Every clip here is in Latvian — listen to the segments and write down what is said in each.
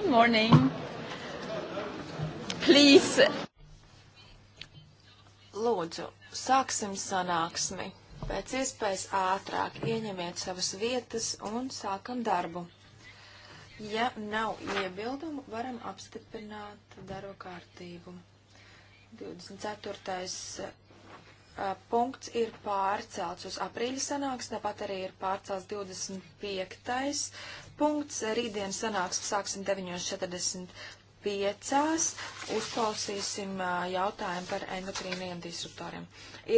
Good morning. Please. Lūdzu, sāksim sanāksmi. Pēc iespējas ātrāk ieņemiet savas vietas un sākam darbu. Ja nav iebildumu, varam apstiprināt darba kārtību. 24 punkts ir pārcelts uz aprīļa sanāks, tāpat arī ir pārcelts 25. punkts. Rītdien sanāks, sāksim 9.45. Uzklausīsim jautājumu par endokrīniem disruptoriem.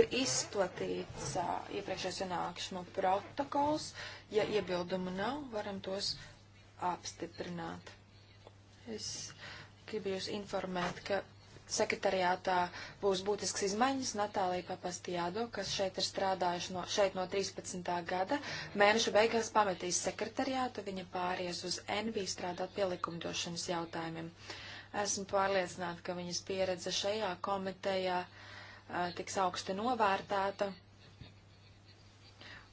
Ir izplatīts iepriekšējā sanākšanu protokols. Ja iebildumu nav, varam tos apstiprināt. Es gribu jūs informēt, ka sekretariātā būs būtisks izmaiņas. Natālija Papastijādo, kas šeit ir strādājuši no, šeit no 13. gada, mēneša beigās pametīs sekretariātu, viņa pāries uz NV strādāt pie likumdošanas jautājumiem. Esmu pārliecināta, ka viņas pieredze šajā komitejā tiks augsti novērtēta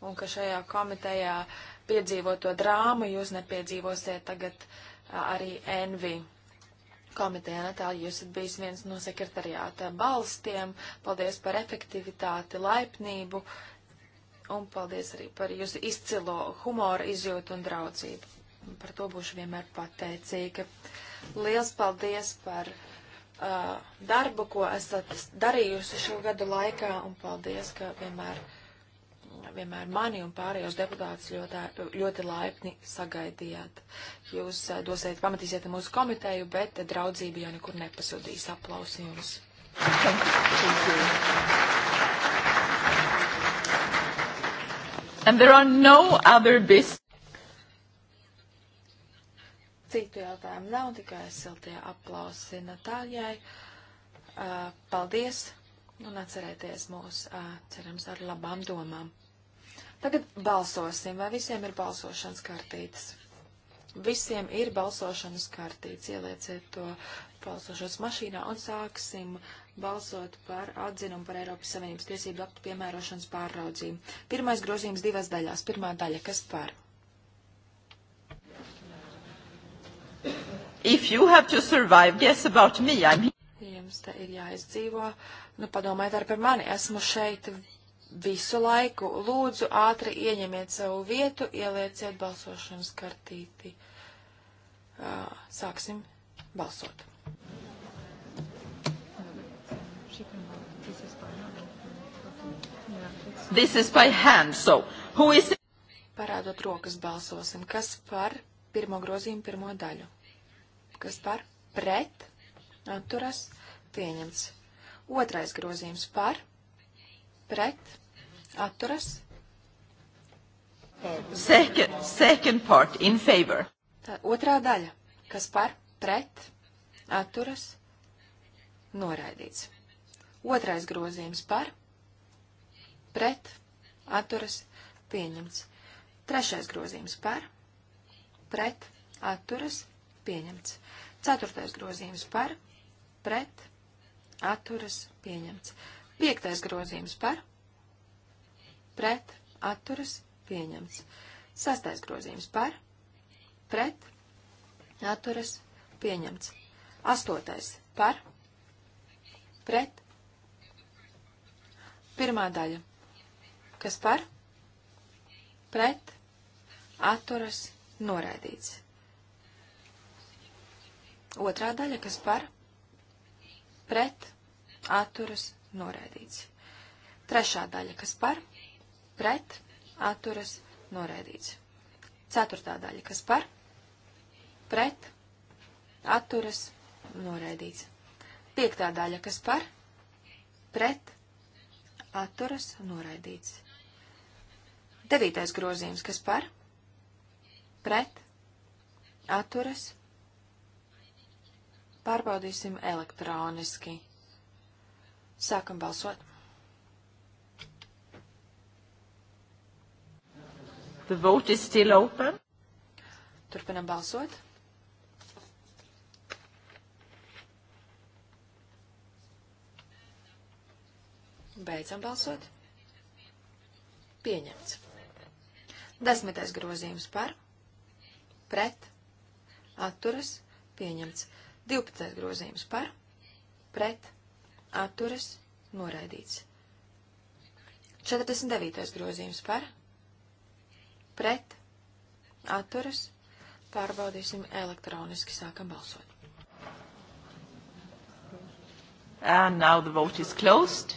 un ka šajā komitejā piedzīvoto drāmu jūs nepiedzīvosiet tagad arī Envi komitejā. Natāli, jūs esat bijis viens no sekretariāta balstiem. Paldies par efektivitāti, laipnību un paldies arī par jūsu izcilo humoru izjūtu un draudzību. Par to būšu vienmēr pateicīga. Liels paldies par uh, darbu, ko esat darījusi šo gadu laikā un paldies, ka vienmēr vienmēr mani un pārējos deputātus ļoti, ļoti laipni sagaidījāt. Jūs eh, dosiet, pamatīsiet mūsu komiteju, bet draudzība jau nekur nepasudīs. Aplausi jums! And there are no other business. Citu jautājumu nav, tikai siltie aplausi Natāļai. Uh, eh, paldies! un atcerēties mūs, eh, cerams, ar labām domām. Tagad balsosim, vai visiem ir balsošanas kartītes. Visiem ir balsošanas kartītes, ielieciet to balsošanas mašīnā un sāksim balsot par atzinumu par Eiropas Savienības tiesību aktu piemērošanas pārraudzību. Pirmais grozījums divās daļās. Pirmā daļa, kas par? If you have to survive, guess about me. I'm... Jums te ir jāizdzīvo. Nu, padomājiet arī par mani. Esmu šeit visu laiku. Lūdzu, ātri ieņemiet savu vietu, ielieciet balsošanas kartīti. Sāksim balsot. This is by hand, so who is it? Parādot rokas balsosim. Kas par pirmo grozījumu pirmo daļu? Kas par pret? Atturas pieņemts. Otrais grozījums par pret, atturas. Second, second part, in favor. Tā, otrā daļa, kas par, pret, atturas, noraidīts. Otrais grozījums par, pret, atturas, pieņemts. Trešais grozījums par, pret, atturas, pieņemts. Ceturtais grozījums par, pret, atturas, pieņemts. Piektais grozījums par, pret, atturas, pieņemts. Sastais grozījums par, pret, atturas, pieņemts. Astotais par, pret, pirmā daļa, kas par, pret, atturas, noraidīts. Otrā daļa, kas par, pret, atturas, noraidīts. Trešā daļa, kas par, pret, atturas, noraidīts. Ceturtā daļa, kas par, pret, atturas, noraidīts. Piektā daļa, kas par, pret, atturas, noraidīts. Devītais grozījums, kas par, pret, atturas, pārbaudīsim elektroniski. Sākam balsot. The vote is still open. Turpinam balsot. Beidzam balsot. Pieņemts. Desmitais grozījums par, pret, atturas, pieņemts. Divpadsmitais grozījums par, pret, atturas atturas, noraidīts. 49. grozījums par, pret, atturas, pārbaudīsim elektroniski, sākam balsot. And now the vote is closed.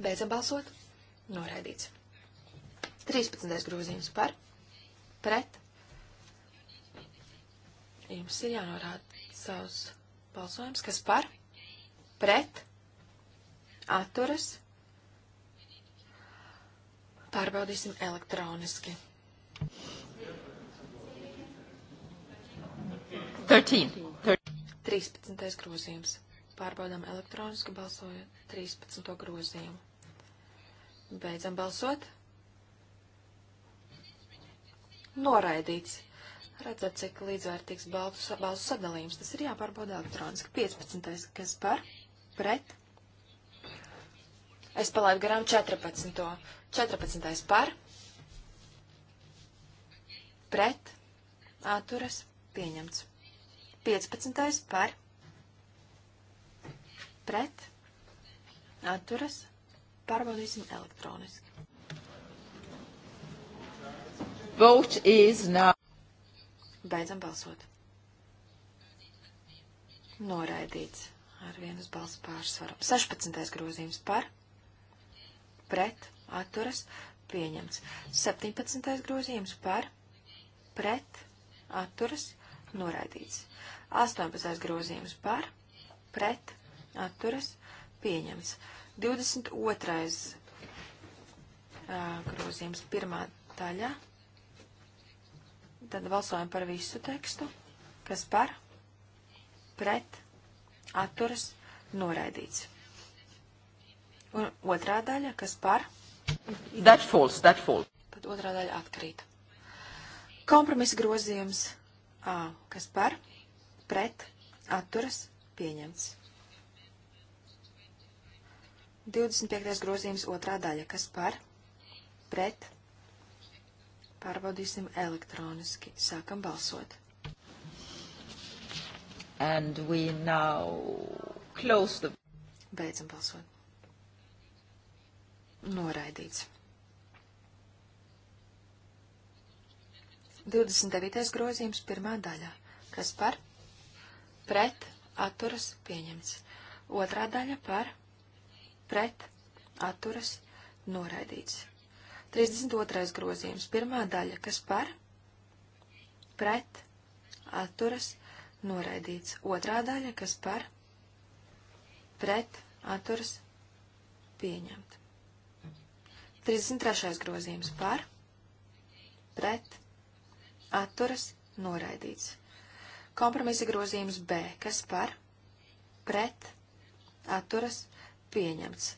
Beidzam balsot. Noraidīts. 13. grozījums par, pret. Jums ir jānorāda savus balsojums, kas par, pret pret, atturas. Pārbaudīsim elektroniski. 13. 13. grozījums. Pārbaudām elektroniski balsojot 13. grozījumu. Beidzam balsot. Noraidīts. Redzat, cik līdzvērtīgs balsu, balsu sadalījums. Tas ir jāpārbauda elektroniski. 15. kas par? pret. Es palaidu garām 14. 14. par, pret, atturas, pieņemts. 15. par, pret, atturas, pārbaudīsim elektroniski. Vote is now. Beidzam balsot. Noraidīts ar vienas balss pārsvaru. 16. grozījums par, pret, atturas, pieņemts. 17. grozījums par, pret, atturas, noraidīts. 18. grozījums par, pret, atturas, pieņemts. 22. grozījums pirmā daļa. Tad balsojam par visu tekstu, kas par, pret, atturas atturas noraidīts. Un otrā daļa, kas par? That falls, that falls. Tad otrā daļa atkrīt. Kompromisa grozījums A, kas par? Pret, atturas, pieņemts. 25. grozījums otrā daļa, kas par? Pret, pārbaudīsim elektroniski. Sākam balsot. And we now close the... Beidzam balsot. Noraidīts. 29. grozījums, pirmā daļā. Kas par? Pret, atturas, pieņemts. Otrā daļa par? Pret, atturas, noraidīts. 32. grozījums, pirmā daļa. Kas par? Pret, atturas, pieņemts noraidīts. Otrā daļa, kas par pret atturas pieņemt. 33. grozījums par pret atturas noraidīts. Kompromisa grozījums B, kas par pret atturas pieņemts.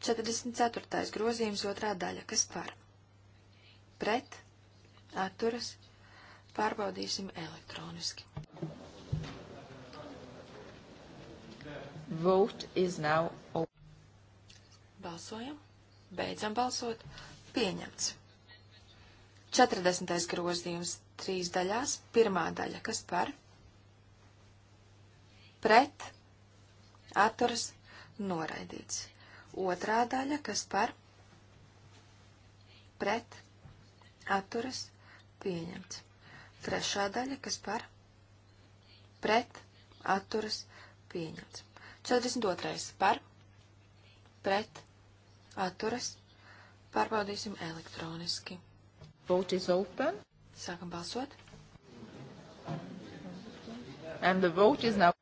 44. grozījums otrā daļa, kas par pret atturas pārbaudīsim elektroniski. Vote is now open. Balsojam. Beidzam balsot. Pieņemts. 40. grozījums trīs daļās. Pirmā daļa, kas par? Pret. Atturs noraidīts. Otrā daļa, kas par? Pret. Atturs pieņemts. Trešā daļa, kas par? Pret. Atturs pieņemts. 42. par, pret, atturas, pārbaudīsim elektroniski. Vote is open. Sākam balsot. And the vote is now.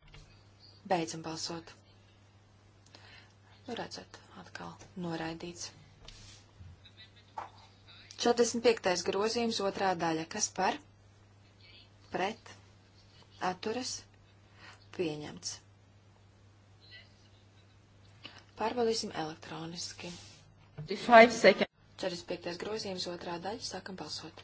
Beidzam balsot. Nu redzat, atkal noraidīts. 45. grozījums otrā daļa. Kas par? Pret. Atturas. Pieņemts. Pārbaudīsim elektroniski. 45. grozījums otrā daļa. Sākam balsot.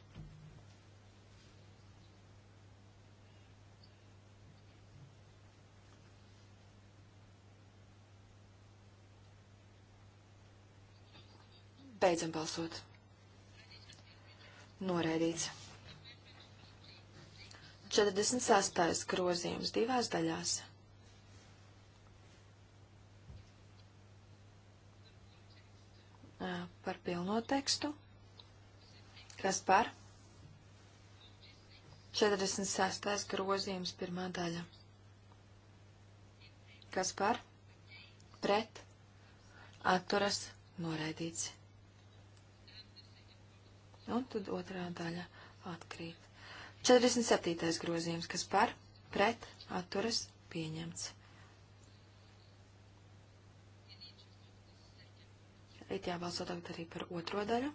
Beidzam balsot. Noraidīts. 46. grozījums divās daļās. par pilno tekstu. Kas par? 46. grozījums pirmā daļa. Kas par? Pret. Atturas noraidīts. Un tad otrā daļa atkrīt. 47. grozījums. Kas par? Pret. Atturas pieņemts. Rīt jābalso tagad arī par otro daļu.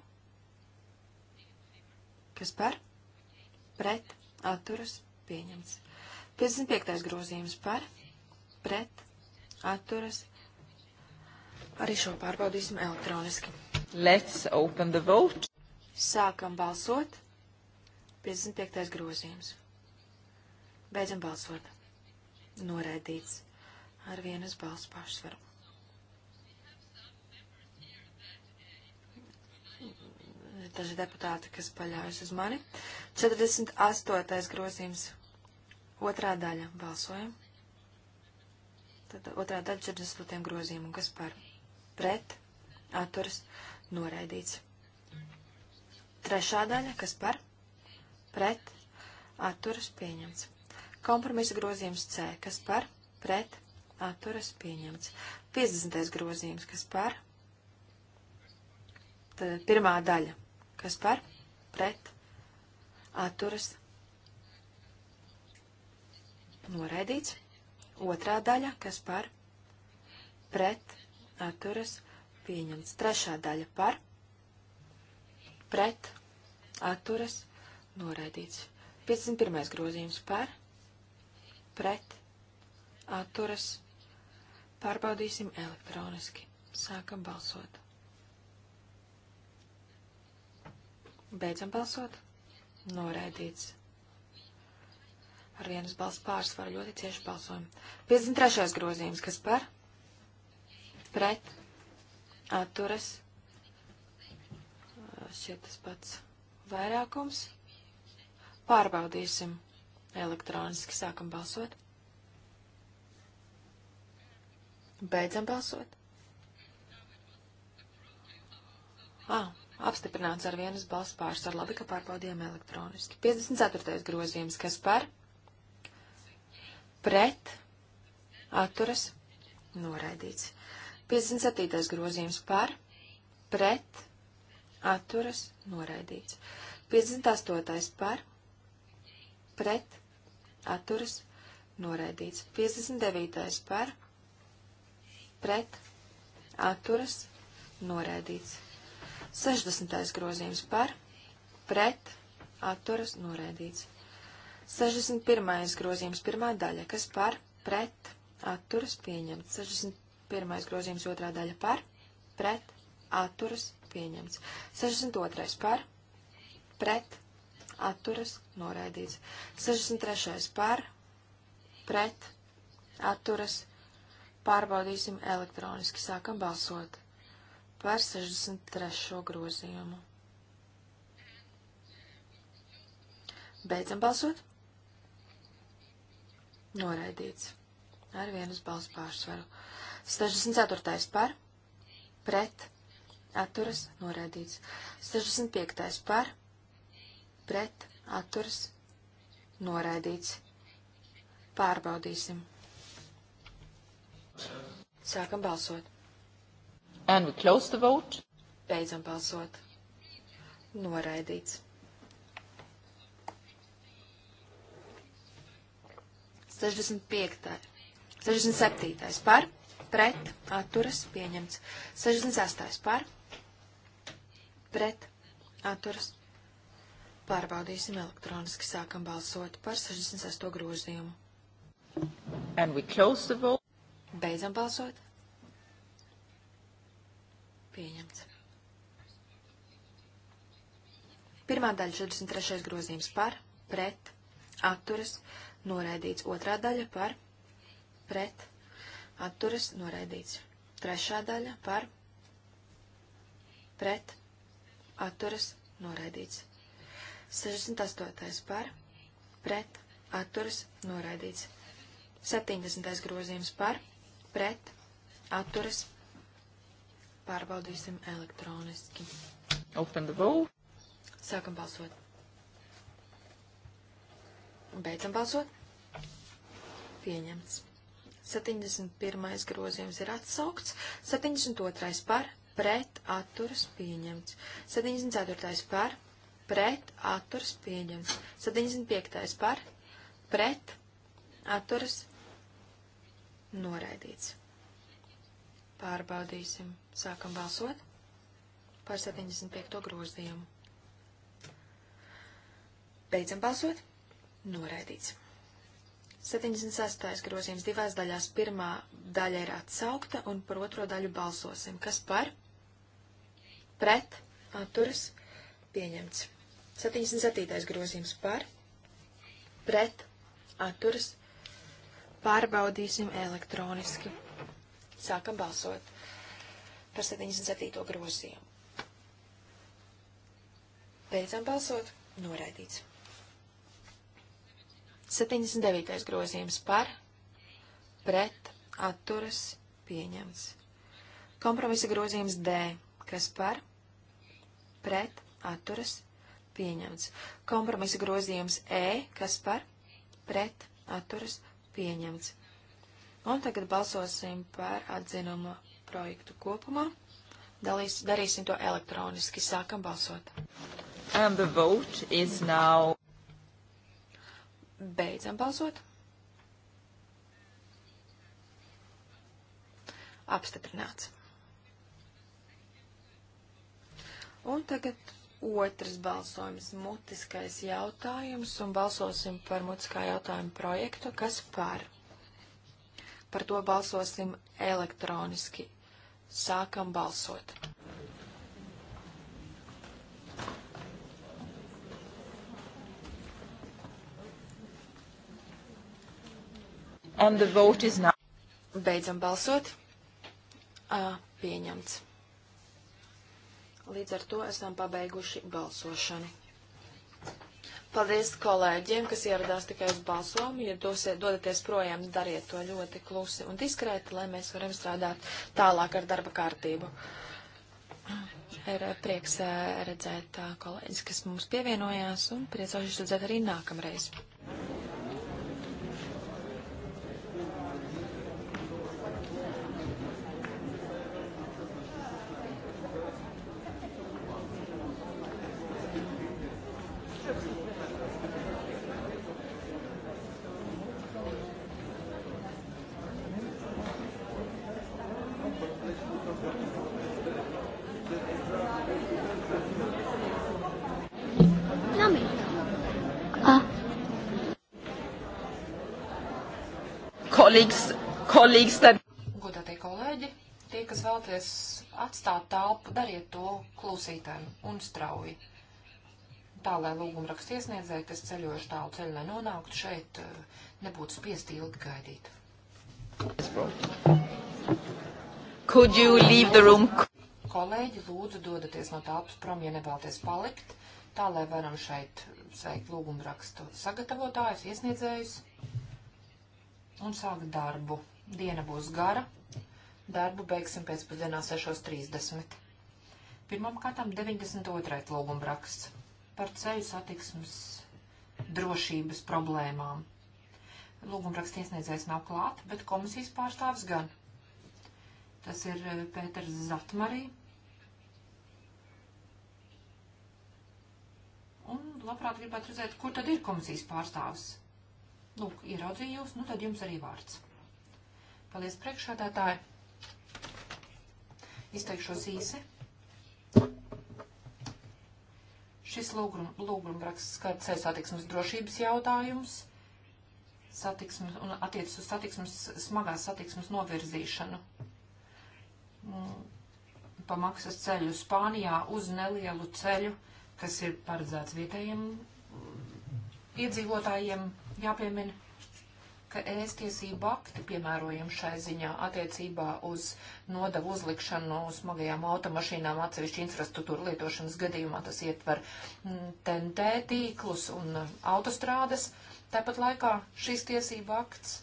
Kas par? Pret. Atturas. Pieņemts. 55. grozījums par. Pret. Atturas. Arī šo pārbaudīsim elektroniski. Let's open the vote. Sākam balsot. 55. grozījums. Beidzam balsot. Noraidīts. Ar vienas balsu pašsvaru. daži deputāti, kas paļaujas uz mani. 48. grozījums, otrā daļa, balsojam. Tad otrā daļa 40. grozījumu, kas par pret, atturas, noraidīts. Trešā daļa, kas par pret, atturas, pieņemts. Kompromisa grozījums C, kas par pret, atturas, pieņemts. 50. grozījums, kas par pret, Tad pirmā daļa Kas par? Pret. Atturas. Noraidīts. Otrā daļa. Kas par? Pret. Atturas. Pieņemts. Trešā daļa par? Pret. Atturas. Noraidīts. 51. grozījums par? Pret. Atturas. Pārbaudīsim elektroniski. Sākam balsot. Beidzam balsot. Noraidīts. Ar vienas balss pārsvaru ļoti cieši balsojam. 53. grozījums, kas par? Pret. Atturas. Šķiet tas pats vairākums. Pārbaudīsim elektroniski. Sākam balsot. Beidzam balsot. Ah, Apstiprināts ar vienas balss pārsvaru. Labi, ka pārbaudījām elektroniski. 54. grozījums. Kas par? Pret. Atturas. Noraidīts. 57. grozījums. Par. Pret. Atturas. Noraidīts. 58. par. Pret. Atturas. Noraidīts. 59. par. Pret. Atturas. Noraidīts. 60. grozījums par, pret, atturas norēdīts. 61. grozījums pirmā daļa, kas par, pret, atturas pieņemts. 61. grozījums otrā daļa par, pret, atturas pieņemts. 62. par, pret, atturas noraidīts. 63. par, pret, atturas pārbaudīsim elektroniski, sākam balsot par 63. grozījumu. Beidzam balsot. Noraidīts. Ar vienas balsu pārsvaru. 64. par, pret, atturas, noraidīts. 65. par, pret, atturas, noraidīts. Pārbaudīsim. Sākam balsot. And we close the vote. Beidzam balsot. Noraidīts. 65. 67. par, pret, atturas, pieņemts. 68. par, pret, atturas. Pārbaudīsim elektroniski, sākam balsot par 68. grozījumu. And we close the vote. Beidzam balsot. Pieņemts. Pirmā daļa 43. grozījums par, pret, atturas, noraidīts. Otrā daļa par, pret, atturas, noraidīts. Trešā daļa par, pret, atturas, noraidīts. 68. par, pret, atturas, noraidīts. 70. grozījums par, pret, atturas, noraidīts. Pārbaudīsim elektroniski. Open the vote. Sākam balsot. Beidzam balsot. Pieņemts. 71. grozījums ir atsaukts, 72. par, pret, atturas, pieņemts. 74. par, pret, atturas, pieņemts. 75. par, pret, atturas, noraidīts. Pārbaudīsim. Sākam balsot par 75. grozījumu. Beidzam balsot. Noraidīts. 76. grozījums divās daļās. Pirmā daļa ir atsaukta, un par otro daļu balsosim. Kas par? Pret. Atturas. Pieņemts. 77. grozījums par. Pret. Atturas. Pārbaudīsim elektroniski. Sākam balsot par 77. grozījumu. Beidzam balsot. Noraidīts. 79. grozījums par, pret, atturas, pieņemts. Kompromisa grozījums D, kas par, pret, atturas, pieņemts. Kompromisa grozījums E, kas par, pret, atturas, pieņemts. Un tagad balsosim par atzinuma projektu kopumā. Dalīs, darīsim to elektroniski. Sākam balsot. And the vote is now. Beidzam balsot. Apstiprināts. Un tagad otrs balsojums, mutiskais jautājums, un balsosim par mutiskā jautājuma projektu, kas par. Par to balsosim elektroniski. Sākam balsot. And the vote is now. Beidzam balsot. Uh, pieņemts. Līdz ar to esam pabeiguši balsošanu. Paldies kolēģiem, kas ieradās tikai uz balsojumu. Ja dosiet, dodaties projām, dariet to ļoti klusi un diskrēti, lai mēs varam strādāt tālāk ar darba kārtību. Ir eh, prieks eh, redzēt eh, kolēģis, kas mums pievienojās un priecāšu redzēt arī nākamreiz. colleagues, colleagues that... Godātie kolēģi, tie, kas vēlaties atstāt telpu, dariet to klusītēm un strauji. Tā, lai lūguma raksts iesniedzēji, kas ceļojuši tālu ceļu, lai nonāktu šeit, eh, nebūtu spiest ilgi gaidīt. Could you leave the room? Kolēģi, lūdzu, dodaties no telpas prom, ja nevēlaties palikt, tā, lai varam šeit sveikt lūguma rakstu sagatavotājus, iesniedzējus un sākt darbu. Diena būs gara. Darbu beigsim pēcpusdienā 6.30. Pirmam kārtām 92. lūgumraksts par ceļu satiksmes drošības problēmām. Lūgumraksts iesniedzējs nav klāt, bet komisijas pārstāvs gan. Tas ir eh, Pēters Zatmarī. Un labprāt gribētu redzēt, kur tad ir komisijas pārstāvs. Lūk, ieraudzīju jūs, nu tad jums arī vārds. Paldies priekšādātāji. Izteikšos īsi. Šis lūgumraksts skats satiksmes drošības jautājums satiksmes, un attiecas uz satiksmes, smagās satiksmes novirzīšanu mm, pa maksas ceļu Spānijā uz nelielu ceļu, kas ir paredzēts vietējiem mm, iedzīvotājiem jāpiemina, ka ēstiesību akti piemērojam šai ziņā attiecībā uz nodavu uzlikšanu smagajām automašīnām atsevišķi infrastruktūra lietošanas gadījumā. Tas ietver TNT mm, tīklus un autostrādes. Tāpat laikā šīs tiesība akts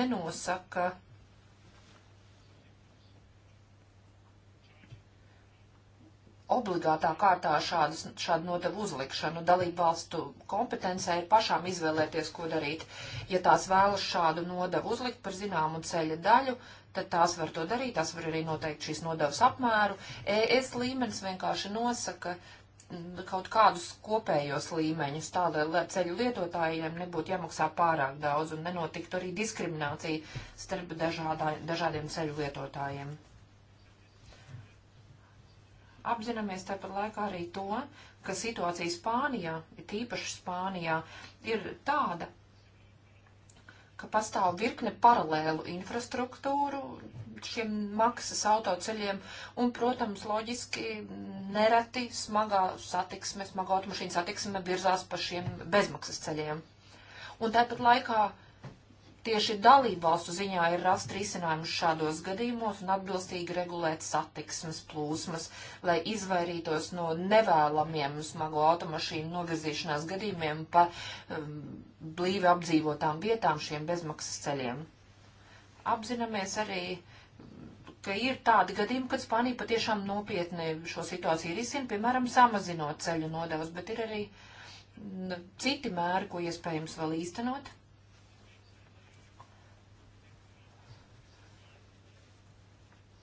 nenosaka obligātā kārtā šādas, šādu notavu uzlikšanu. Dalību valstu kompetencē ir pašām izvēlēties, ko darīt. Ja tās vēlas šādu nodavu uzlikt par zināmu ceļa daļu, tad tās var to darīt, tās var arī noteikt šīs nodevas apmēru. ES līmenis vienkārši nosaka mm, kaut kādus kopējos līmeņus, tā lai ceļu lietotājiem nebūtu jāmaksā pārāk daudz un nenotiktu arī diskriminācija starp dažādā, dažādiem ceļu lietotājiem. Apzināmies tāpat laikā arī to, ka situācija Spānijā, tīpaši Spānijā, ir tāda, ka pastāv virkne paralēlu infrastruktūru šiem maksas autoceļiem un, protams, loģiski nereti smagā satiksme, smagā automašīna satiksme virzās pa šiem bezmaksas ceļiem. Un tāpat laikā uh, tieši dalībvalstu ziņā ir rast risinājumus šādos gadījumos un atbilstīgi regulēt satiksmes plūsmas, lai izvairītos no nevēlamiem smago automašīnu novirzīšanās gadījumiem pa um, blīvi apdzīvotām vietām šiem bezmaksas ceļiem. Apzināmies arī, ka ir tādi gadījumi, kad Spānija patiešām nopietni šo situāciju risina, piemēram, samazinot ceļu nodevas, bet ir arī mm, citi mēri, ko iespējams vēl īstenot.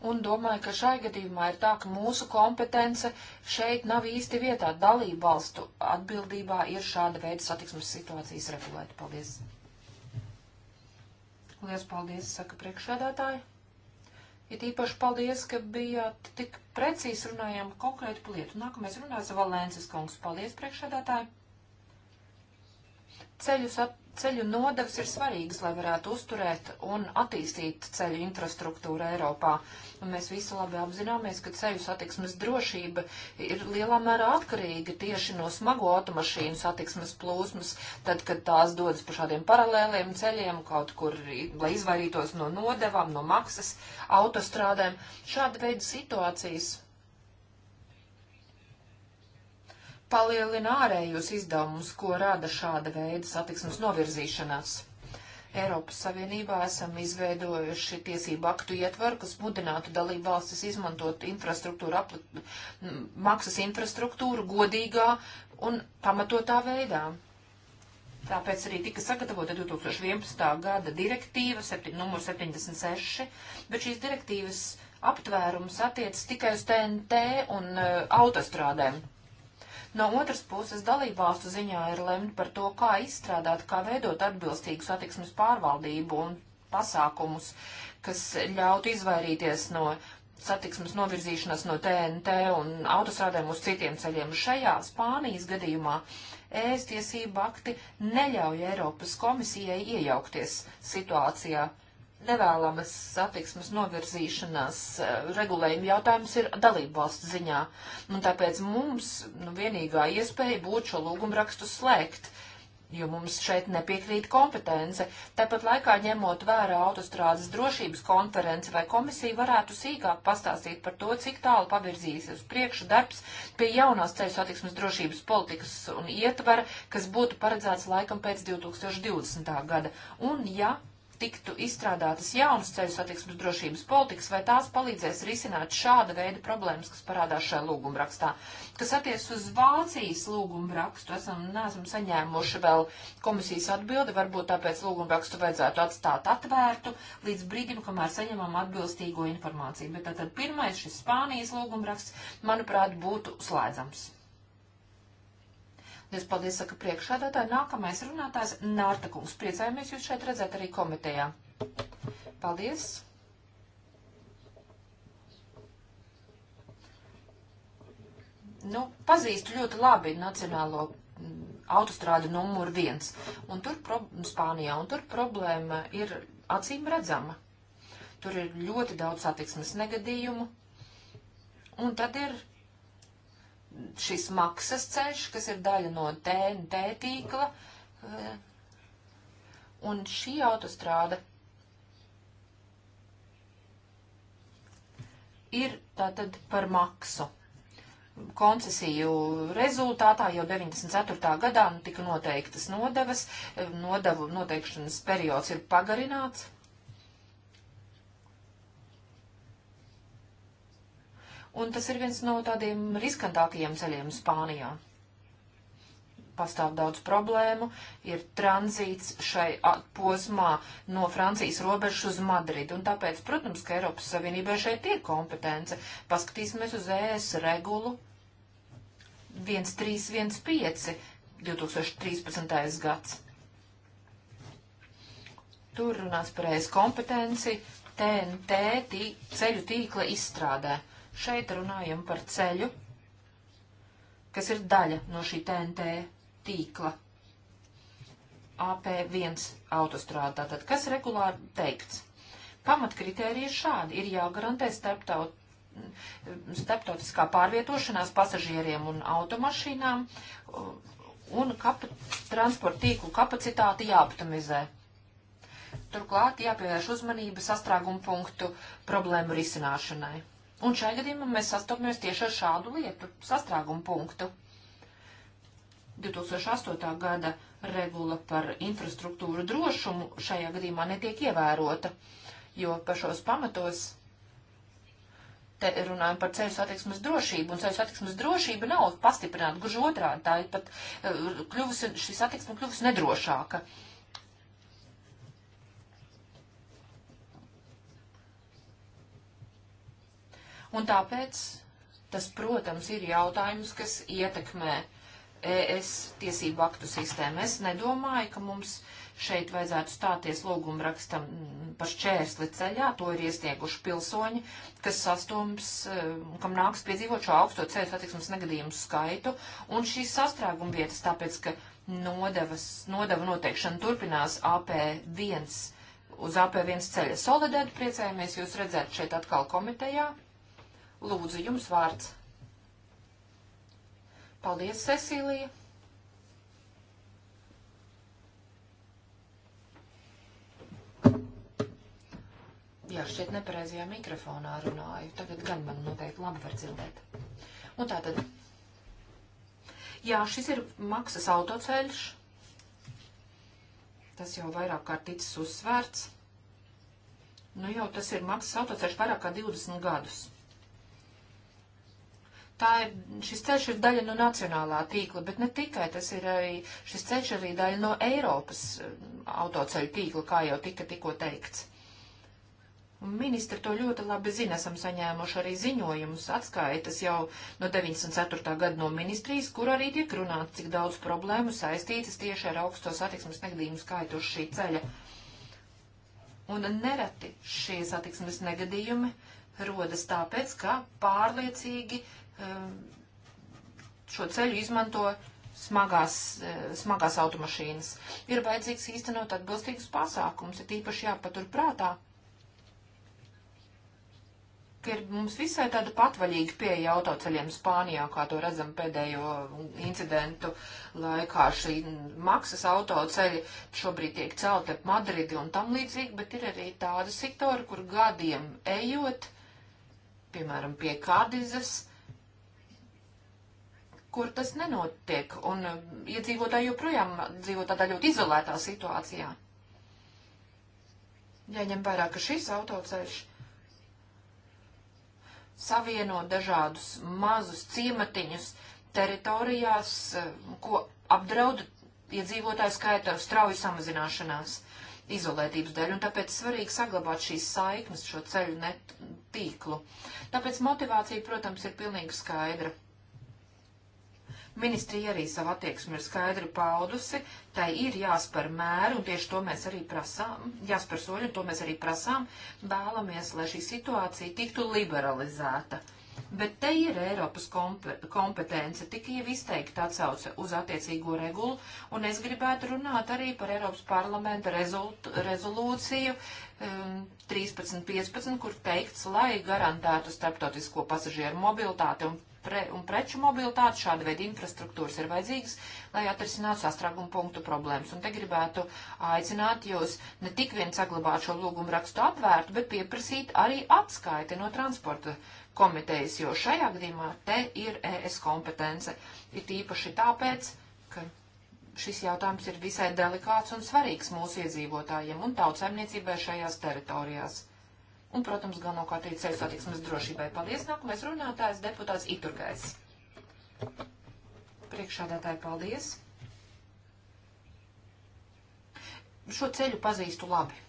un domāju, ka šai gadījumā ir tā, ka mūsu kompetence šeit nav īsti vietā. Dalību valstu atbildībā ir šāda veida satiksmes situācijas regulēt. Paldies! Lielas paldies, saka priekšsēdētāji. Ir ja īpaši paldies, ka bijāt tik precīzi runājām konkrētu lietu. Nākamais runās Valences kungs. Paldies, priekšsēdētāji! Ceļu sat Ceļu nodevs ir svarīgs, lai varētu uzturēt un attīstīt ceļu infrastruktūru Eiropā. Un mēs visi labi apzināmies, ka ceļu satiksmes drošība ir lielā mērā atkarīga tieši no smago automašīnu satiksmes plūsmas, tad, kad tās dodas pa šādiem paralēliem ceļiem kaut kur, lai izvairītos no nodevām, no maksas autostrādēm. Šāda veida situācijas palielina ārējos izdevumus, ko rada šāda veida satiksmes novirzīšanās. Eiropas Savienībā esam izveidojuši tiesību aktu ietvaru, kas mudinātu dalību valstis izmantot infrastruktūru, apli, maksas infrastruktūru godīgā un pamatotā veidā. Tāpēc arī tika sagatavota 2011. gada direktīva, septi, numur 76, bet šīs direktīvas aptvērums attiec tikai uz TNT un uh, autostrādēm. No otras puses, dalībvalstu ziņā ir lemt par to, kā izstrādāt, kā veidot atbilstīgu satiksmes pārvaldību un pasākumus, kas ļautu izvairīties no satiksmes novirzīšanas no TNT un autostrādēm uz citiem ceļiem. Šajā Spānijas gadījumā ēst tiesība akti neļauj Eiropas komisijai iejaukties situācijā nevēlamas satiksmes novirzīšanās eh, regulējuma jautājums ir dalību valsts ziņā. Un tāpēc mums nu, vienīgā iespēja būtu šo lūgumu rakstu slēgt, jo mums šeit nepiekrīt kompetence. Tāpat laikā ņemot vērā autostrādes drošības konferenci, vai komisija varētu sīkāk pastāstīt par to, cik tālu pavirzīs uz priekšu darbs pie jaunās ceļu satiksmes drošības politikas un ietvara, kas būtu paredzēts laikam pēc 2020. gada. Un, ja tiktu izstrādātas jaunas ceļu satiksmes drošības politikas, vai tās palīdzēs risināt šāda veida problēmas, kas parādās šajā lūgumrakstā. Kas attiec uz Vācijas lūgumrakstu, esam, neesam saņēmuši vēl komisijas atbildi, varbūt tāpēc lūgumrakstu vajadzētu atstāt atvērtu līdz brīdim, kamēr saņemam atbilstīgo informāciju. Bet tātad pirmais šis Spānijas lūgumraksts, manuprāt, būtu slēdzams. Liels paldies, saka priekšādātāji. Nākamais runātājs Nārta kungs. Priecājamies jūs šeit redzēt arī komitejā. Paldies. Nu, pazīstu ļoti labi nacionālo mm, autostrādu numuru viens. Un tur pro, Spānijā, un tur problēma ir acīm redzama. Tur ir ļoti daudz satiksmes negadījumu. Un tad ir šis maksas ceļš, kas ir daļa no TNT tīkla. Eh, un šī autostrāda ir tātad par maksu. Koncesiju rezultātā jau 94. gadā nu tika noteiktas nodevas, eh, nodevu noteikšanas periods ir pagarināts. un tas ir viens no tādiem riskantākajiem ceļiem Spānijā. Pastāv daudz problēmu, ir tranzīts šai posmā no Francijas robežas uz Madridu, un tāpēc, protams, ka Eiropas Savienībai šeit ir kompetence. Paskatīsimies uz ES regulu 1315 2013. gads. Tur runāts par ES kompetenci TNT tī, ceļu tīkla izstrādē. Uh, Šeit runājam par ceļu, kas ir daļa no šī TNT tīkla. AP1 autostrādā, tad kas regulāri teikts? Pamatkritērija ir šādi. Ir jāgarantē starptaut, starptautiskā pārvietošanās pasažieriem un automašīnām un kap, transporta tīklu kapacitāti jāoptimizē. Turklāt jāpievērš uzmanība sastrāgumu punktu problēmu risināšanai. Un šajā gadījumā mēs sastopamies tieši ar šādu lietu, sastrēgumu punktu. 2008. gada regula par infrastruktūru drošumu šajā gadījumā netiek ievērota, jo pa šos pamatos te runājam par ceļu satiksmes drošību, un ceļu satiksmes drošība nav pastiprināta, gluži otrādi, tā ir pat eh, kļuvusi, šī satiksme kļuvusi nedrošāka. Uh, Un tāpēc tas, protams, ir jautājums, kas ietekmē ES tiesību aktu sistēmu. Es nedomāju, ka mums šeit vajadzētu stāties lūguma rakstam par šķērsli ceļā. To ir iesnieguši pilsoņi, kas sastums, eh, kam nāks piedzīvot šo augsto ceļu satiksmes negadījumu skaitu un šīs sastrēguma vietas, tāpēc, ka nodevas, nodeva noteikšana turpinās AP1 uz AP1 ceļa. Solidētu priecājamies jūs redzēt šeit atkal komitejā. Lūdzu, jums vārds. Paldies, Cecīlija. Jā, šķiet nepareizajā mikrofonā runāju. Tagad gan man noteikti labi var dzirdēt. Un tā tad. Jā, šis ir maksas autoceļš. Tas jau vairāk kārt ticis uzsvērts. Nu jau tas ir maksas autoceļš vairāk kā 20 gadus. Tā ir, šis ceļš ir daļa no nacionālā tīkla, bet ne tikai tas ir arī, šis ceļš arī daļa no Eiropas eh, autoceļu tīkla, kā jau tika tikko teikts. Un ministri to ļoti labi zina, esam saņēmuši arī ziņojumus, atskaitas jau no 94. gada no ministrijas, kur arī tiek runāts, cik daudz problēmu saistītas tieši ar augsto satiksmes negadījumu skaitu uz šī ceļa. Un nereti šie satiksmes negadījumi rodas tāpēc, ka pārliecīgi Um, šo ceļu izmanto smagās, uh, smagās automašīnas. Ir vajadzīgs īstenot atbilstīgus pasākums, ir īpaši jāpatur prātā, ka ir mums visai tāda patvaļīga pieeja autoceļiem Spānijā, kā to redzam pēdējo incidentu laikā. Šī maksas autoceļi šobrīd tiek celti ap Madridi un tam līdzīgi, bet ir arī tāda sektora, kur gadiem ejot, piemēram, pie Kadizes, kur tas nenotiek, un uh, iedzīvotāji ja joprojām dzīvo tādā ļoti izolētā situācijā. Jāņem ja vērā, ka šis autoceļš savieno dažādus mazus ciematiņus teritorijās, uh, ko apdraud iedzīvotāju skaita strauju samazināšanās izolētības dēļ, un tāpēc svarīgi saglabāt šīs saiknes, šo ceļu net tīklu. Tāpēc motivācija, protams, ir pilnīgi skaidra. Ministrija arī savu attieksmi ir skaidri paudusi, tai ir jāspēr mēri, un tieši to mēs arī prasām, jāspēr soļi, un to mēs arī prasām, vēlamies, lai šī situācija tiktu liberalizēta. Bet te ir Eiropas kompetence, tik jau izteikti atsauce uz attiecīgo regulu, un es gribētu runāt arī par Eiropas parlamenta rezult, rezolūciju um, 13.15, kur teikts, lai garantētu starptautisko pasažieru mobilitāti un pre, un preču mobilitāti, šāda veida infrastruktūras ir vajadzīgas, lai atrisinātu sastrāgumu punktu problēmas. Un te gribētu aicināt jūs ne tik vien saglabāt šo lūgumu rakstu atvērtu, bet pieprasīt arī atskaiti no transporta komitejas, jo šajā gadījumā te ir ES kompetence. Ir tīpaši tāpēc, ka šis jautājums ir visai delikāts un svarīgs mūsu iedzīvotājiem un tautsēmniecībai šajās teritorijās un, protams, galvenokārt ir ceļu satiksmes drošībai. Paldies, nākamais runātājs, deputāts Iturgais. Priekšādātāji, paldies. Šo ceļu pazīstu labi.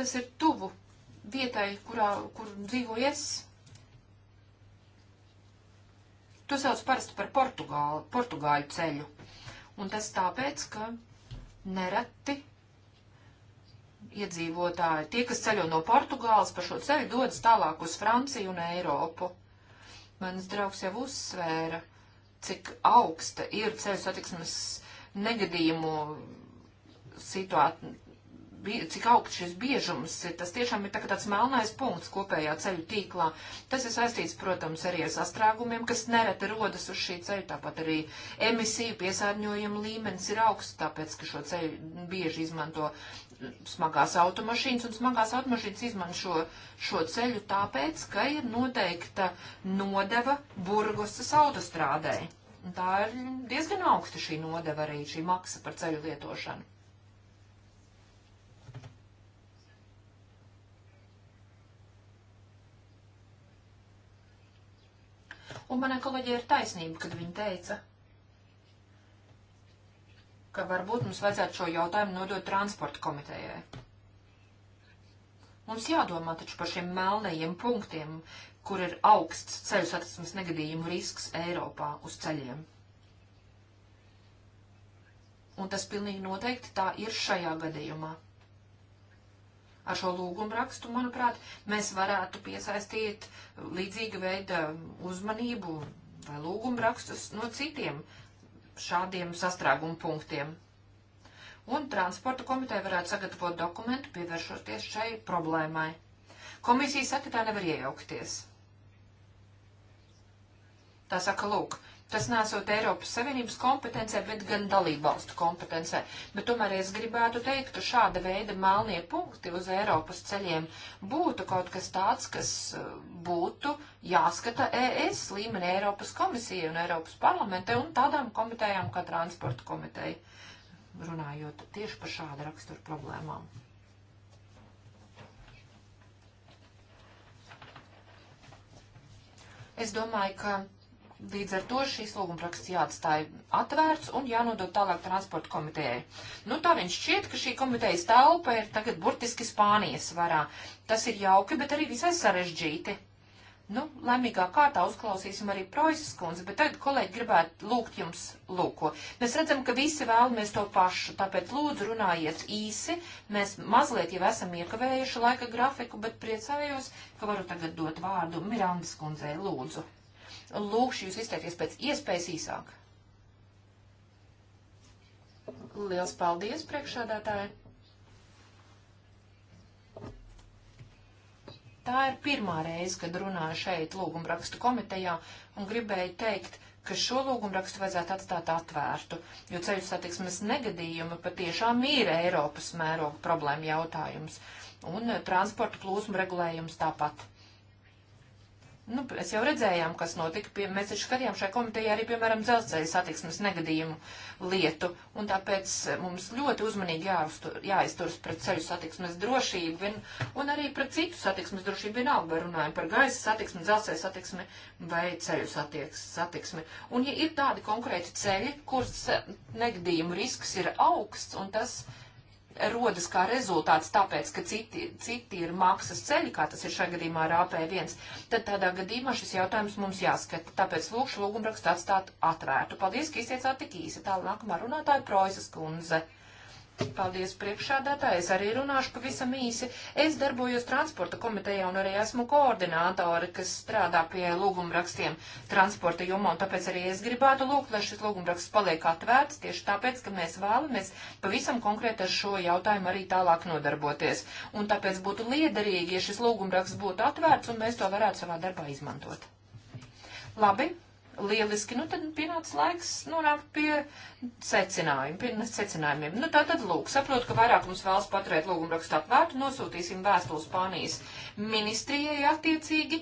Tas ir tuvu vietai, kurā, kur dzīvoju es. To sauc parasti par Portugālu, Portugāļu ceļu. Un tas tāpēc, ka nereti iedzīvotāji, tie, kas ceļo no Portugāles, pa šo ceļu dodas tālāk uz Franciju un Eiropu. Mans draugs jau uzsvēra, cik augsta ir ceļu satiksmes negadījumu situācija, cik augsts šis biežums ir. Tas tiešām ir tā, tāds melnais punkts kopējā ceļu tīklā. Tas ir saistīts, protams, arī ar sastrēgumiem, kas nereti rodas uz šī ceļa. Tāpat arī emisiju piesārņojuma līmenis ir augsts, tāpēc, ka šo ceļu bieži izmanto smagās automašīnas, un smagās automašīnas izmanto šo, šo ceļu tāpēc, ka ir noteikta nodeva Burgosas autostrādē. Un tā ir diezgan augsta šī nodeva arī, šī maksa par ceļu lietošanu. Un manai kolēģi ir taisnība, kad viņa teica, ka varbūt mums vajadzētu šo jautājumu nodot transporta komitejai. Mums jādomā taču par šiem melnajiem punktiem, kur ir augsts ceļu satiksmes negadījumu risks Eiropā uz ceļiem. Un tas pilnīgi noteikti tā ir šajā gadījumā. Ar šo lūgumu rakstu, manuprāt, mēs varētu piesaistīt līdzīga veida uzmanību vai lūgumu rakstus no citiem uh, šādiem sastrēgumu punktiem. Un transporta komiteja varētu sagatavot dokumentu, pievēršoties šai problēmai. Komisija saka, tā nevar iejaukties. Tā saka, lūk, Tas nesot Eiropas Savienības kompetencē, bet gan dalībvalstu kompetencē. Bet tomēr es gribētu teikt, ka šāda veida melnie punkti uz Eiropas ceļiem būtu kaut kas tāds, kas eh, būtu jāskata ES līmenī Eiropas komisija un Eiropas parlamente un tādām komitejām kā transporta komiteja, runājot tieši par šādu raksturu problēmām. Es domāju, ka Līdz ar to šīs lūgumraksts jāatstāja atvērts un jānodod tālāk transporta komitejai. Nu, tā viņš šķiet, ka šī komitejas telpa ir tagad burtiski Spānijas varā. Tas ir jauki, bet arī visai sarežģīti. Nu, laimīgā kārtā uzklausīsim arī Proisas kundzi, bet tagad, kolēģi, gribētu lūgt jums lūko. Mēs redzam, ka visi vēlamies to pašu, tāpēc lūdzu runājiet īsi. Mēs mazliet jau esam iekavējuši laika grafiku, bet priecājos, ka varu tagad dot vārdu Mirandas kundzei. Lūdzu un lūkšu jūs izteikties pēc iespējas īsāk. Liels paldies, priekšādātāji! Tā ir pirmā reize, kad runāju šeit lūgumrakstu komitejā un gribēju teikt, ka šo lūgumrakstu vajadzētu atstāt atvērtu, jo ceļu satiksmes negadījumi patiešām ir Eiropas mēroga problēma jautājums un transporta plūsmu regulējums tāpat. Nu, mēs jau redzējām, kas notika. Pie, mēs taču skatījām šai komitejai arī, piemēram, dzelzceļa satiksmes negadījumu lietu, un tāpēc mums ļoti uzmanīgi jāuztur, jāizturas pret ceļu satiksmes drošību vien, un arī pret citu satiksmes drošību vienalga, vai runājam par gaisa satiksmi, dzelzceļa satiksmi vai ceļu satieks, satiksmi. Un ja ir tādi konkrēti ceļi, kuras negadījumu risks ir augsts, un tas rodas kā rezultāts, tāpēc, ka citi, citi ir maksas ceļi, kā tas ir šajā gadījumā ar AP1, tad tādā gadījumā šis jautājums mums jāskata. Tāpēc lūkšu lūgumrakstu atstāt atvērtu. Paldies, ka izteicāt tik īsi. Tālāk nākamā runātāja Proisas kundze. Uh, Paldies priekšādātāji, es arī runāšu pavisam īsi. Es darbojos transporta komitejā un arī esmu koordinātori, kas strādā pie lūgumrakstiem transporta jomā, un tāpēc arī es gribētu lūgt, lai šis lūgumraksts paliek atvērts, tieši tāpēc, ka mēs vēlamies pavisam konkrēti ar šo jautājumu arī tālāk nodarboties. Un tāpēc būtu liederīgi, ja šis lūgumraksts būtu atvērts un mēs to varētu savā darbā izmantot. Labi, Lieliski, nu tad pienāca laiks nonākt pie secinājumiem, pie secinājumiem. Nu tā tad lūk, saprotu, ka vairākums vēlas paturēt lūgumu rakstu atvērtu, nosūtīsim vēstuli Spānijas ministrijai attiecīgi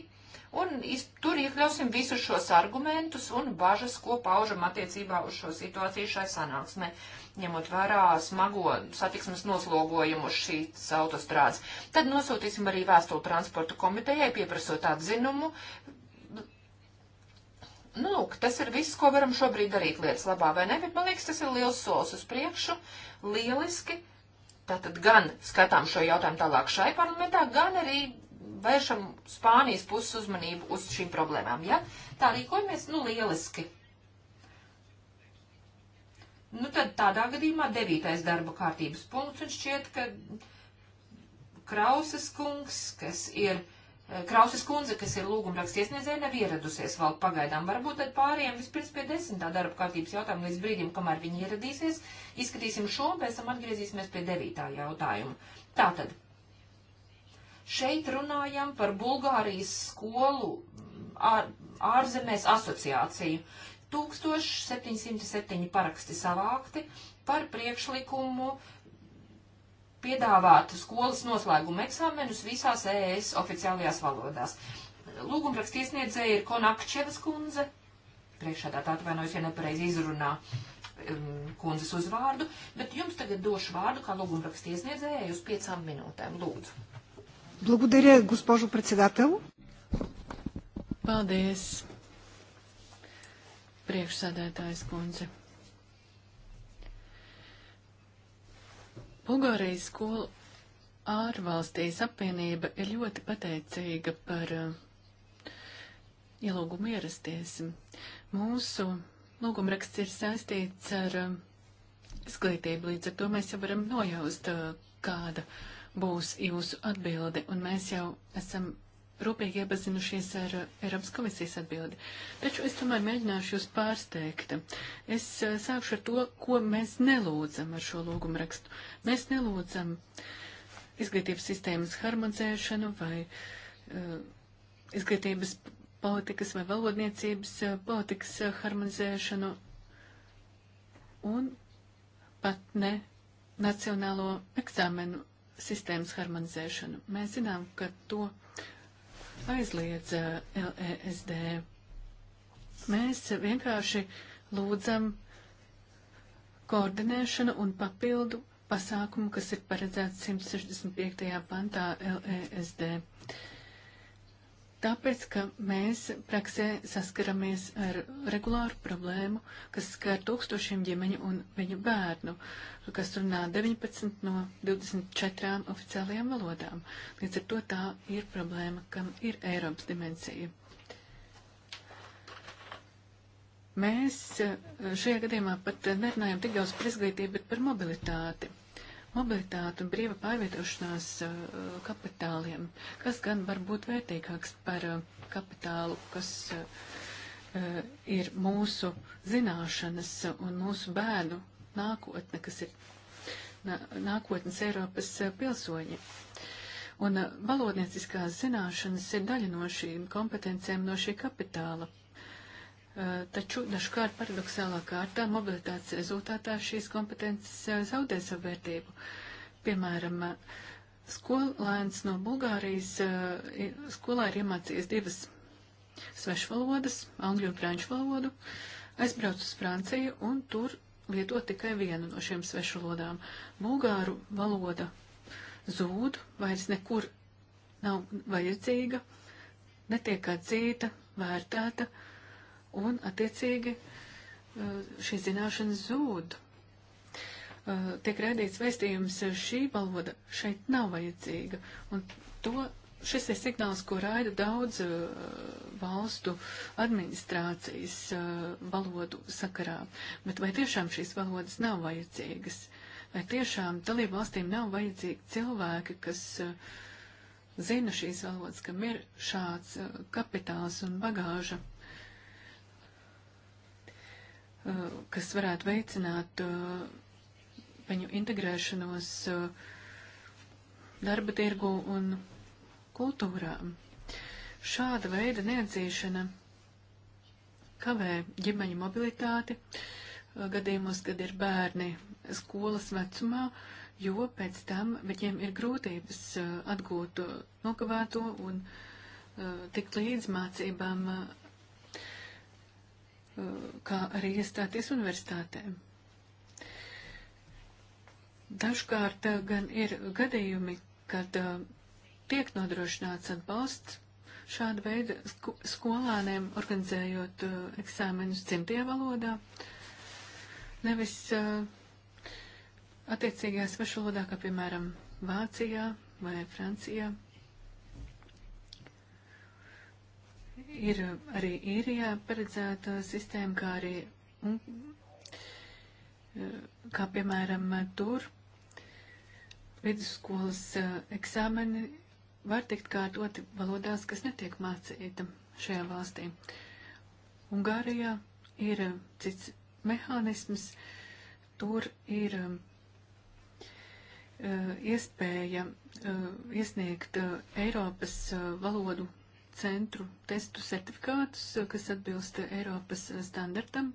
un iz, tur iekļausim visus šos argumentus un bažas, ko paužam attiecībā uz šo situāciju šai sanāksmē, ņemot vērā smago satiksmes noslogojumu uz šīs autostrādes. Tad nosūtīsim arī vēstuli transporta komitejai, pieprasot atzinumu Nu, lūk, tas ir viss, ko varam šobrīd darīt lietas labā, vai ne? Bet man liekas, tas ir liels solis uz priekšu, lieliski. Tātad gan skatām šo jautājumu tālāk šai parlamentā, gan arī vēršam Spānijas puses uzmanību uz šīm problēmām, ja? Tā rīkojamies, nu, lieliski. Nu, tad tādā gadījumā devītais darba kārtības punkts, un šķiet, ka Krausas kungs, kas ir Eh, Krauses kundze, kas ir lūgumraksts iesniedzēja, nav ieradusies vēl pagaidām. Varbūt tad pāriem vispirms pie desmitā darba kārtības jautājuma līdz brīdim, kamēr viņi ieradīsies. Izskatīsim šo, pēc tam atgriezīsimies pie devītā jautājuma. Tātad, šeit runājam par Bulgārijas skolu mm, ār, ārzemēs asociāciju. 1707 paraksti savākti par priekšlikumu uh, piedāvāt skolas noslēguma eksāmenus visās ES oficiālajās valodās. Lūgumraksta iesniedzēja ir Konakčevas kundze, priekšādā tā atvainojas, ja nepareizi izrunā um, kundzes uzvārdu, bet jums tagad došu vārdu kā lūgumraksta iesniedzēja uz piecām minūtēm. Lūdzu. Благодаря, госпожо председател. Paldies, priekšsēdētājs kundze. Ungārijas skolu ārvalstīs apvienība ir ļoti pateicīga par eh, ielūgumu ierasties. Mūsu lūgumraksts ir saistīts ar eh, izglītību, līdz ar to mēs jau varam nojaust, eh, kāda būs jūsu atbilde, un mēs jau esam rūpīgi iepazinušies ar Eiropas komisijas atbildi. Taču es tomēr mēģināšu jūs pārsteigt. Es eh, sākšu ar to, ko mēs nelūdzam ar šo lūgumu rakstu. Mēs nelūdzam izglītības sistēmas harmonizēšanu vai uh, izglītības politikas vai valodniecības eh, politikas harmonizēšanu un pat ne nacionālo eksāmenu sistēmas harmonizēšanu. Mēs zinām, ka to aizliedz eh, LESD. Mēs vienkārši lūdzam koordinēšanu un papildu pasākumu, kas ir paredzēts 165. pantā LESD. Tāpēc, ka mēs praksē saskaramies ar regulāru problēmu, kas skar tūkstošiem ģimeņu un viņu bērnu, kas runā 19 no 24 oficiālajām valodām. Līdz ar to tā ir problēma, kam ir Eiropas dimensija. Mēs eh, šajā gadījumā pat nerunājam tik daudz par izglītību, bet par mobilitāti mobilitāti un brīva pārvietošanās eh, kapitāliem, kas gan var būt vērtīgāks par eh, kapitālu, kas eh, ir mūsu zināšanas un mūsu bērnu nākotne, kas ir nākotnes Eiropas pilsoņi. Un valodnieciskās zināšanas ir daļa no šīm kompetencijām, no šī kapitāla. Uh, taču dažkārt paradoxālā kārtā mobilitātes rezultātā šīs kompetences uh, zaudē savu vērtību. Piemēram, uh, skolēns no Bulgārijas skolā ir iemācījies divas svešvalodas, angļu un franču valodu, aizbrauc uz Franciju un tur lieto tikai vienu no šiem svešvalodām. Bulgāru valoda zūd, vairs nekur nav vajadzīga, netiek atzīta, vērtēta. Uh, un, attiecīgi, eh, šīs zināšanas zūd. Eh, tiek rādīts vēstījums, eh, šī valoda šeit nav vajadzīga, un to šis ir signāls, ko raida daudz uh, valstu administrācijas uh, valodu sakarā. Bet vai tiešām šīs valodas nav vajadzīgas? Vai tiešām dalību valstīm nav vajadzīgi cilvēki, kas uh, zina šīs valodas, kam ir šāds kapitāls un bagāža? Uh, kas varētu veicināt uh, viņu integrēšanos uh, darba tirgu un kultūrā. Šāda veida neatzīšana kavē ģimeņa mobilitāti gadījumos, kad ir bērni skolas vecumā, jo pēc tam viņiem ir grūtības atgūt nokavēto un tikt līdz mācībām kā arī iestāties universitātēm. Dažkārt eh, gan ir gadījumi, kad eh, tiek nodrošināts atbalsts šāda veida skolāniem, organizējot eh, eksāmenus dzimtajā valodā, nevis attiecīgā svešvalodā, kā piemēram Vācijā vai Francijā. Ir arī īrijā paredzēta sistēma, kā arī, un, eh, kā piemēram, tur vidusskolas eh, eksāmeni var tikt kārtoti valodās, kas netiek mācīta šajā valstī. Ungārijā ir cits mehānisms, tur ir uh, iespēja uh, iesniegt uh, Eiropas valodu centru testu certifikātus, kas atbilst Eiropas standartam.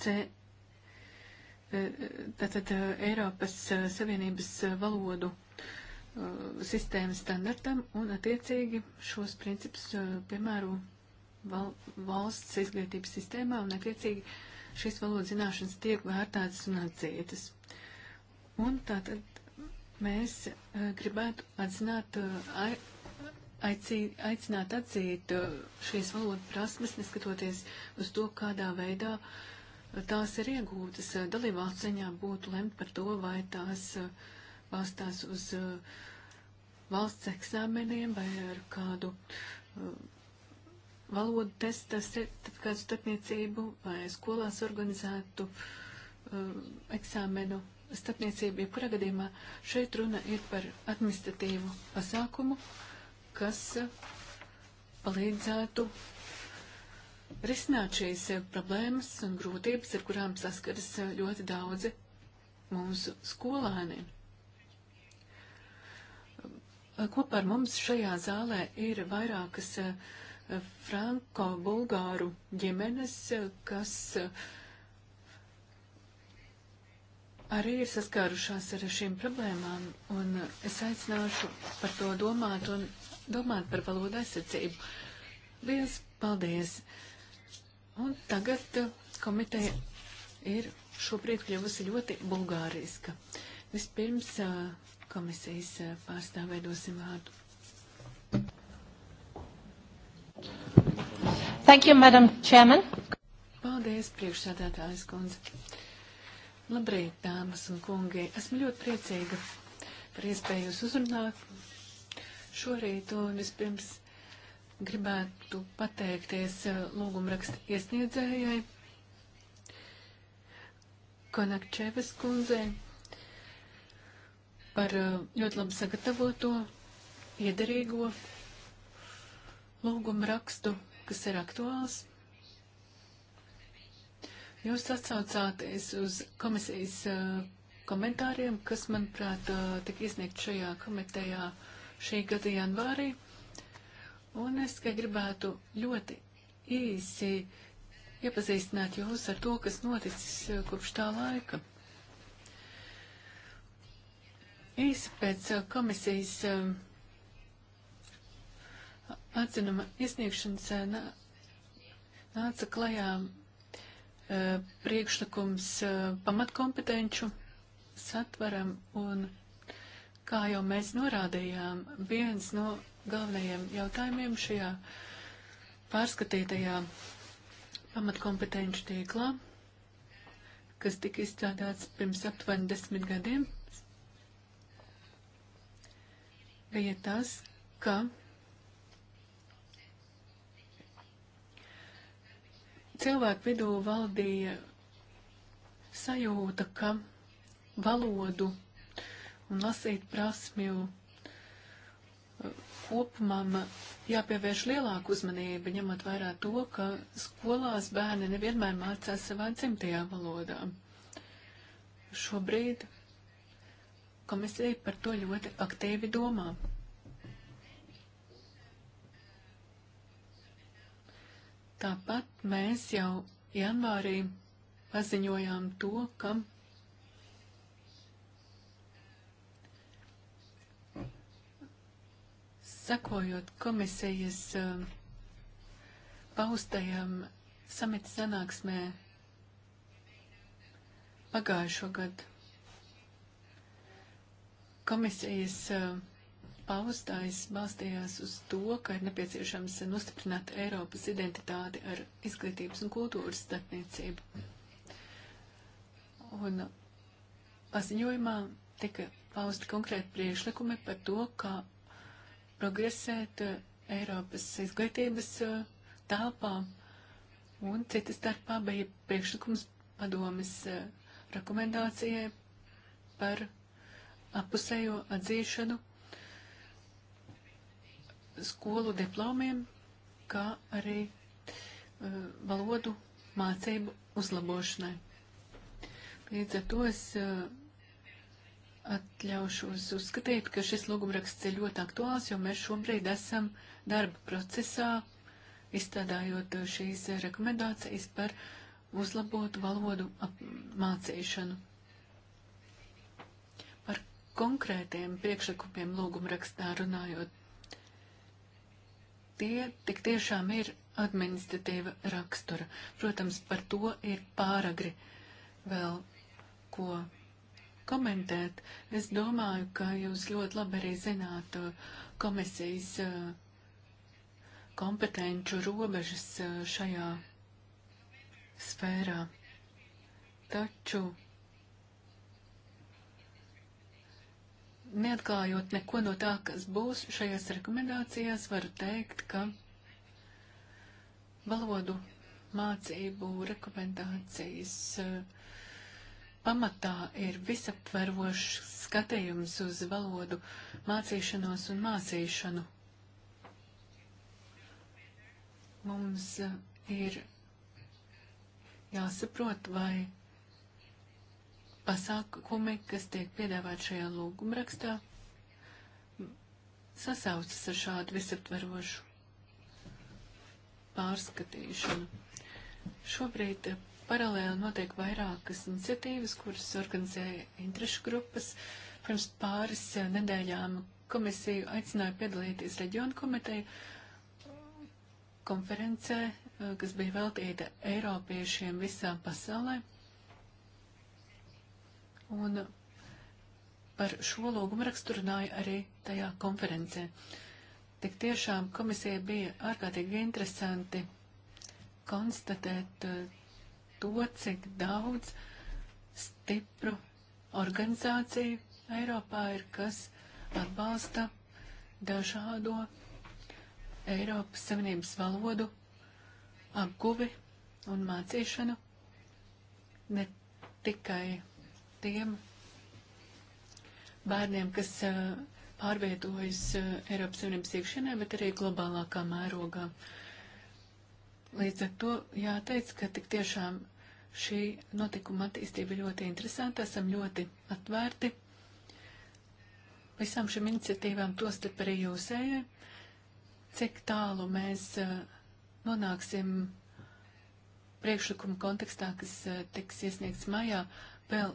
C, eh, tātad eh, Eiropas Savienības valodu eh, sistēmas standartam un attiecīgi šos principus piemēro val, valsts izglītības sistēmā un attiecīgi šīs valodas zināšanas tiek vērtētas un atzītas. Un tātad Mēs uh, gribētu atzināt, uh, aici, aicināt atzīt uh, šīs valodas prasmes, neskatoties uz to, kādā veidā uh, tās ir iegūtas. Uh, dalībvalsts ceņā būtu lemt par to, vai tās uh, balstās uz uh, valsts eksāmeniem vai ar kādu uh, valodu testu, tad kādu starpniecību vai skolās organizētu uh, eksāmenu starpniecību. Jebkurā gadījumā šeit runa ir par administratīvu pasākumu, kas palīdzētu risināt šīs problēmas un grūtības, ar kurām saskaras ļoti daudzi mūsu skolēni. Kopā ar mums šajā zālē ir vairākas eh, franko-bulgāru ģimenes, eh, kas uh, arī ir saskārušās ar šīm problēmām, un es aicināšu par to domāt un domāt par valodu aizsardzību. Liels paldies! Un tagad komiteja ir šobrīd kļuvusi ļoti bulgāriska. Vispirms komisijas pārstāvē dosim vārdu. Thank you, Madam Chairman. Paldies, priekšsādātājs kundze. Labrīt, dāmas un kungi! Esmu ļoti priecīga par iespēju jūs uzrunāt šorīt, un vispirms gribētu pateikties eh, lūgumraksta iesniedzējai Konakčevas kundzei par eh, ļoti labi sagatavoto, iederīgo lūgumrakstu, kas ir aktuāls Jūs atsaucāties uz komisijas uh, komentāriem, kas, manuprāt, uh, tika iesniegt šajā komitejā šī gada janvārī. Un es tikai gribētu ļoti īsi iepazīstināt jūs ar to, kas noticis uh, kopš tā laika. Īsi pēc uh, komisijas uh, atzinuma iesniegšanas uh, nāca klajā priekšlikums pamatkompetenču satvaram un, kā jau mēs norādījām, viens no galvenajiem jautājumiem šajā pārskatītajā pamatkompetenču tīklā, kas tika izstrādāts pirms aptuveni desmit gadiem, bija tas, ka cilvēku vidū valdīja sajūta, ka valodu un lasīt prasmju uh, kopumam jāpievērš lielāka uzmanība, ņemot vērā to, ka skolās bērni nevienmēr mācās savā dzimtajā valodā. Šobrīd komisija par to ļoti aktīvi domā. Tāpat mēs jau janvārī paziņojām to, ka sakojot komisijas eh, paustajam samita sanāksmē pagājušo gadu, komisijas uh, paustais balstījās uz to, ka ir nepieciešams nostiprināt Eiropas identitāti ar izglītības un kultūras starpniecību. Un paziņojumā tika pausti konkrēti priešlikumi par to, kā progresēt Eiropas izglītības uh, telpā, un citas starpā bija priekšlikums padomis uh, rekomendācijai par apusējo atzīšanu skolu diplomiem, kā arī uh, valodu mācību uzlabošanai. Līdz ar to es uh, atļaušos uzskatīt, ka šis lūgumraksts ir ļoti aktuāls, jo mēs šobrīd esam darba procesā, izstrādājot uh, šīs rekomendācijas par uzlabotu valodu mācīšanu. Par konkrētiem priekšlikumiem lūgumrakstā runājot, tie tik tiešām ir administratīva rakstura. Protams, par to ir pāragri vēl ko komentēt. Es domāju, ka jūs ļoti labi arī zināt uh, komisijas uh, kompetenču robežas uh, šajā sfērā. Taču neatklājot neko no tā, kas būs šajās rekomendācijās, varu teikt, ka valodu mācību rekomendācijas eh, pamatā ir visaptverošs skatījums uz valodu mācīšanos un mācīšanu. Mums eh, ir jāsaprot, vai pasākumi, kas tiek piedāvāti šajā lūgumrakstā, sasaucas ar šādu visaptverošu pārskatīšanu. Šobrīd paralēli notiek vairākas iniciatīvas, kuras organizē interešu grupas. Pirms pāris nedēļām komisiju aicināja piedalīties reģionu komiteju konferencē, kas bija veltīta Eiropiešiem visā pasaulē. Un par šo lūgumu raksturināju arī tajā konferencē. Tik tiešām komisija bija ārkārtīgi interesanti konstatēt eh, to, cik daudz stipru organizāciju Eiropā ir, kas atbalsta dažādo Eiropas Savienības valodu apguvi un mācīšanu ne tikai tiem bērniem, kas pārvietojas Eiropas Savienības iekšienē, bet arī globālākā mērogā. Līdz ar to jāteic, ka tik tiešām šī notikuma attīstība ir ļoti interesanta, esam ļoti atvērti visām šīm iniciatīvām, tostarp arī jūsējai, cik tālu mēs nonāksim priekšlikumu kontekstā, kas tiks iesniegts maijā, vēl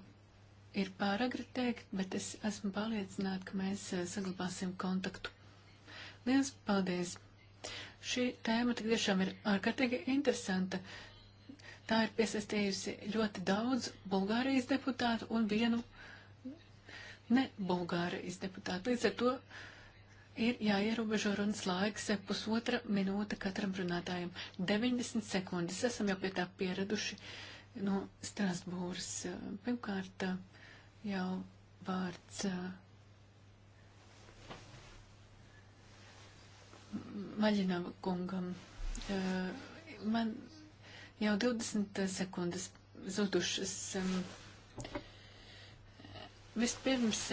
ir pāragri teikt, bet es esmu pārliecināta, ka mēs eh, saglabāsim kontaktu. Lielas paldies! Šī tēma tik tiešām ir ārkārtīgi interesanta. Tā ir piesaistījusi ļoti daudz Bulgārijas deputātu un vienu ne Bulgārijas deputātu. Līdz ar to ir jāierobežo runas laiks pusotra minūte katram runātājam. 90 sekundes esam jau pie tā pieraduši no Strasbūras. Pirmkārt, uh, jau vārds Maļinava kungam. Man jau 20 sekundes zudušas. Vispirms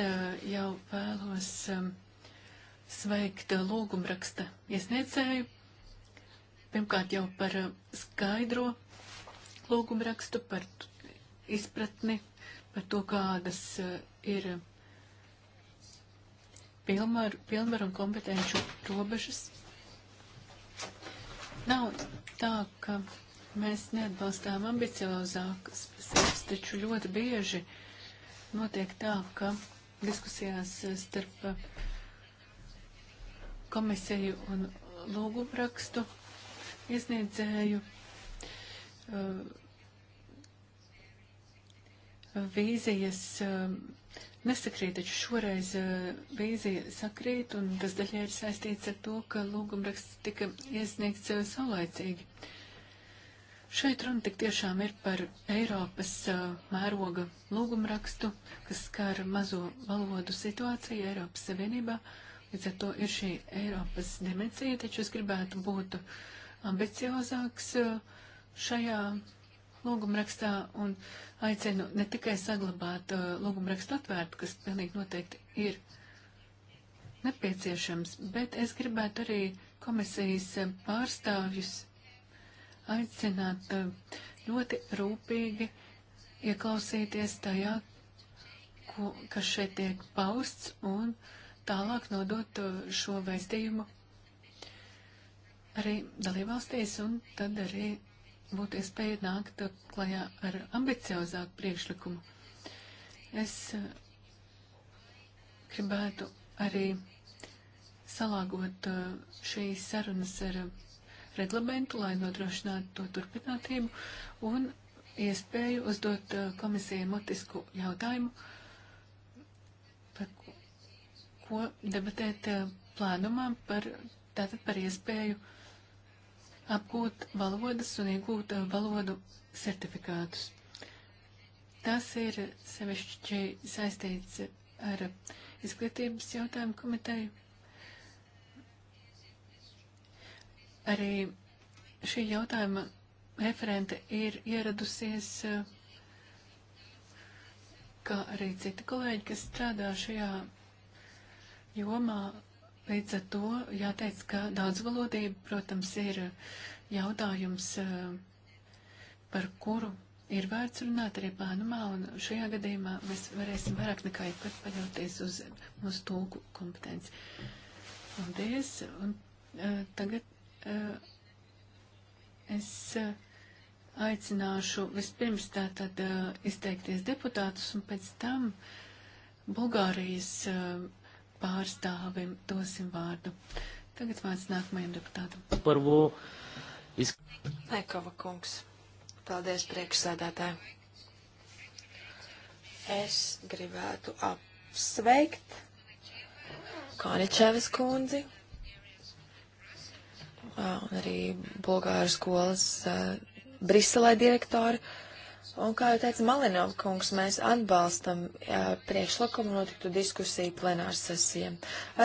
jau vēlos sveikt lūgumraksta iesniedzēju. Pirmkārt jau par skaidro lūgumrakstu, par izpratni par to, kādas eh, ir pilnvaru, pilnvaru un kompetenču robežas. Nav tā, ka mēs neatbalstām ambiciozākas prasības, taču ļoti bieži notiek tā, ka diskusijās starp komisiju un lūgumrakstu iesniedzēju uh, vīzijas um, nesakrīt, taču šoreiz uh, vīzija sakrīt, un tas daļai ir saistīts ar to, ka lūgumraksts tika iesniegts uh, saulēcīgi. Šeit runa tik tiešām ir par Eiropas uh, mēroga lūgumrakstu, kas skar mazo valodu situāciju Eiropas Savienībā. Līdz ar to ir šī Eiropas dimensija, taču es gribētu būt ambiciozāks šajā lūgumrakstā un aicinu ne tikai saglabāt uh, lūgumrakstu atvērtu, kas pilnīgi noteikti ir nepieciešams, bet es gribētu arī komisijas uh, pārstāvjus aicināt uh, ļoti rūpīgi ieklausīties tajā, ko, kas šeit tiek pausts un tālāk nodot uh, šo vēstījumu arī dalībvalstīs un tad arī būtu iespēja nākt klajā ar ambiciozāku priekšlikumu. Es eh, gribētu arī salāgot eh, šīs sarunas ar reglamentu, lai nodrošinātu to turpinātību un iespēju uzdot eh, komisijai motisku jautājumu, par ko debatēt plānumā par, tātad par iespēju uh, apgūt valodas un iegūt eh, valodu certifikātus. Tas ir sevišķi saistīts ar izglītības jautājumu komiteju. Arī šī jautājuma referente ir ieradusies, eh, kā arī citi kolēģi, kas strādā šajā jomā Līdz ar to jāteic, ka daudzvalodība, protams, ir jautājums, eh, par kuru ir vērts runāt arī plānumā, un šajā gadījumā mēs varēsim vairāk nekā jebkad paļauties uz mūsu tūku kompetenci. Paldies, un uh, tagad uh, es uh, aicināšu vispirms tātad uh, izteikties deputātus, un pēc tam Bulgārijas uh, pārstāvim dosim vārdu. Tagad vārds nākamajam deputātam. Par vo. Iz... Nekava kungs. Paldies, priekšsēdētāji. Es gribētu apsveikt Kaničevas kundzi un arī Bulgāru skolas uh, Briselē direktori. Uh, Un, kā jau teica Malinov kungs, mēs atbalstam jā, priekšlikumu notiktu diskusiju plenārs sesijām.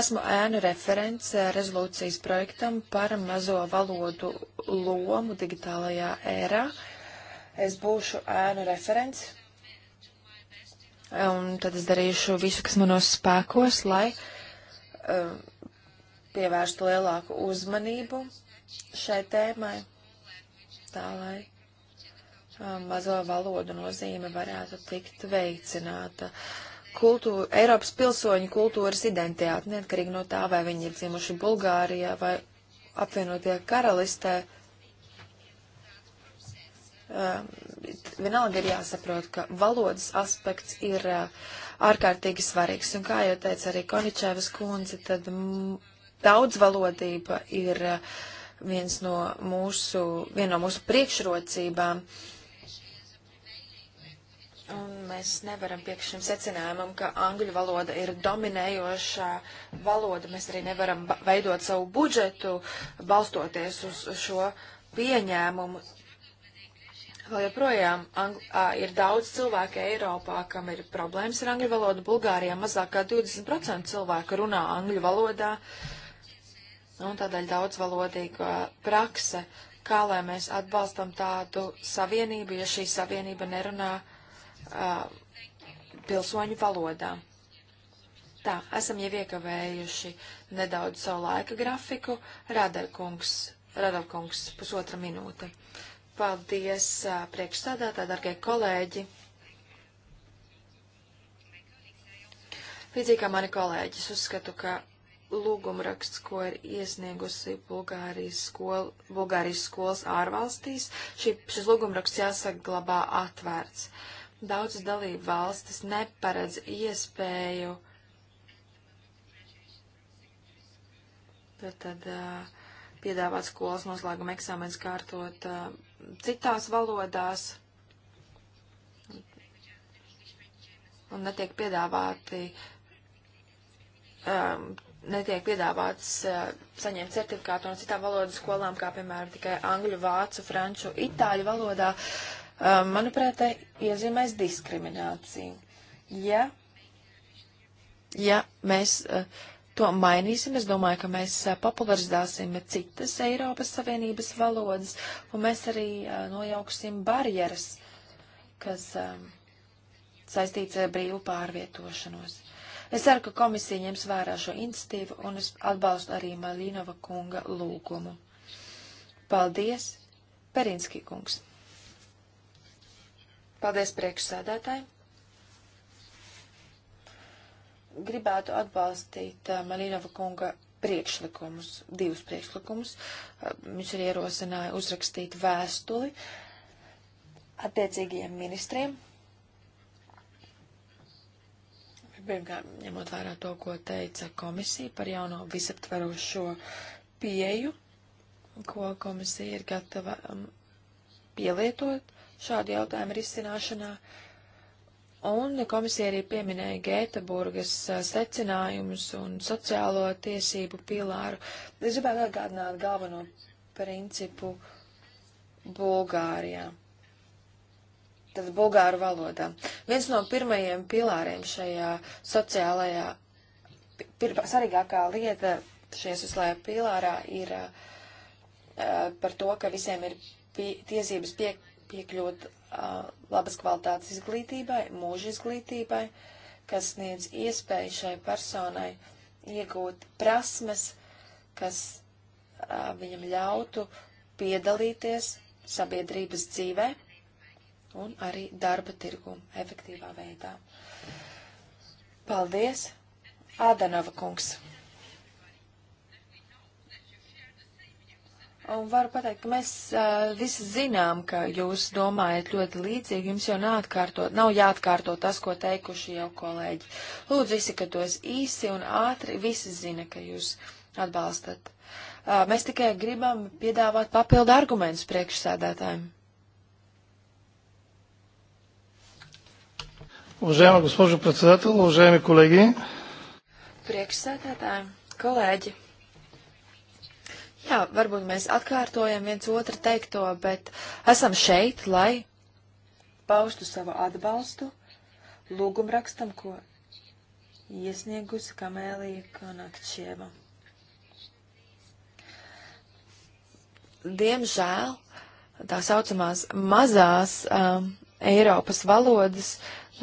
Esmu ēnu referents eh, rezolūcijas projektam par mazo valodu lomu digitālajā ērā. Es būšu ēnu referents. Un tad es darīšu visu, kas manos spēkos, lai um, pievērstu lielāku uzmanību šai tēmai. Tā lai Um, mazo valodu nozīme varētu tikt veicināta. Kultūra, Eiropas pilsoņu kultūras identitāte, neatkarīgi no tā, vai viņi ir dzimuši Bulgārijā vai apvienotie karalistē, um, vienalga ir jāsaprot, ka valodas aspekts ir uh, ārkārtīgi svarīgs. Un kā jau teica arī Koničēvas kundze, tad m, daudzvalodība ir uh, viens no mūsu, viena no mūsu priekšrocībām. Uh, Mēs nevaram piekļūt šim secinājumam, ka angļu valoda ir dominējošā valoda. Mēs arī nevaram veidot savu budžetu, balstoties uz šo pieņēmumu. Vēl joprojām ir daudz cilvēku Eiropā, kam ir problēmas ar angļu valodu. Bulgārijā mazāk kā 20% cilvēku runā angļu valodā. Un tādēļ daudz valodīga prakse, kā lai mēs atbalstam tādu savienību, ja šī savienība nerunā angļu uh, pilsoņu valodā. Tā, esam jau iekavējuši nedaudz savu laika grafiku. Radarkungs, Radarkungs pusotra minūte. Paldies uh, priekšstādātā, dargie kolēģi. Līdzīgi kā mani kolēģis, uzskatu, ka lūgumraksts, ko ir iesniegusi Bulgārijas, skol, Bulgārijas skolas ārvalstīs. Šī, šis lūgumraksts jāsaglabā atvērts. Daudzas dalību valstis neparedz iespēju tad, tad piedāvāt skolas noslēguma eksāmenes kārtot citās valodās. Un netiek piedāvāti um, netiek piedāvāts uh, saņemt certifikātu no citām valodas skolām, kā piemēram tikai angļu, vācu, franču, itāļu valodā. Uh, Uh, manuprāt, iezīmēs diskrimināciju. Ja, ja mēs uh, to mainīsim, es domāju, ka mēs uh, popularizēsim citas Eiropas Savienības valodas, un mēs arī nojauksim barjeras, kas um, saistīts ar brīvu pārvietošanos. Es ceru, ka komisija ņems vērā šo iniciatīvu, un es atbalstu arī Malīnova kunga lūgumu. Paldies, Perinski kungs! Paldies priekšsēdētāji. Gribētu atbalstīt uh, Malinova kunga priekšlikumus, divus priekšlikumus. Uh, viņš arī ierosināja uzrakstīt vēstuli attiecīgajiem ministriem. Pirmkārt, ņemot vērā to, ko teica komisija par jauno visaptverošo pieju, ko komisija ir gatava um, pielietot, šādu jautājumu risināšanā. Un komisija arī pieminēja Gēteburgas secinājumus un sociālo tiesību pilāru. Es gribētu atgādināt galveno principu Bulgārijā. Tad bulgāru valodā. Viens no pirmajiem pilāriem šajā sociālajā, pirmā svarīgākā lieta šajā sociālajā pilārā ir uh, par to, ka visiem ir pie, tiesības piekļūt piekļūt uh, labas kvalitātes izglītībai, mūža izglītībai, kas sniedz iespēju šai personai iegūt prasmes, kas uh, viņam ļautu piedalīties sabiedrības dzīvē un arī darba tirgu efektīvā veidā. Paldies, Ādanova kungs! Un varu pateikt, ka mēs uh, visi zinām, ka jūs domājat ļoti līdzīgi, jums jau neatkārto, nav jāatkārto tas, ko teikuši jau kolēģi. Lūdzu, visi, ka tos īsi un ātri, visi zina, ka jūs atbalstat. Uh, mēs tikai gribam piedāvāt papildu argumentus priekšsēdētājiem. Уважаема госпожо председател, уважаеми колеги. Priekšsēdētāji, kolēģi. Jā, varbūt mēs atkārtojam viens otru teikto, bet esam šeit, lai paustu savu atbalstu lūgumrakstam, ko iesniegusi Kamēlija Konakčieva. Diemžēl tā saucamās mazās um, Eiropas valodas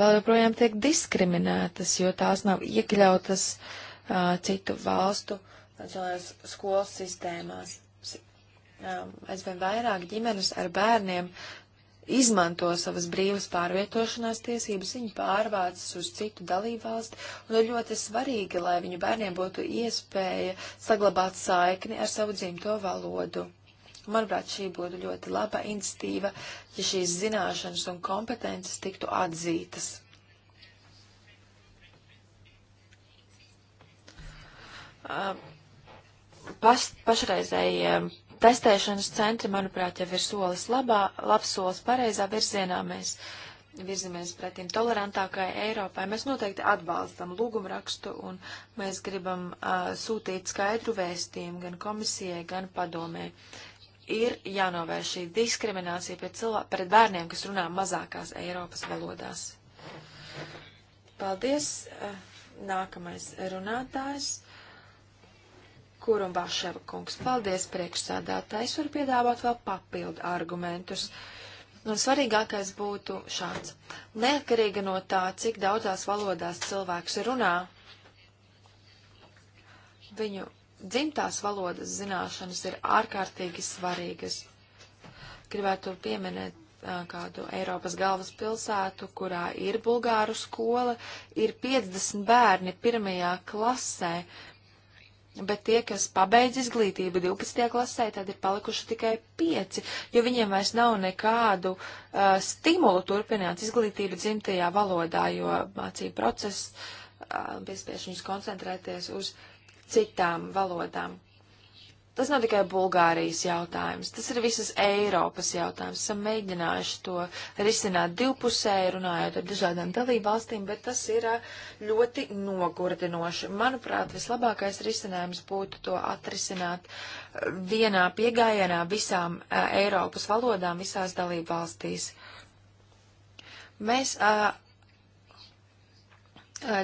vēl joprojām tiek diskriminētas, jo tās nav iekļautas uh, citu valstu uh, nacionālajās skolas sistēmās. Um, aizvien vairāk ģimenes ar bērniem izmanto savas brīvas pārvietošanās tiesības, viņi pārvācas uz citu dalībvalsti, un ir ļoti svarīgi, lai viņu bērniem būtu iespēja saglabāt saikni ar savu dzimto valodu. Manuprāt, šī būtu ļoti laba institīva, ja šīs zināšanas un kompetences tiktu atzītas. Uh, Pas, pašreizējie um, testēšanas centri, manuprāt, jau ir solis labā, labs solis pareizā virzienā. Mēs virzamies pretim tolerantākai Eiropai. Mēs noteikti atbalstam lūgumu rakstu un mēs gribam uh, sūtīt skaidru vēstījumu gan komisijai, gan padomē. Ir jānovērš šī diskriminācija pret, cilvē, pret bērniem, kas runā mazākās Eiropas valodās. Paldies! Uh, nākamais runātājs kurum Vaševa kungs. Paldies, priekšsēdētājs var piedāvāt vēl papildu argumentus. Un svarīgākais būtu šāds. Neatkarīga no tā, cik daudzās valodās cilvēks runā, viņu dzimtās valodas zināšanas ir ārkārtīgi svarīgas. Gribētu pieminēt kādu Eiropas galvaspilsētu, kurā ir bulgāru skola, ir 50 bērni pirmajā klasē, Bet tie, kas pabeidz izglītību 12. klasē, tad ir palikuši tikai 5, jo viņiem vairs nav nekādu uh, stimulu turpināt izglītību dzimtajā valodā, jo mācību process uh, piespiež viņus koncentrēties uz citām valodām. Tas nav tikai Bulgārijas jautājums, tas ir visas Eiropas jautājums. Esam mēģinājuši to risināt divpusēji, runājot ar dažādām dalībvalstīm, bet tas ir ļoti nogurdinoši. Manuprāt, vislabākais risinājums būtu to atrisināt vienā piegājienā visām Eiropas valodām, visās dalībvalstīs. Mēs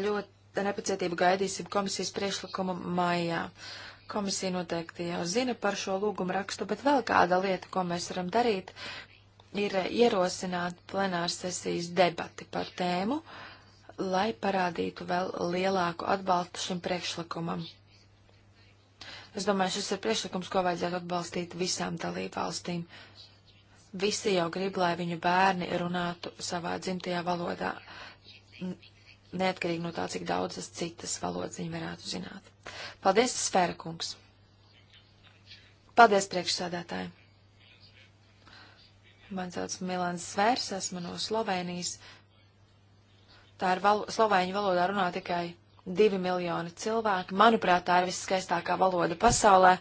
ļoti nepacietību gaidīsim komisijas priekšlikumu maijā. Uh, Komisija noteikti jau zina par šo lūgumu rakstu, bet vēl kāda lieta, ko mēs varam darīt, ir ierosināt plenāras sesijas debati par tēmu, lai parādītu vēl lielāku atbalstu šim priekšlikumam. Es domāju, šis ir priekšlikums, ko vajadzētu atbalstīt visām dalībvalstīm. Visi jau grib, lai viņu bērni runātu savā dzimtajā valodā neatkarīgi no tā, cik daudzas citas valodas viņi varētu zināt. Paldies, Sfēra kungs! Paldies, priekšsādātāji! Man sauc Milans Svērs, esmu no Slovenijas. Tā ir val Slovēņu valodā runā tikai divi miljoni cilvēki. Manuprāt, tā ir viskaistākā valoda pasaulē.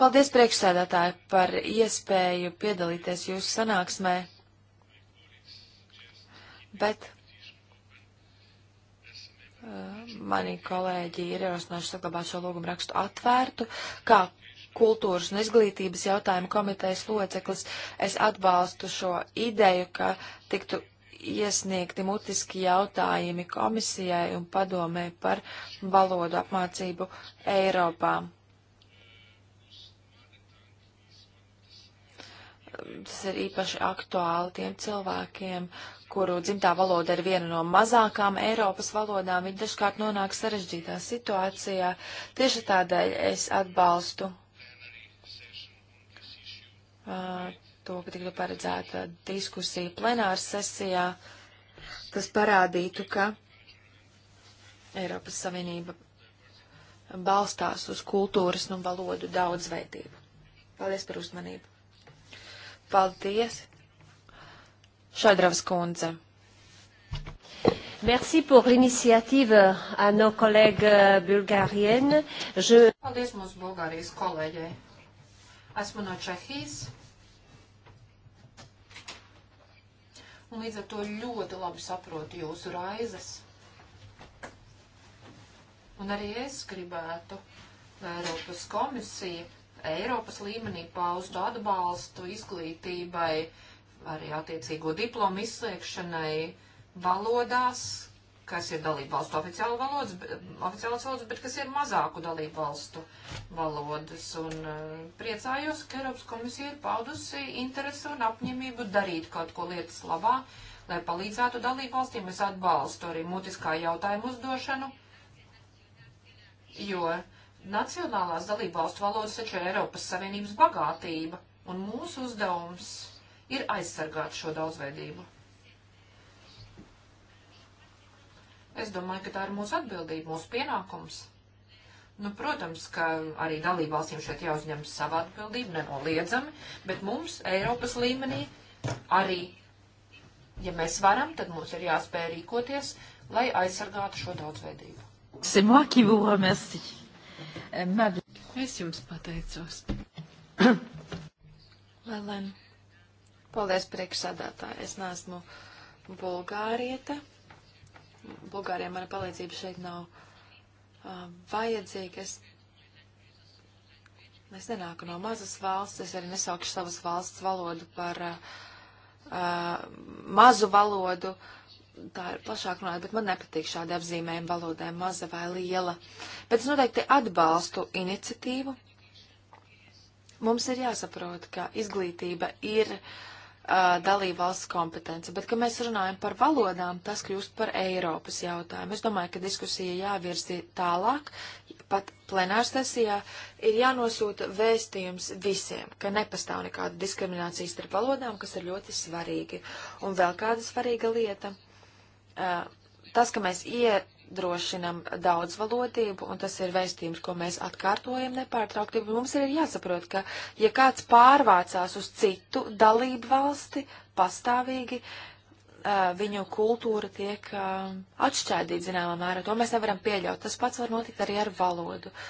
Paldies, priekšsēdētāji, par iespēju piedalīties jūsu sanāksmē. Bet Mani kolēģi ir ierosinājuši saglabāt šo lūgumu rakstu atvērtu. Kā kultūras un izglītības jautājumu komitejas loceklis es atbalstu šo ideju, ka tiktu iesniegti mutiski jautājumi komisijai un padomē par valodu apmācību Eiropā. Tas ir īpaši aktuāli tiem cilvēkiem, kuru dzimtā valoda ir viena no mazākām Eiropas valodām, viņi dažkārt nonāk sarežģītā situācijā. Tieši tādēļ es atbalstu uh, to, ka tiktu paredzēta diskusija plenāras sesijā. Tas parādītu, ka Eiropas Savienība balstās uz kultūras un valodu daudzveidību. Paldies par uzmanību. Paldies! Šaidravs kundze. Merci pour l'initiative à nos collègues bulgariennes. Je... Paldies mūsu Bulgārijas kolēģei. Esmu no Čehijas. Un līdz ar to ļoti labi saprotu jūsu raizes. Un arī es gribētu, lai Eiropas komisija Eiropas līmenī paustu atbalstu izglītībai arī attiecīgo diplomu izsniegšanai valodās, kas ir dalību valstu oficiāla valodas, oficiālas valodas, bet kas ir mazāku dalību valstu valodas. Un eh, priecājos, ka Eiropas komisija ir paudusi interesi un apņemību darīt kaut ko lietas labā, lai palīdzētu dalību valstīm. Es atbalstu arī mutiskā jautājuma uzdošanu, jo nacionālās dalību valstu valodas taču ir Eiropas Savienības bagātība. Un mūsu uzdevums ir aizsargāt šo daudzveidību. Es domāju, ka tā ir mūsu atbildība, mūsu pienākums. Nu, protams, ka arī dalībvalstīm šeit jāuzņem sava atbildība, nenoliedzami, bet mums Eiropas līmenī arī, ja mēs varam, tad mums ir jāspēj rīkoties, lai aizsargātu šo daudzveidību. C'est moi qui vous remercie. Euh, ma... Es jums pateicos. Lelen, Paldies, priekšsādātāji. Es neesmu bulgārieta. Bulgārijai mana palīdzība šeit nav uh, vajadzīga. Es, es nenāku no mazas valsts. Es arī nesaukšu savas valsts valodu par uh, uh, mazu valodu. Uh, tā ir plašāk runāt, bet man nepatīk šādi apzīmējumi valodai maza vai liela. Bet es noteikti atbalstu iniciatīvu. Mums ir jāsaprot, ka izglītība ir dalību valsts kompetence, bet, kad mēs runājam par valodām, tas kļūst par Eiropas jautājumu. Es domāju, ka diskusija jāvirzi tālāk, pat plenārsesijā ir jānosūta vēstījums visiem, ka nepastāv nekāda diskriminācija starp valodām, kas ir ļoti svarīgi. Un vēl kāda svarīga lieta. Uh, tas, ka mēs ie, nodrošinam daudzvalodību, un tas ir vēstījums, ko mēs atkārtojam nepārtraukti. Mums ir jāsaprot, ka ja kāds pārvācās uz citu dalību valsti pastāvīgi, viņu kultūra tiek atšķaidīta zināmā mērā. To mēs nevaram pieļaut. Tas pats var notikt arī ar valodu. Uh,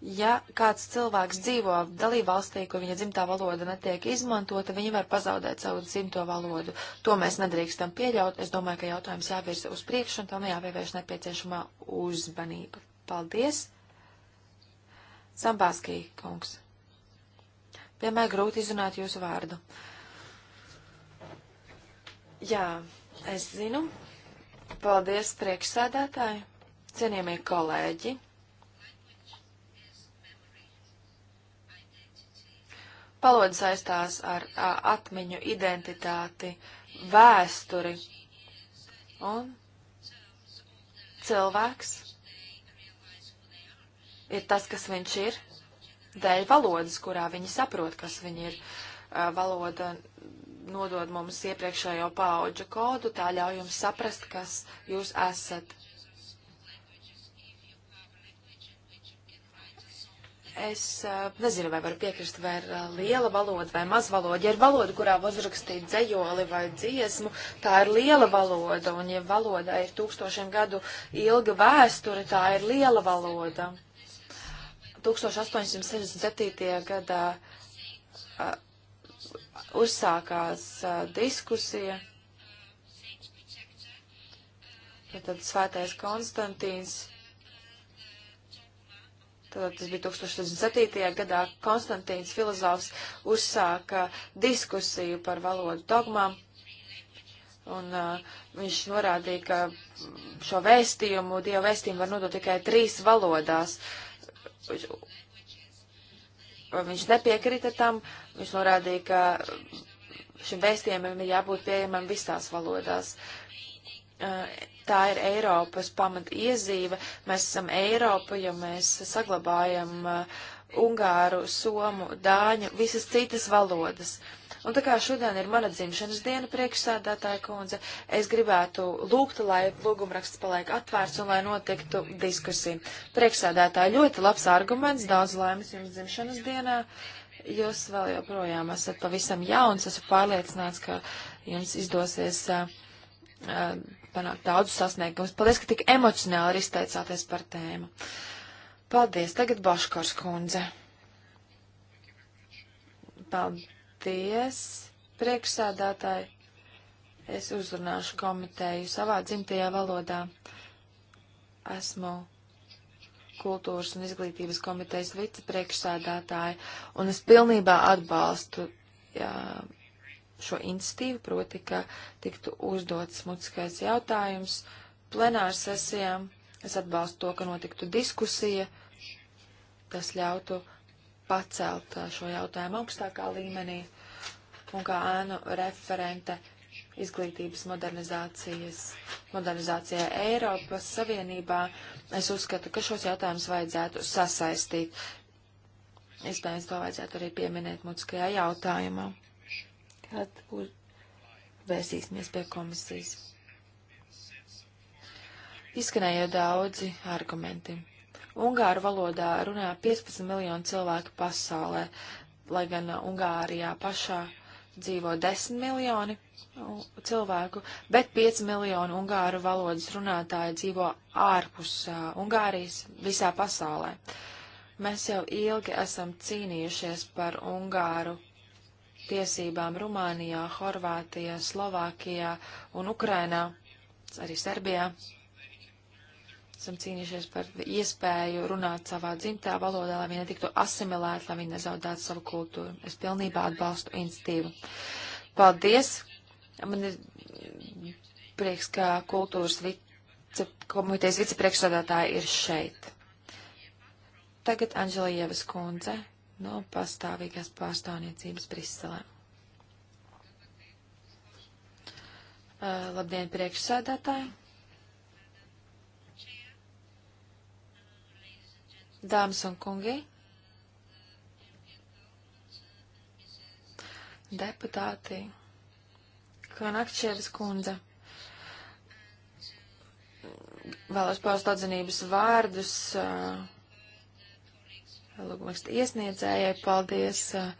ja kāds cilvēks dzīvo dalībvalstī, kur viņa dzimtā valoda netiek izmantota, viņi var pazaudēt savu dzimto valodu. To mēs nedrīkstam pieļaut. Es domāju, ka jautājums jāvirza uz priekšu un tam jāpievērš nepieciešamā uzmanība. Paldies! Sambāskī, kungs. Vienmēr grūti izrunāt jūsu vārdu. Jā, es zinu. Paldies, priekšsēdētāji, cienījamie kolēģi. Valoda saistās ar a, atmiņu, identitāti, vēsturi. Un cilvēks ir tas, kas viņš ir, dēļ valodas, kurā viņi saprot, kas viņi ir. Valoda nodod mums iepriekšējo paauģu kodu, tā ļauj jums saprast, kas jūs esat. Es uh, nezinu, vai varu piekrist, vai ir uh, liela valoda vai maz valoda. Ja ir valoda, kurā uzrakstīt dzējoli vai dziesmu, tā ir liela valoda, un ja valoda ir tūkstošiem gadu ilga vēsture, tā ir liela valoda. 1867. gadā uh, uzsākās diskusija. Ja tad svētais Konstantīns Tad tas bija 1067. gadā Konstantīns filozofs uzsāka diskusiju par valodu dogmām. Un uh, viņš norādīja, ka šo vēstījumu, dievu vēstījumu var nodot tikai trīs valodās. Viņš nepiekrita tam, viņš norādīja, ka šim vēstījumam ir jābūt pieejamam visās valodās. Uh, tā ir Eiropas pamat iezīme. Mēs esam Eiropa, jo mēs saglabājam uh, ungāru, somu, dāņu, visas citas valodas. Un tā kā šodien ir mana dzimšanas diena priekšsādātāja kundze, es gribētu lūgt, lai lūgumraksts paliek atvērts un lai notiktu diskusija. Priekšsādātāja ļoti labs arguments, daudz laimes jums dzimšanas dienā. Jūs vēl joprojām esat pavisam jauns, esmu pārliecināts, ka jums izdosies uh, panākt daudz sasniegumus. Paldies, ka tik emocionāli arī izteicāties par tēmu. Paldies, tagad Baškars kundze. Paldies, priekšsēdātāji. Es uzrunāšu komiteju savā dzimtajā valodā. Esmu kultūras un izglītības komitejas vicepriekšsēdētāja, un es pilnībā atbalstu jā, šo institīvu, proti, ka tiktu uzdots mutiskais jautājums plenārs sesijām. Es atbalstu to, ka notiktu diskusija. Tas ļautu pacelt uh, šo jautājumu augstākā līmenī. Un kā ēnu referente izglītības modernizācijas, modernizācijā Eiropas Savienībā, es uzskatu, ka šos jautājumus vajadzētu sasaistīt. Iespējams, to vajadzētu arī pieminēt mutiskajā jautājumā. Tad vērsīsimies pie komisijas. Izskanēja daudzi argumenti. Ungāru valodā runā 15 miljonu cilvēku pasaulē, lai gan Ungārijā pašā dzīvo 10 miljoni cilvēku, bet 5 miljoni ungāru valodas runātāji dzīvo ārpus uh, Ungārijas visā pasaulē. Mēs jau ilgi esam cīnījušies par ungāru tiesībām Rumānijā, Horvātijā, Slovākijā un Ukrainā, arī Serbijā. Esam cīnījušies par iespēju runāt savā dzimtā valodā, lai viņi netiktu asimilēti, lai viņi nezaudētu savu kultūru. Es pilnībā atbalstu institīvu. Paldies! Man ir prieks, ka kultūras vice, komitejas vicepriekšsādātāji ir šeit. Tagad Anželievas kundze no pastāvīgās pārstāvniecības Briselē. Uh, labdien, priekšsēdētāji! Dāmas un kungi! Deputāti! Kanakčevas kundze! Vēlos paust atzinības vārdus. Uh, lūgumraksta iesniedzējai. Paldies uh,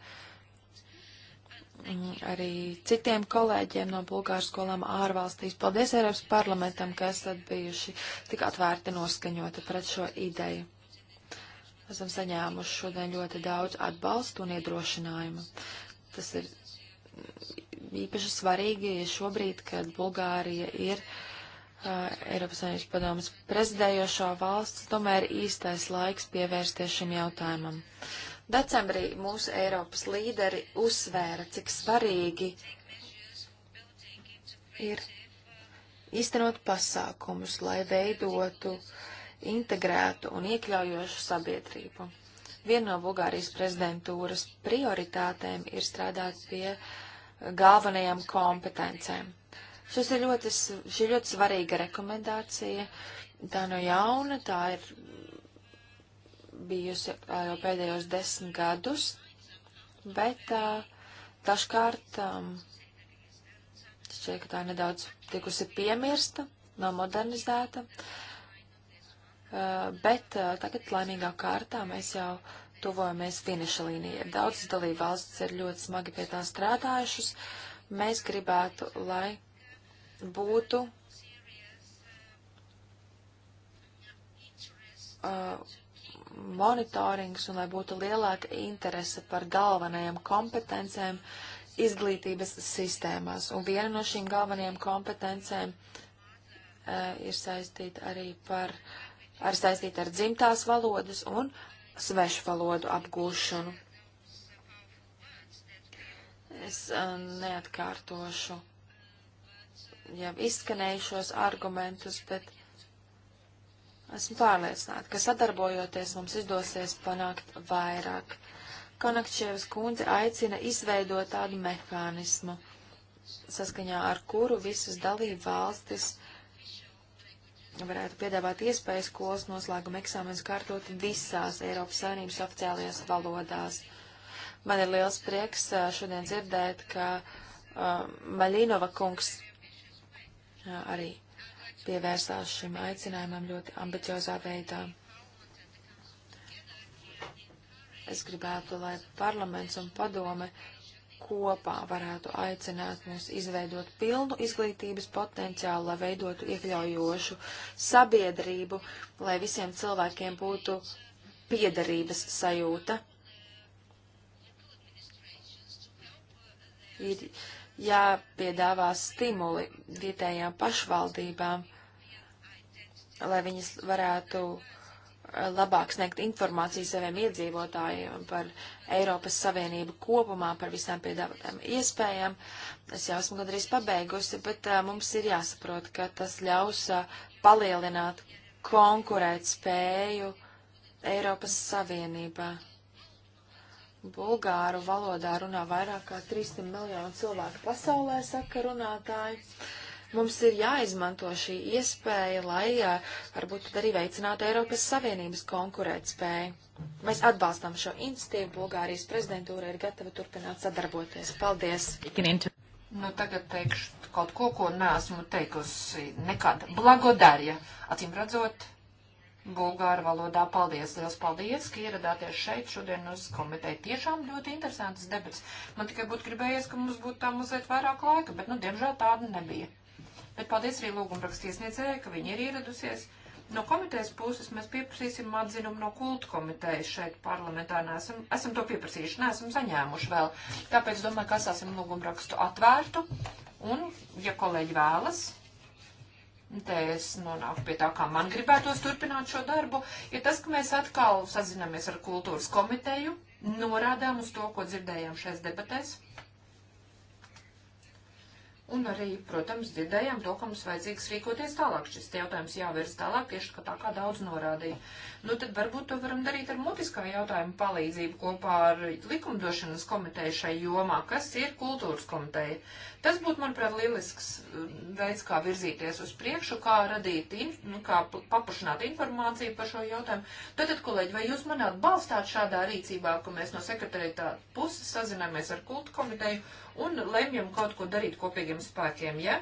arī citiem kolēģiem no Bulgāras skolām ārvalstīs. Paldies Eiropas parlamentam, ka esat bijuši tik atvērti noskaņoti pret šo ideju. Esam saņēmuši šodien ļoti daudz atbalstu un iedrošinājumu. Tas ir īpaši svarīgi šobrīd, kad Bulgārija ir. Uh, Uh, Eiropas Savienības padomas prezidējošo valsts, tomēr īstais laiks pievērsties šim jautājumam. Decembrī mūsu Eiropas līderi uzsvēra, cik svarīgi ir īstenot pasākumus, lai veidotu integrētu un iekļaujošu sabiedrību. Viena no Bulgārijas prezidentūras prioritātēm ir strādāt pie galvenajām kompetencēm Šis ir ļoti, šī ir ļoti svarīga rekomendācija. Tā no jauna, tā ir bijusi jau pēdējos desmit gadus, bet dažkārt šķiet, ka tā nedaudz tikusi piemirsta, nav modernizēta. Bet tagad laimīgā kārtā mēs jau tuvojamies finiša līnijai. Daudzas dalībvalstis ir ļoti smagi pie tā strādājušas. Mēs gribētu, lai būtu uh, monitorings un lai būtu lielāka interese par galvenajām kompetencēm izglītības sistēmās. Un viena no šīm galvenajām kompetencēm uh, ir saistīta arī par, ar saistīta ar dzimtās valodas un svešu valodu apgūšanu. Es uh, neatkārtošu jau izskanējušos argumentus, bet esmu pārliecināta, ka sadarbojoties mums izdosies panākt vairāk. Konakčievas kundze aicina izveidot tādu mehānismu, saskaņā ar kuru visas dalību valstis varētu piedāvāt iespēju skolas noslēguma eksāmenus kārtot visās Eiropas Savienības oficiālajās valodās. Man ir liels prieks šodien dzirdēt, ka uh, Maļinova kungs arī pievērsās šim aicinājumam ļoti ambiciozā veidā. Es gribētu, lai parlaments un padome kopā varētu aicināt mums izveidot pilnu izglītības potenciālu, lai veidotu iekļaujošu sabiedrību, lai visiem cilvēkiem būtu piederības sajūta. Ir jāpiedāvā stimuli vietējām pašvaldībām, lai viņas varētu eh, labāk sniegt informāciju saviem iedzīvotājiem par Eiropas Savienību kopumā, par visām piedāvātām iespējām. Es jau esmu gandrīz pabeigusi, bet uh, mums ir jāsaprot, ka tas ļaus uh, palielināt konkurēt spēju Eiropas Savienībā. Bulgāru valodā runā vairāk kā 300 miljonu cilvēku pasaulē, saka runātāji. Mums ir jāizmanto šī iespēja, lai varbūt tad arī veicinātu Eiropas Savienības konkurētspēju. Mēs atbalstam šo institīvu, Bulgārijas prezidentūra ir gatava turpināt sadarboties. Paldies! Nu, tagad teikšu kaut ko, ko neesmu teikusi nekad. Blagodarja, acīm redzot, bulgāru valodā. Paldies, liels paldies, ka ieradāties šeit šodien uz komiteju. Tiešām ļoti interesants debats. Man tikai būtu gribējies, ka mums būtu tam uzliet vairāk laika, bet, nu, diemžēl tāda nebija. Bet paldies arī lūgumrakstiesniedzēji, ka viņi ir ieradusies. No komitejas puses mēs pieprasīsim atzinumu no kultu komitejas šeit parlamentā. Nesam, esam to pieprasījuši, neesam saņēmuši vēl. Tāpēc domāju, ka esam lūgumrakstu atvērtu. Un, ja kolēģi vēlas, Te es nonāku pie tā, kā man gribētos turpināt šo darbu, ir ja tas, ka mēs atkal sazinamies ar kultūras komiteju, norādām uz to, ko dzirdējām šais debatēs. Un arī, protams, dzirdējām to, ka mums vajadzīgs rīkoties tālāk. Šis jautājums jāvirs tālāk, tieši tā kā daudz norādīja nu tad varbūt to varam darīt ar mutiskā jautājuma palīdzību kopā ar likumdošanas komiteju šai jomā, kas ir kultūras komiteja. Tas būtu, manuprāt, lielisks um, veids, kā virzīties uz priekšu, kā radīt, nu, kā paplašināt informāciju par šo jautājumu. Tātad, kolēģi, vai jūs man atbalstāt šādā rīcībā, ka mēs no sekretarietā puses sazināmies ar kultu komiteju un lemjam kaut ko darīt kopīgiem spēkiem, ja?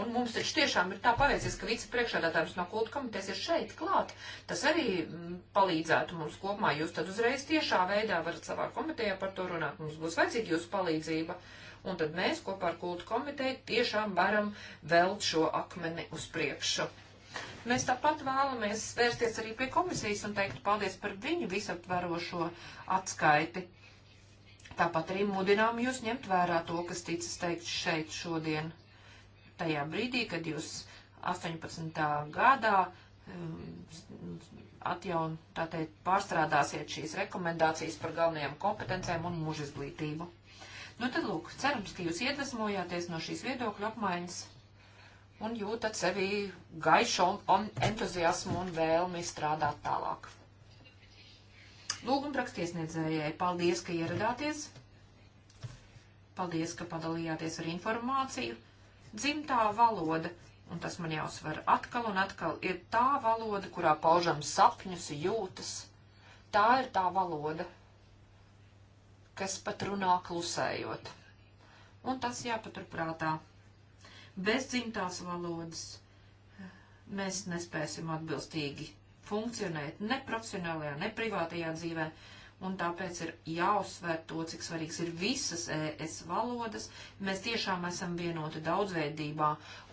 Un mums taču tiešām ir tā paveicies, ka vicepriekšādātājs no kultu komitejas ir šeit klāt. Tas arī mm, palīdzētu mums kopumā. Jūs tad uzreiz tiešā veidā varat savā komitejā par to runāt. Mums būs vajadzīga jūsu palīdzība. Un tad mēs kopā ar kultu komiteju tiešām varam velt šo akmeni uz priekšu. Mēs tāpat vēlamies vērsties arī pie komisijas un teikt paldies par viņu visaptverošo atskaiti. Tāpat arī mudinām jūs ņemt vērā to, kas ticis teikt šeit šodien tajā brīdī, kad jūs 18. gadā um, atjaun, tā teikt, pārstrādāsiet šīs rekomendācijas par galvenajām kompetencēm un mūža izglītību. Nu tad, lūk, cerams, ka jūs iedvesmojāties no šīs viedokļu apmaiņas un jūtat sevi gaišu un entuziasmu un vēlmi strādāt tālāk. Lūgumrakstiesniedzējai paldies, ka ieradāties. Paldies, ka padalījāties ar informāciju dzimtā valoda, un tas man jāuzsver atkal un atkal, ir tā valoda, kurā paužam sapņus, jūtas. Tā ir tā valoda, kas pat runā klusējot. Un tas jāpaturprātā. Bez dzimtās valodas eh, mēs nespēsim atbilstīgi funkcionēt ne profesionālajā, ne privātajā dzīvē, uh, un tāpēc ir jāuzsver to, cik svarīgs ir visas ES valodas. Mēs tiešām esam vienoti daudzveidībā,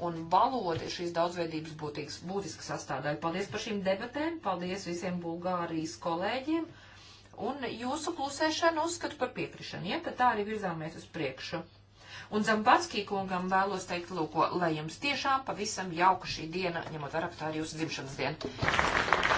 un valoda ir šīs daudzveidības būtīgs, būtiska sastāvdaļa. Paldies par šīm debatēm, paldies visiem Bulgārijas kolēģiem, un jūsu klusēšanu uzskatu par piekrišanu, ja tad tā arī virzāmies uz priekšu. Un Zambatskī kungam vēlos teikt, lūko, lai jums tiešām pavisam jauka šī diena, ņemot vērā, ka tā ir jūsu dzimšanas diena.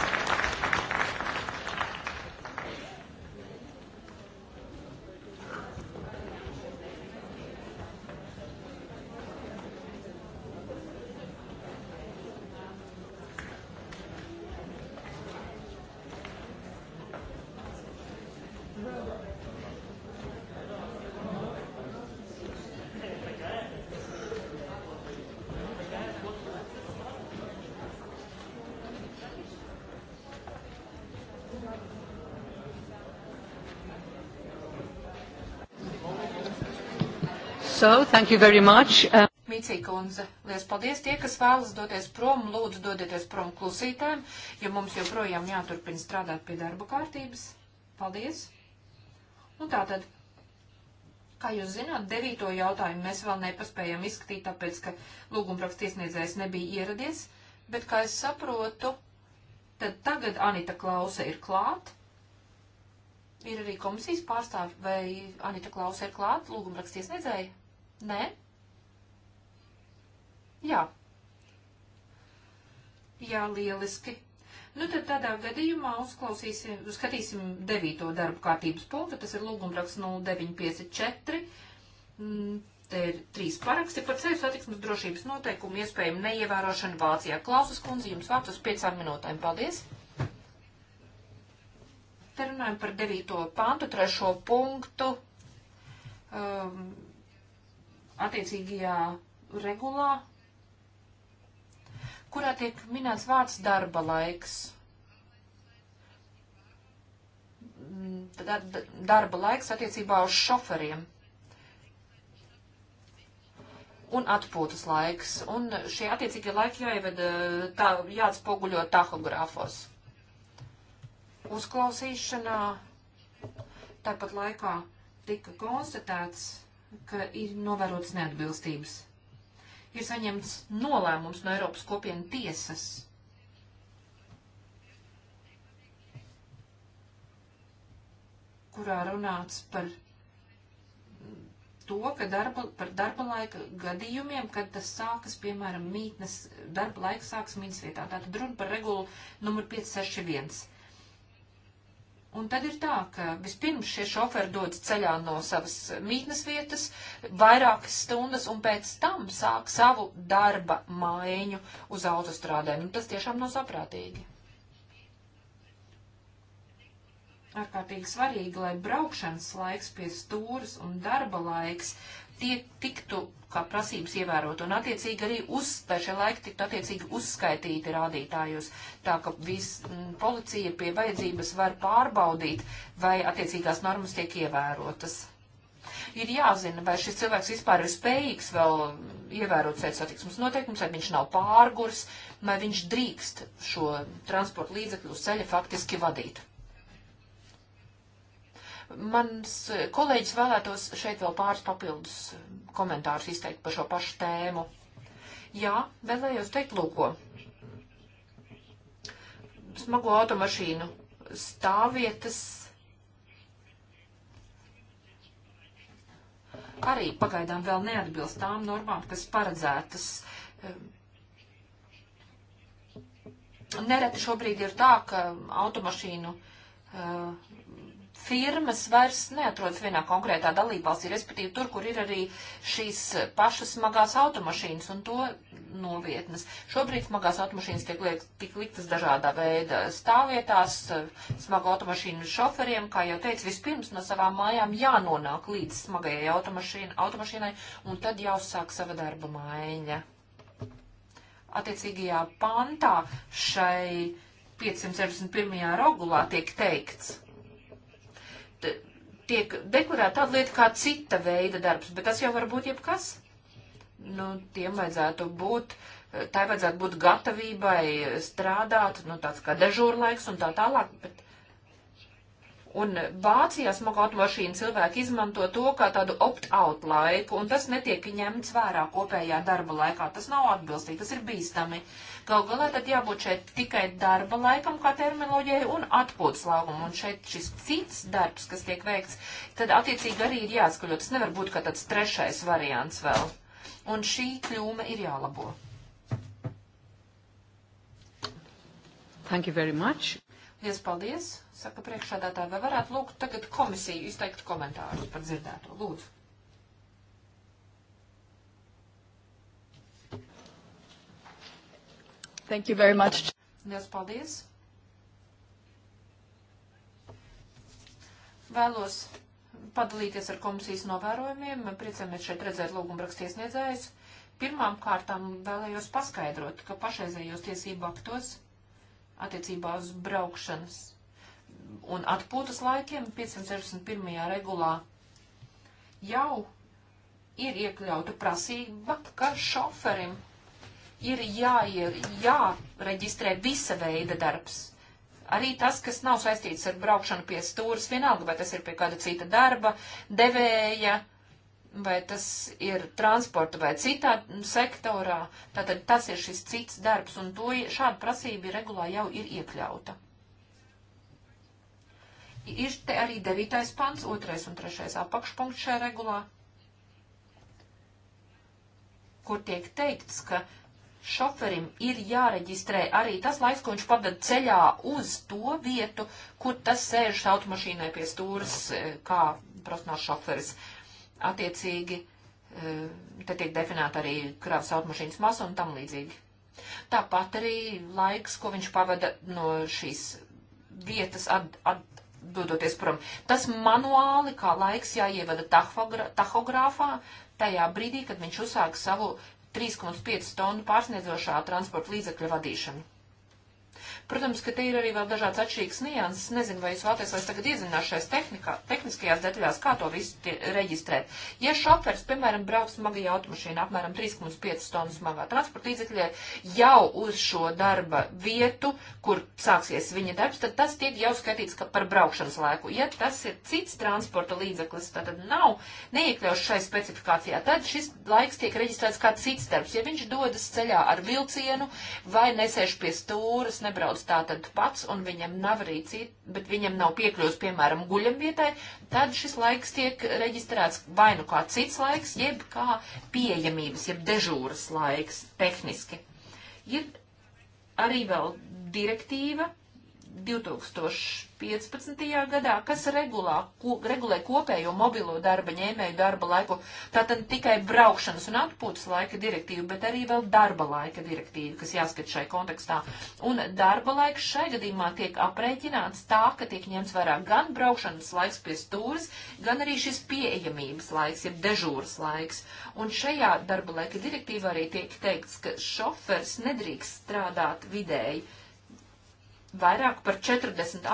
So, thank you very much. Uh... Mīcija kundze, liels paldies. Tie, kas vēlas doties prom, lūdzu dodieties prom klusītēm, jo mums joprojām jāturpina strādāt pie darba kārtības. Paldies. Un tātad, kā jūs zināt, devīto jautājumu mēs vēl nepaspējam izskatīt, tāpēc, ka lūgumraksta iesniedzējs nebija ieradies, bet, kā es saprotu, tad tagad Anita Klausa ir klāt. Ir arī komisijas pārstāvi, vai Anita Klausa ir klāt, lūgumraksta iesniedzēja? Nē? Jā. Jā, lieliski. Nu, tad tādā gadījumā uzklausīsim, skatīsim devīto darbu kārtības punktu, tas ir lūgumraksts 0954. Mm, te ir trīs paraksti par ceļu satiksmes drošības noteikumu iespējumu neievērošanu Vācijā. Klausas kundze, jums vārds uz piecām minūtēm. Paldies! Te runājam par devīto pantu, trešo punktu. Um, attiecīgajā regulā, kurā tiek minēts vārds darba laiks. Mm, darba laiks attiecībā uz šoferiem un atpūtas laiks. Un šie attiecīgie laiki jāievada, e, tā, jāatspoguļo tahogrāfos. Uzklausīšanā tāpat laikā tika konstatēts, ka ir novērotas neatbilstības. Ir saņemts nolēmums no Eiropas kopienu tiesas. kurā runāts par to, ka darba, par darba laika gadījumiem, kad tas sākas, piemēram, mītnes, darba laika sākas mītnes vietā. Tātad runa par regulu numur 561. Un tad ir tā, ka vispirms šie šoferi dodas ceļā no savas mītnes vietas vairākas stundas un pēc tam sāk savu darba mājiņu uz autostrādēm. Un tas tiešām nav saprātīgi. Ārkārtīgi svarīgi, lai braukšanas laiks pie stūras un darba laiks tiek tiktu kā prasības ievērot un attiecīgi arī uz, lai šie laiki tiktu attiecīgi uzskaitīti rādītājos, tā ka vis, m, policija pie vajadzības var pārbaudīt, vai attiecīgās normas tiek ievērotas. Ir jāzina, vai šis cilvēks vispār ir spējīgs vēl ievērot ceļu satiksmes noteikumus, vai viņš nav pārgurs, vai viņš drīkst šo transporta līdzekļu uz ceļa faktiski vadīt. Mans kolēģis vēlētos šeit vēl pāris papildus eh, komentārus izteikt par šo pašu tēmu. Jā, vēlējos teikt, lūko, smago automašīnu stāvvietas arī pagaidām vēl neatbilst tām normām, kas paredzētas. Ehm, Nereti šobrīd ir tā, ka automašīnu uh, firmas vairs neatrodas vienā konkrētā dalībvalstī, respektīvi tur, kur ir arī šīs pašas smagās automašīnas un to novietnes. Šobrīd smagās automašīnas tiek liek, tik liktas dažādā veida stāvvietās, eh, smagu automašīnu šoferiem, kā jau teicu, vispirms no savām mājām jānonāk līdz smagajai automašīna, automašīnai un tad jāuzsāk sava darba maiņa. Attiecīgajā pantā šai 561. regulā tiek teikts, tiek dekorēta tāda lieta kā cita veida darbs, bet tas jau var būt jebkas. Nu, tiem vajadzētu būt, tai vajadzētu būt gatavībai strādāt, nu, tāds kā dežūrlaiks un tā tālāk, bet Un Vācijā smago automašīnu cilvēki izmanto to kā tādu opt-out laiku, un tas netiek ņemts vērā kopējā darba laikā. Tas nav atbilstīgi, tas ir bīstami. Gal galā tad jābūt šeit tikai darba laikam kā terminoloģijai un atpūtas laukam, un šeit šis cits darbs, kas tiek veikts, tad attiecīgi arī ir jāskaļo. Tas nevar būt kā tāds trešais variants vēl. Un šī kļūme ir jālabo. Thank you very much. Lies paldies! Saka priekšādātāji, vai varētu lūgt tagad komisiju izteikt komentārus par dzirdēto? Lūdzu. Thank you very much. Liels paldies. Vēlos padalīties ar komisijas novērojumiem. Priecāmies šeit redzēt lūgumrakstiesniedzējus. Pirmām kārtām vēlējos paskaidrot, ka pašreizējos tiesību aktos attiecībā uz braukšanas un atpūtas laikiem 561. regulā jau ir iekļauta prasība, ka šoferim ir jā, jāreģistrē visa veida darbs. Arī tas, kas nav saistīts ar braukšanu pie stūras, vienalga, vai tas ir pie kāda cita darba, devēja, vai tas ir transporta vai citā sektorā, tātad tas ir šis cits darbs, un to šāda prasība regulā jau ir iekļauta. Ir te arī devītais pants, otrais un trešais apakšpunkts šajā regulā, kur tiek teikts, ka šoferim ir jāreģistrē arī tas laiks, ko viņš pavada ceļā uz to vietu, kur tas sēž automašīnai pie stūras, e, kā profesionāls šoferis. Attiecīgi, e, te tiek definēta arī kravas automašīnas masa un tam līdzīgi. Tāpat arī laiks, ko viņš pavada no šīs vietas at, at, dodoties prom. Tas manuāli, kā laiks jāievada tahogrāfā, tajā brīdī, kad viņš uzsāk savu 3,5 tonu pārsniedzošā transporta līdzekļa vadīšanu. Protams, ka te ir arī vēl dažāds atšķirīgs nianses. Nezinu, vai jūs vēlaties, lai es tagad iezināšos tehniskajās detaļās, kā to visu tie, reģistrēt. Ja šoferis, piemēram, brauc smagajā automašīnā, apmēram 3,5 tonu smagā transporta līdzekļē, jau uz šo darba vietu, kur sāksies viņa darbs, tad tas tiek jau skaitīts par braukšanas laiku. Ja tas ir cits transporta līdzeklis, tad nav neiekļauts šai specifikācijā, tad šis laiks tiek reģistrēts kā cits darbs. Ja viņš dodas ceļā ar vilcienu vai nesēž pie stūras, nebrauc atrodas tātad pats un viņam nav rīcība, bet viņam nav piekļūst, piemēram, guļamvietai, tad šis laiks tiek reģistrēts vai nu kā cits laiks, jeb kā pieejamības, jeb dežūras laiks tehniski. Ir arī vēl direktīva 2015. gadā, kas regulā, ko, regulē kopējo mobilo darba ņēmēju darba laiku. Tātad tikai braukšanas un atpūtas laika direktīva, bet arī vēl darba laika direktīva, kas jāskat šai kontekstā. Un darba laiks šai gadījumā tiek aprēķināts tā, ka tiek ņemts vērā gan braukšanas laiks pie stūras, gan arī šis pieejamības laiks, jeb dežūras laiks. Un šajā darba laika direktīvā arī tiek teikts, ka šofers nedrīkst strādāt vidēji vairāk par 48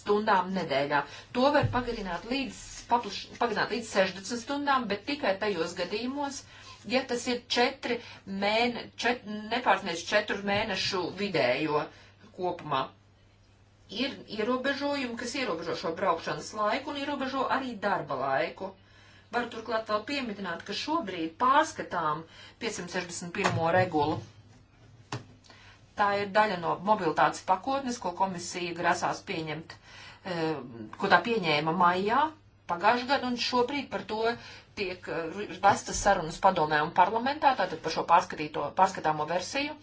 stundām nedēļā. To var pagarināt līdz, paplaš, pagarināt līdz 60 stundām, bet tikai tajos gadījumos, ja tas ir 4 mēne, 4, nepārsniedz 4 mēnešu vidējo kopumā. Ir ierobežojumi, kas ierobežo šo braukšanas laiku un ierobežo arī darba laiku. Var turklāt vēl pieminēt, ka šobrīd pārskatām 561. regulu Tā ir daļa no mobilitātes pakotnes, ko komisija grasās pieņemt, eh, ko tā pieņēma maijā pagājušajā gadā, un šobrīd par to tiek eh, vestas sarunas padomē un parlamentā, tātad par šo pārskatāmo versiju.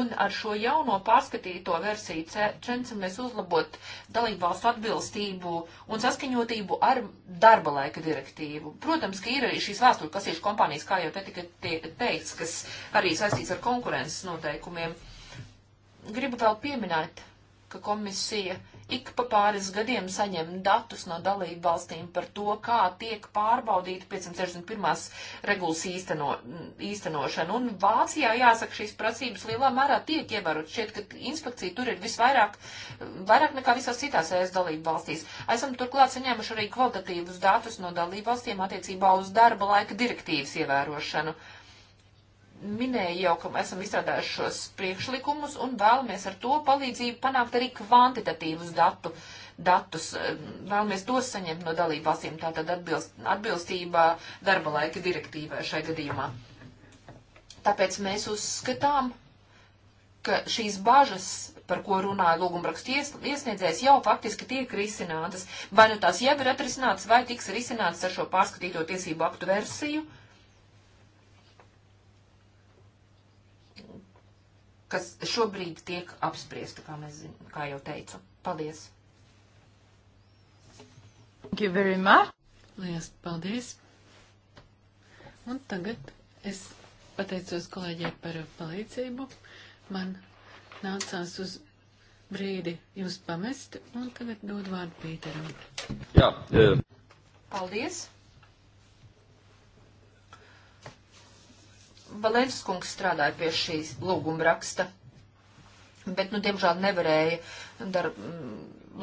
Un ar šo jauno pārskatīto versiju cenšamies uzlabot dalību valstu atbilstību un saskaņotību ar darba laika direktīvu. Protams, ka ir arī šīs vēstures kasiešu kompānijas, kā jau te tika teikts, kas arī saistīts ar konkurences noteikumiem. Uh, gribu vēl pieminēt, ka komisija ik pa pāris gadiem saņem datus no dalību valstīm par to, kā tiek pārbaudīta 561. regulas īsteno, īstenošana. Un Vācijā, jāsaka, šīs prasības lielā mērā tiek ievērot. Šķiet, ka inspekcija tur ir visvairāk, vairāk nekā visās citās ES dalību valstīs. Esam turklāt saņēmuši arī kvalitatīvus datus no dalību valstīm attiecībā uz darba laika direktīvas ievērošanu. Uh, minēju jau, ka esam izstrādājuši šos priekšlikumus un vēlamies ar to palīdzību panākt arī kvantitatīvus datu, datus. Vēlamies tos saņemt no dalībvalstīm, tātad atbilst, atbilstībā darba laika direktīvai šai gadījumā. Tāpēc mēs uzskatām, ka šīs bažas par ko runāja lūgumrakstu ies, iesniedzējs, jau faktiski tiek risinātas. Vai nu tās jau ir atrisinātas, vai tiks risinātas ar šo pārskatīto tiesību aktu versiju. Uh, kas šobrīd tiek apspriesta, kā, mēs, zin, kā jau teicu. Paldies! Thank you very much! Lielas paldies! Un tagad es pateicos kolēģiem par palīdzību. Man nācās uz brīdi jūs pamest, un tagad dod vārdu Pīteram. Jā, jā. Paldies! Valēns kungs strādāja pie šīs lūguma raksta, bet, nu, diemžēl nevarēja darb, mm,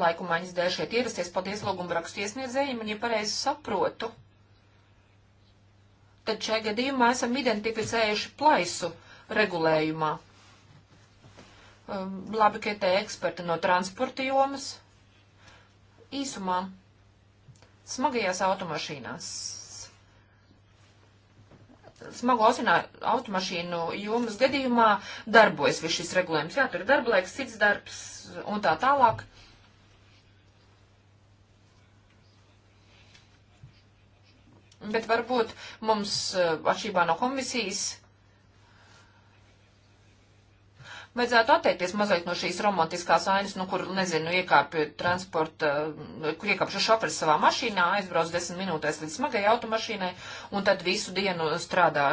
laiku maiņas dēļ šeit ierasties. Paldies lūguma rakstu iesniedzējiem, un, ja pareizi saprotu, tad šajā gadījumā esam identificējuši plaisu regulējumā. Um, labi, ka te eksperti no transporta jomas. Īsumā, smagajās automašīnās smago automašīnu jomas gadījumā darbojas viss šis regulējums. Jā, tur ir darba laiks, cits darbs un tā tālāk. Bet varbūt mums eh, atšķirībā no komisijas Vajadzētu atteikties mazliet no šīs romantiskās ainas, nu, kur, nezinu, iekāpju transporta, kur iekāpšu šoferis savā mašīnā, aizbrauc desmit minūtēs līdz smagai automašīnai un tad visu dienu strādā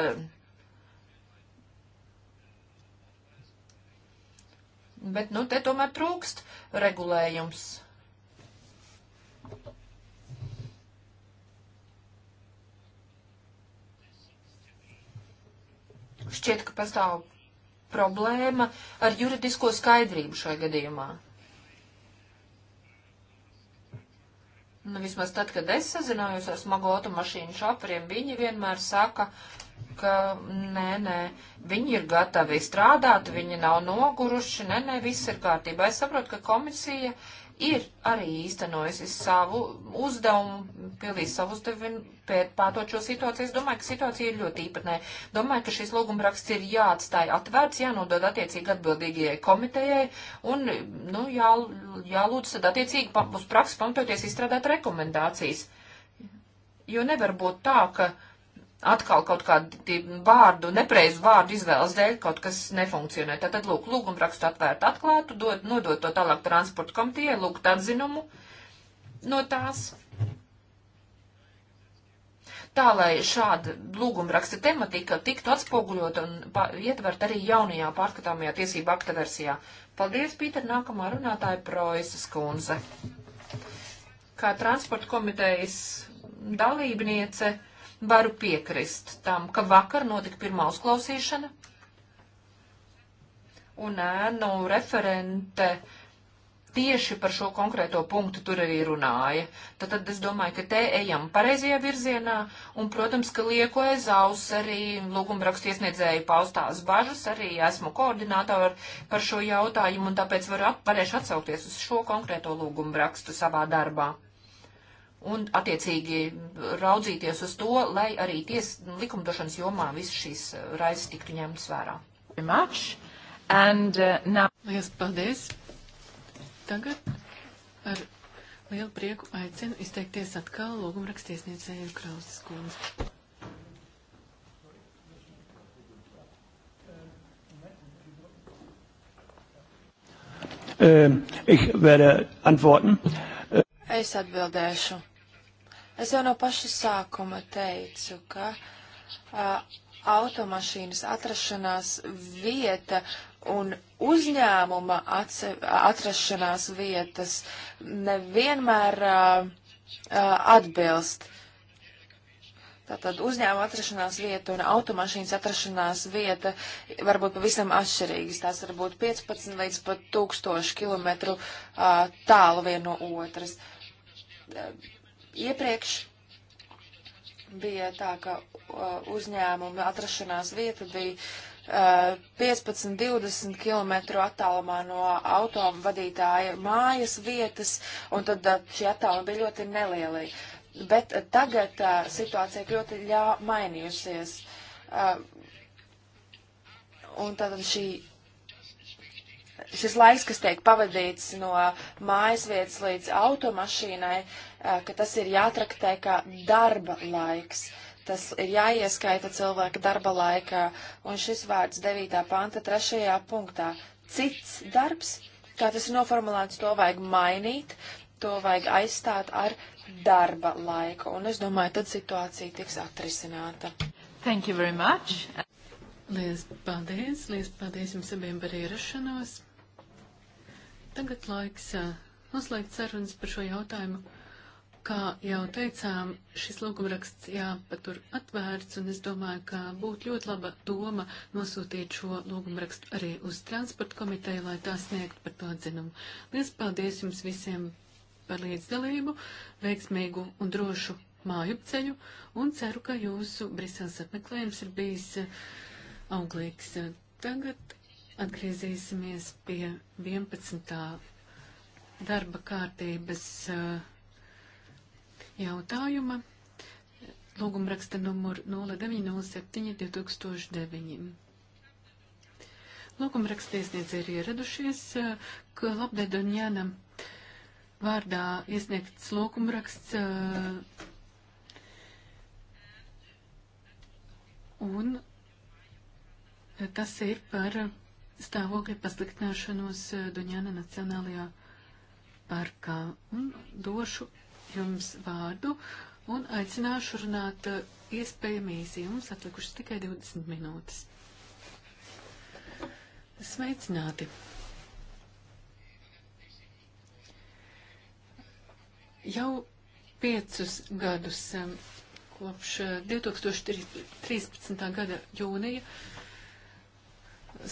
Bet, nu, te tomēr trūkst regulējums. Šķiet, ka pastāv problēma ar juridisko skaidrību šai gadījumā. Nu, vismaz tad, kad es sazinājos ar smago automašīnu šoferiem, viņi vienmēr saka, ka nē, nē, viņi ir gatavi strādāt, viņi nav noguruši, nē, nē, viss ir kārtībā. Es saprotu, ka komisija ir arī īstenojusi savu uzdevumu, pildīs savu uzdevumu, pēt pārtot šo situāciju. Es domāju, ka situācija ir ļoti īpatnē. Domāju, ka šis lūgumraksts ir jāatstāja atvērts, jānodod attiecīgi atbildīgajai komitejai un, nu, jā, jālūdz tad attiecīgi pa, uz praksi pamatoties izstrādāt rekomendācijas. Jo nevar būt tā, ka atkal kaut kādu vārdu, nepreizu vārdu izvēles dēļ kaut kas nefunkcionē. Tātad, lūk, lūgumu rakstu atvērt atklātu, dod, nodot to tālāk transporta komitejai, lūgt atzinumu no tās. Tā, lai šāda lūguma raksta tematika tiktu atspoguļot un ietvert arī jaunajā pārskatāmajā tiesību akta versijā. Paldies, Pīter, nākamā runātāja Proisas kundze. Kā transporta komitejas dalībniece varu piekrist tam, ka vakar notika pirmā uzklausīšana un ēnu referente tieši par šo konkrēto punktu tur arī runāja. Tad, tad es domāju, ka te ejam pareizajā virzienā, un, protams, ka lieko aiz aus arī lūguma rakstu iesniedzēju paustās bažas, arī esmu koordinātori par šo jautājumu, un tāpēc varu varēšu atsaukties uz šo konkrēto lūguma rakstu savā darbā un attiecīgi raudzīties uz to, lai arī ties likumdošanas jomā visas šīs uh, raizes tiktu ņemtas vērā. And, uh, now... Lielas paldies! Tagad ar lielu prieku aicinu izteikties atkal logumrakstiesniedzēju Krausas kundzi. Ähm, ich werde antworten. Es atbildēšu. Es jau no paša sākuma teicu, ka a, automašīnas atrašanās vieta un uzņēmuma atse, atrašanās vietas nevienmēr a, a, atbilst. Tātad uzņēmuma atrašanās vieta un automašīnas atrašanās vieta var būt pavisam atšķirīgas. Tās var būt 15 līdz pat 1000 km tālu viena no otras iepriekš bija tā, ka uh, uzņēmuma atrašanās vieta bija uh, 15-20 km attālumā no autovadītāja mājas vietas, un tad uh, šie attālumi bija ļoti nelieli. Bet uh, tagad uh, situācija ļoti ļā, mainījusies. Uh, un tātad šī šis laiks, kas tiek pavadīts no mājas vietas līdz automašīnai, ka tas ir jātraktē kā darba laiks. Tas ir jāieskaita cilvēka darba laikā, un šis vārds 9. panta 3. punktā. Cits darbs, kā tas ir noformulēts, to vajag mainīt, to vajag aizstāt ar darba laiku, un es domāju, tad situācija tiks atrisināta. Thank you very much. Lies paldies, lies paldies jums abiem par ierašanos. Tagad laiks noslēgt sarunas par šo jautājumu. Kā jau teicām, šis lūgumraksts jāpatur atvērts, un es domāju, ka būtu ļoti laba doma nosūtīt šo lūgumrakstu arī uz transporta komiteju, lai tā sniegtu par to atzinumu. Liels paldies jums visiem par līdzdalību, veiksmīgu un drošu māju ceļu, un ceru, ka jūsu Briseles apmeklējums ir bijis eh, auglīgs. Tagad atgriezīsimies pie 11. darba kārtības. Uh, jautājuma. Lūguma raksta numur 0907-2009. Lūguma rakstiesniedz ir ieradušies, eh, ka labdēļ Jānam vārdā iesniegts lūguma raksts. Eh, un eh, tas ir par stāvokļa pasliktināšanos Duņāna Nacionālajā parkā. Un došu jums vārdu un aicināšu runāt uh, iespējami īsi. Jums atlikušas tikai 20 minūtes. Sveicināti! Jau piecus gadus um, kopš 2013. Uh, gada jūnija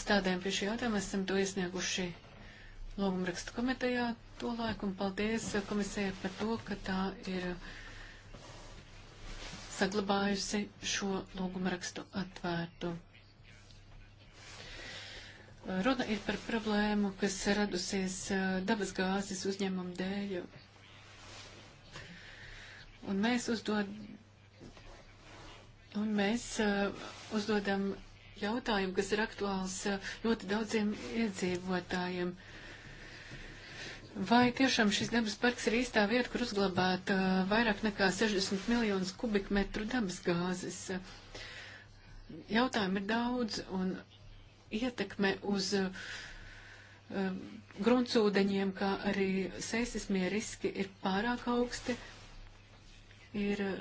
stādēm pie šī jautājuma esam to iesnieguši lūgumrakstu komitejā to laiku, un paldies komisijai par to, ka tā ir saglabājusi šo lūguma rakstu atvērtu. Runa ir par problēmu, kas radusies uh, dabas gāzes uzņēmumu dēļ. Un mēs uzdod, un mēs uh, uzdodam jautājumu, kas ir aktuāls uh, ļoti daudziem iedzīvotājiem. Uh, Vai tiešām šis dabas parks ir īstā vieta, kur uzglabāt uh, vairāk nekā 60 miljonus kubikmetru dabas gāzes? Jautājumi ir daudz un ietekme uz uh, um, gruntsūdeņiem, kā arī seisismie riski ir pārāk augsti. Ir uh,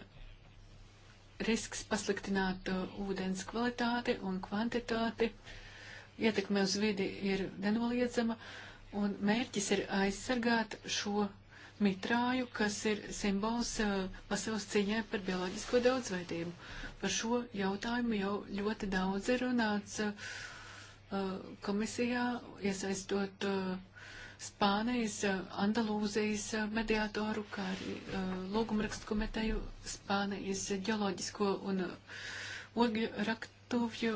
risks pasliktināt uh, ūdens kvalitāti un kvantitāti. Ietekme uz vidi ir nenoliedzama. Uh, Un mērķis ir aizsargāt šo mitrāju, kas ir simbols uh, pasaules cīņai par bioloģisko daudzveidību. Par šo jautājumu jau ļoti daudz ir runāts uh, komisijā, iesaistot uh, Spānijas, Andalūzijas mediātoru, kā arī lūgumrakstu komiteju, Spānijas ģeoloģisko un ogļu raktuvju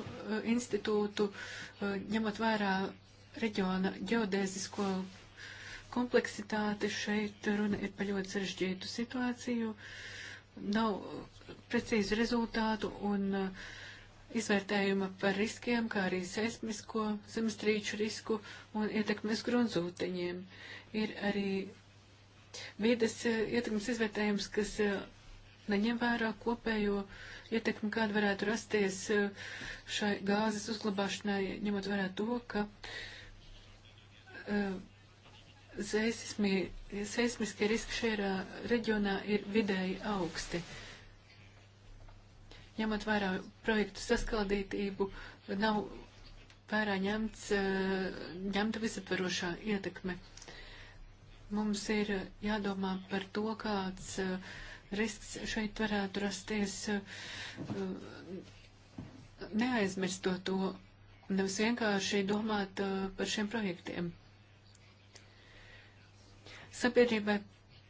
institūtu, ņemot vērā reģiona ģeodēzisko kompleksitāti. Šeit runa ir par ļoti sarežģītu situāciju. Nav precīzu rezultātu un uh, izvērtējuma par riskiem, kā arī seismisko zemestrīču risku un ietekmes grunzūteņiem. Ir arī vides uh, ietekmes izvērtējums, kas uh, neņem vērā kopējo ietekmi, kāda varētu rasties šai gāzes uzglabāšanai, ņemot vērā to, ka uh, Eh, seismi, seismiskie riski šajā reģionā ir vidēji augsti. Ņemot vērā projektu saskaldītību, nav vērā ņemts, eh, ņemta visaptvarošā ietekme. Mums ir jādomā par to, kāds eh, risks šeit varētu rasties, neaizmirstot to, nevis vienkārši domāt par šiem projektiem. Sabiedrībai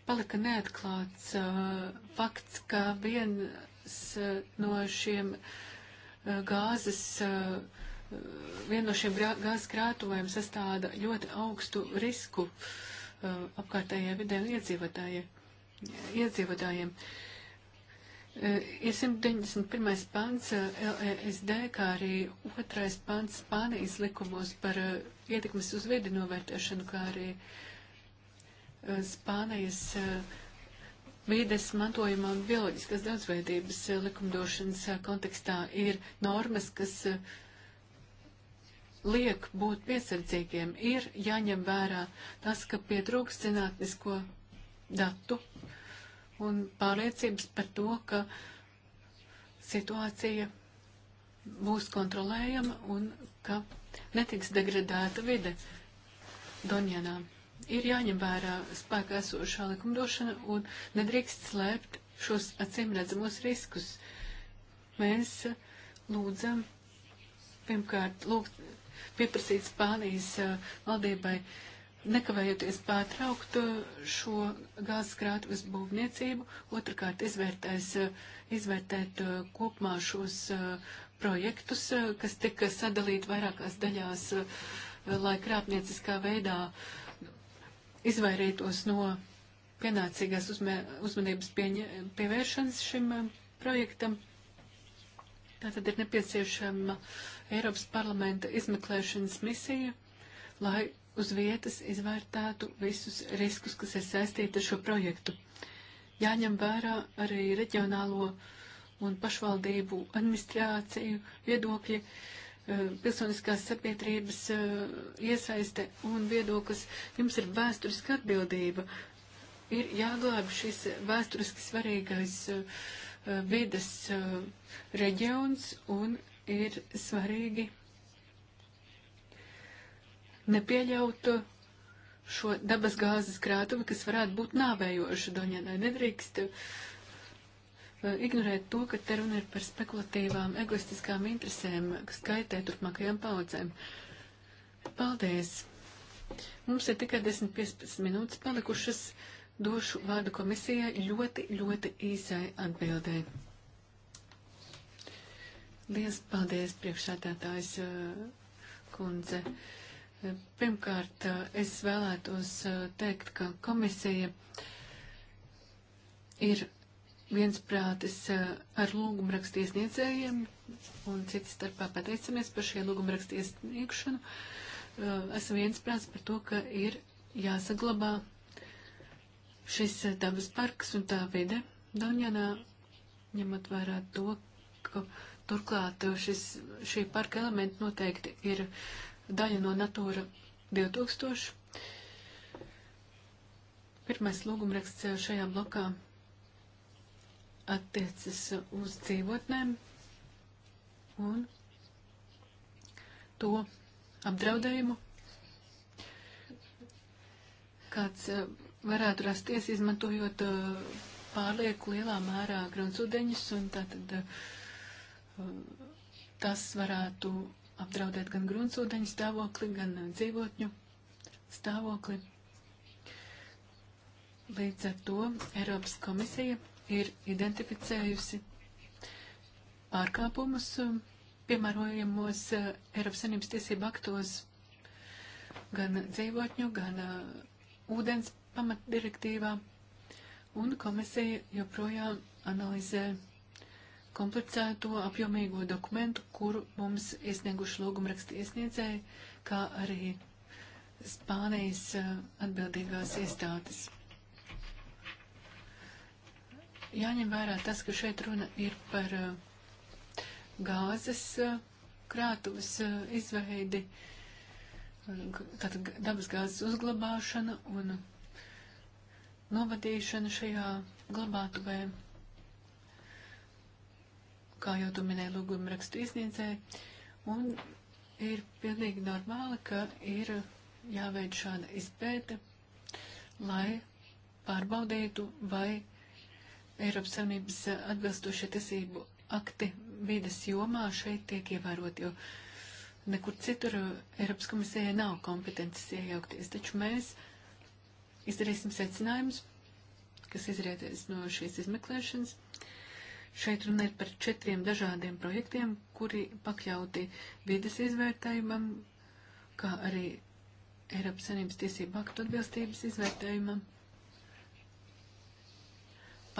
palika neatklāts uh, fakts, ka viens uh, no šiem uh, gāzes, uh, vien no šiem gāzes krātuviem sastāda ļoti augstu risku uh, apkārtējai vidē un iedzīvotājiem. Uh, ir 191. pants uh, LESD, kā arī otrais pants Spānijas likumos par uh, ietekmes uz vidi novērtēšanu, kā arī uh, Eh, Spānijas eh, vīdes mantojuma bioloģiskas daudzveidības eh, likumdošanas kontekstā ir normas, kas liek būt piesardzīgiem. Ir jāņem vērā tas, ka pietrūkst zinātnisko datu un pārliecības par to, ka situācija būs kontrolējama un ka netiks degradēta vide Donjanām ir jāņem vērā spēkā esošā likumdošana un nedrīkst slēpt šos acīm redzamos riskus. Mēs eh, lūdzam, pirmkārt, lūgt, pieprasīt Spānijas eh, valdībai nekavējoties pārtraukt eh, šo gāzes krātuves būvniecību, otrkārt izvērtēs, izvērtēt kopumā šos projektus, kas tika sadalīti vairākās daļās, lai krāpnieciskā veidā uh, izvairītos no pienācīgās uzmē, uzmanības pieņa, pievēršanas šim uh, projektam. Tātad ir nepieciešama Eiropas parlamenta izmeklēšanas misija, lai uz vietas izvērtētu visus riskus, kas ir saistīti ar šo projektu. Jāņem vērā arī reģionālo un pašvaldību administrāciju viedokļi, uh, Eh, pilsoniskās sabiedrības eh, iesaiste un viedoklis. Jums ir vēsturiska atbildība. Ir jāglāb šis vēsturiski svarīgais eh, vides reģions un ir svarīgi nepieļaut šo dabas gāzes krātuvi, kas varētu būt nāvējoša Doņēnai. Nedrīkst uh, Eh, ignorēt to, ka te runa ir par spekulatīvām, egoistiskām interesēm, kas kaitē turpmākajām paudzēm. Paldies! Mums ir tikai 10-15 minūtes palikušas. Došu vārdu komisijai ļoti, ļoti īsai atbildēji. Liels paldies, priekšsādātājs eh, kundze. Eh, pirmkārt, es vēlētos teikt, ka komisija ir viensprātis eh, ar lūgumrakstiesniedzējiem un citas starpā pateicamies par šie lūgumrakstiesniegšanu. Eh, esam viensprāts par to, ka ir jāsaglabā šis eh, dabas parks un tā vide Doņanā, ņemot vērā to, ka turklāt šis, šī parka elementi noteikti ir daļa no Natūra 2000. Pirmais lūgumraksts šajā blokā attiecas uz dzīvotnēm un to apdraudējumu, kāds eh, varētu rasties, izmantojot eh, pārlieku lielā mērā gruntsūdeņus, un tātad eh, tas varētu apdraudēt gan gruntsūdeņu stāvokli, gan dzīvotņu stāvokli. Līdz ar to Eiropas komisija ir identificējusi pārkāpumus um, piemērojamos uh, Eiropas Savienības tiesību aktos gan dzīvotņu, gan uh, ūdens pamatdirektīvā, un komisija joprojām analizē komplicēto apjomīgo dokumentu, kuru mums iesnieguši lūgumraksta iesniedzēji, kā arī Spānijas uh, atbildīgās iestādes. Jāņem vērā tas, ka šeit runa ir par uh, gāzes uh, krātuves uh, izveidi, tātad dabas gāzes uzglabāšana un novadīšana šajā glabātuvē, kā jau tu minēji lūguma rakstu iesniedzē, un ir pilnīgi normāli, ka ir jāveic šāda izpēte, lai pārbaudītu, vai Eiropas Savienības atbilstošie tiesību akti vīdes jomā šeit tiek ievēroti, jo nekur citur Eiropas komisijai nav kompetences iejaukties. Taču mēs izdarīsim secinājumus, kas izrietēs no šīs izmeklēšanas. Šeit runa ir par četriem dažādiem projektiem, kuri pakļauti vides izvērtējumam, kā arī Eiropas Savienības tiesību aktu atbilstības izvērtējumam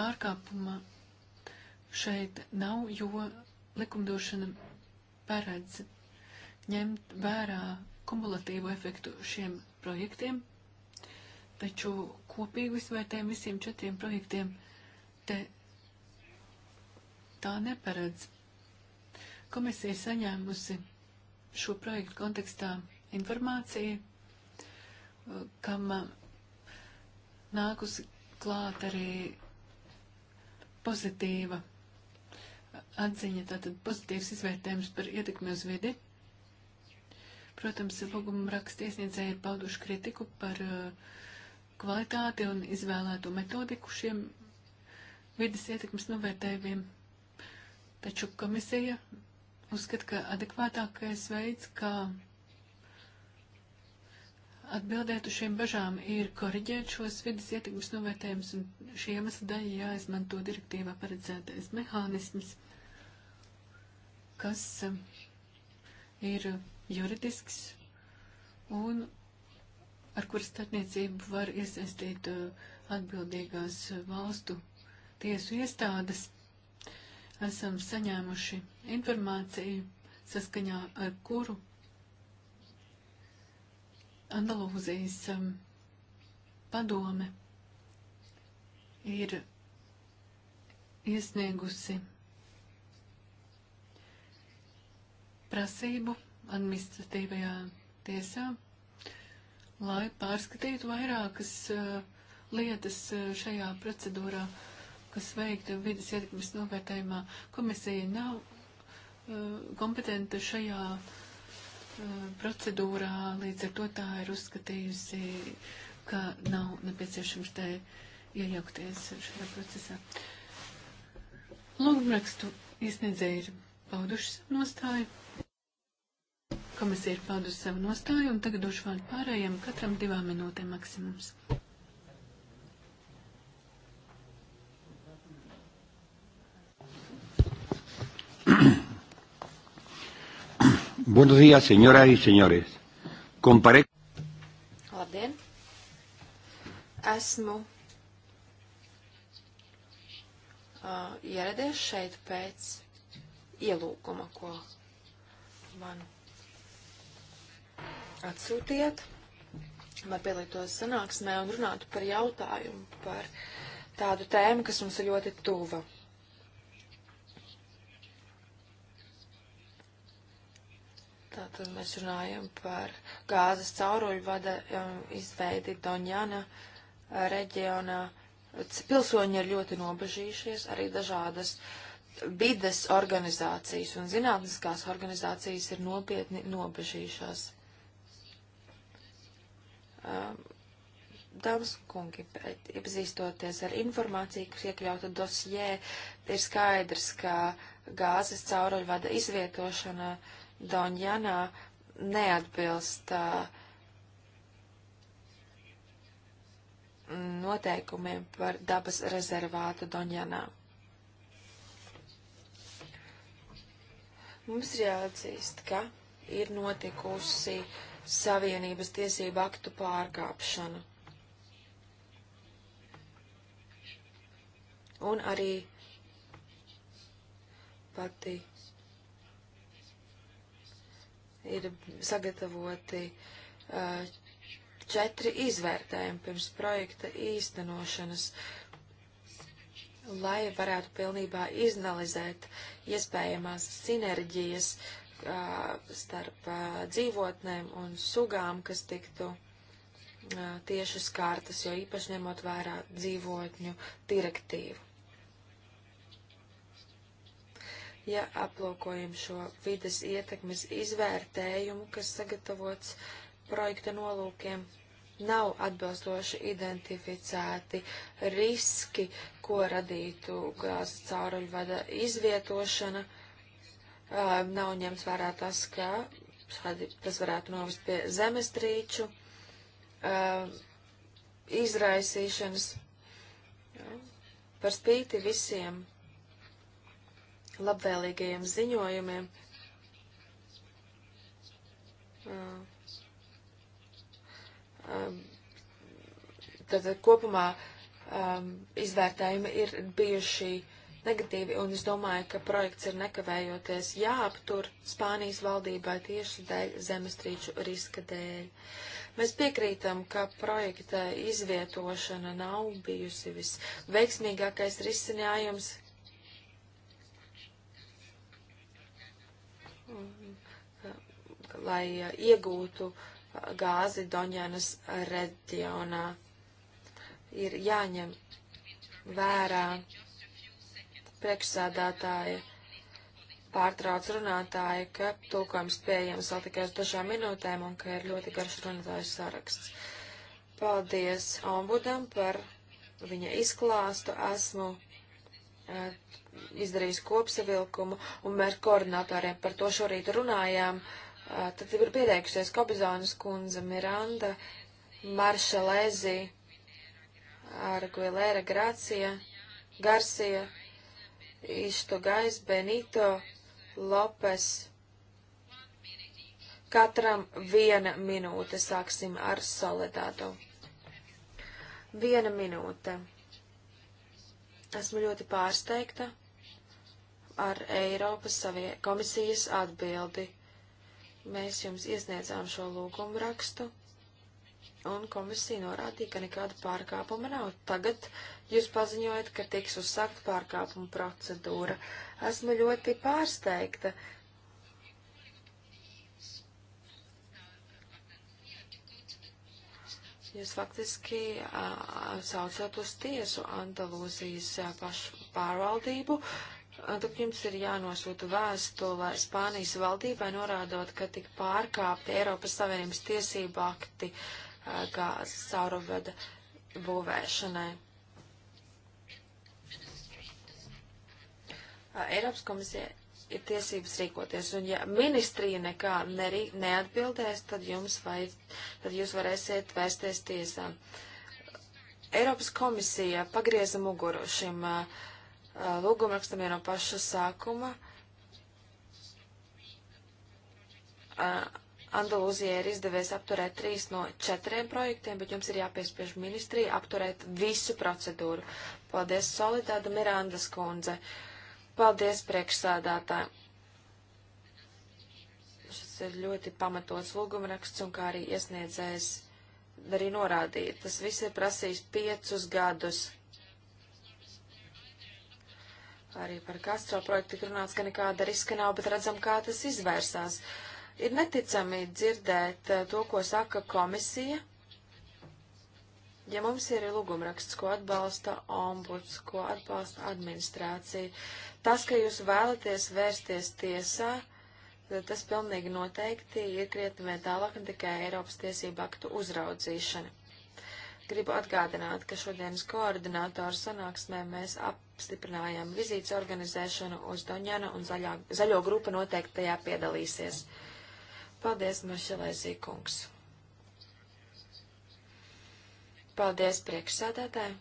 pārkāpuma šeit nav, jo likumdošana paredz ņemt vērā kumulatīvu efektu šiem projektiem, taču kopīgi visvērtējiem visiem četriem projektiem te tā neparedz. Komisija saņēmusi šo projektu kontekstā informāciju, kam nākusi klāt arī pozitīva atziņa, tātad pozitīvs izvērtējums par ietekmi uz vidi. Protams, lūguma raksta iesniedzēji ir pauduši kritiku par uh, kvalitāti un izvēlēto metodiku šiem vidas ietekmes novērtējumiem. Taču komisija uzskata, ka adekvātākais veids, kā ka atbildēt uz šiem bažām ir koriģēt šos vidas ietekmes novērtējumus, un šī iemesla dēļ jāizmanto direktīvā paredzētais mehānisms, kas um, ir juridisks un ar kuras starpniecību var iesaistīt uh, atbildīgās valstu tiesu iestādes. Esam saņēmuši informāciju, saskaņā ar kuru Andalūzijas um, padome ir iesniegusi prasību administratīvajā tiesā, lai pārskatītu vairākas uh, lietas uh, šajā procedūrā, kas veikta vidas ietekmes novērtējumā. Komisija nav uh, kompetenta šajā uh, procedūrā, līdz ar to tā ir uzskatījusi, ka nav nepieciešams te iejaukties šajā procesā. Lūgumrakstu iesniedzēji ir pauduši savu nostāju, komisija ir paudusi savu nostāju, un tagad došu vārdu pārējiem katram divām minūtēm maksimums. Buenos días, señoras y señores. Compare... Labdien! Esmu uh, ieradies šeit pēc ielūguma, ko man atsūtiet, lai pielietos sanāksmē un runātu par jautājumu par tādu tēmu, kas mums ir ļoti tuva. Tātad mēs runājam par gāzes cauruļvada um, izveidi Doņjana reģionā. Pilsoņi ir ļoti nobežījušies, arī dažādas vides organizācijas un zinātniskās organizācijas ir nopietni nobežījušās. Um, dāmas un kungi, iepazīstoties ar informāciju, kas iekļauta dosjē, ir skaidrs, ka gāzes cauruļvada izvietošana uh, Donjanā neatbilst uh, noteikumiem par dabas rezervātu Donjanā. Mums ir jāatzīst, ka ir notikusi Savienības tiesību aktu pārkāpšana. Un arī pati ir sagatavoti uh, četri izvērtējumi pirms projekta īstenošanas, lai varētu pilnībā izanalizēt iespējamās sinerģijas uh, starp uh, dzīvotnēm un sugām, kas tiktu tieši skārtas, jo īpaši ņemot vērā dzīvotņu direktīvu. ja aplūkojam šo vides ietekmes izvērtējumu, kas sagatavots projekta nolūkiem, nav atbilstoši identificēti riski, ko radītu gāzes cauruļvada izvietošana. Um, nav ņemts vērā tas, ka tas varētu novest pie zemestrīču um, izraisīšanas. Jā. Par spīti visiem labvēlīgajiem ziņojumiem. Tad kopumā izvērtējumi ir bijuši negatīvi, un es domāju, ka projekts ir nekavējoties jāaptur Spānijas valdībai tieši dēļ zemestrīču riska dēļ. Mēs piekrītam, ka projekta izvietošana nav bijusi visveiksmīgākais risinājums, Mm, lai uh, iegūtu uh, gāzi Doņanas reģionā. Ir jāņem vērā priekšsādātāja pārtrauc runātāja, ka tulkojums pieejams vēl tikai uz dažām minūtēm un ka ir ļoti garš runātāju saraksts. Paldies ombudam par viņa izklāstu. Esmu eh, izdarījis kopsavilkumu, un mēs koordinatoriem par to šorīt runājām. Tad ir pieteikusies Kobizonas kundze, Miranda, Marša Lēzī, Arguilēra Gracija, Garcia, Ištu Gais, Benito, Lopes. Katram viena minūte. Sāksim ar Soledādu. Viena minūte. Esmu ļoti pārsteigta ar Eiropas savie, komisijas atbildi. Mēs jums iesniedzām šo lūgumu rakstu, un komisija norādīja, ka nekāda pārkāpuma nav. Tagad jūs paziņojat, ka tiks uzsākt pārkāpuma procedūra. Esmu ļoti pārsteigta. Jūs faktiski a, saucat uz tiesu Andalūzijas pašu pārvaldību, tad jums ir jānosūta vēstule Spānijas valdībai norādot, ka tik pārkāpti Eiropas Savienības tiesību akti gāzes sauroveda būvēšanai. Eiropas komisija ir tiesības rīkoties, un ja ministrija nekā nerī, neatbildēs, tad, jums vai, tad jūs varēsiet vērsties tiesā. Eiropas komisija pagrieza muguru šim uh, Uh, lūgumrakstam jau no paša sākuma. Uh, Andalūzijai ir izdevies apturēt trīs no četriem projektiem, bet jums ir jāpiespiež ministrija apturēt visu procedūru. Paldies, Solidāda Mirandas kundze. Paldies, priekšsādātāji. Šis ir ļoti pamatots lūgumraksts un kā arī iesniedzējs arī norādīja. Tas viss ir prasījis piecus gadus. Arī par Castro projektu tik runāts, ka nekāda riska nav, bet redzam, kā tas izvērsās. Ir neticami dzirdēt eh, to, ko saka komisija. Ja mums ir lūgumraksts, ko atbalsta ombuds, ko atbalsta administrācija, tas, ka jūs vēlaties vērsties tiesā, tas pilnīgi noteikti ir krietni vien tālāk ne tikai Eiropas tiesību aktu uzraudzīšana. Gribu atgādināt, ka šodienas koordinātoru sanāksmē mēs apstiprinājām vizītes organizēšanu uz Doņana un zaļā, zaļo grupa noteikti tajā piedalīsies. Paldies, Mašelēzī kungs. Paldies, priekšsēdētāji.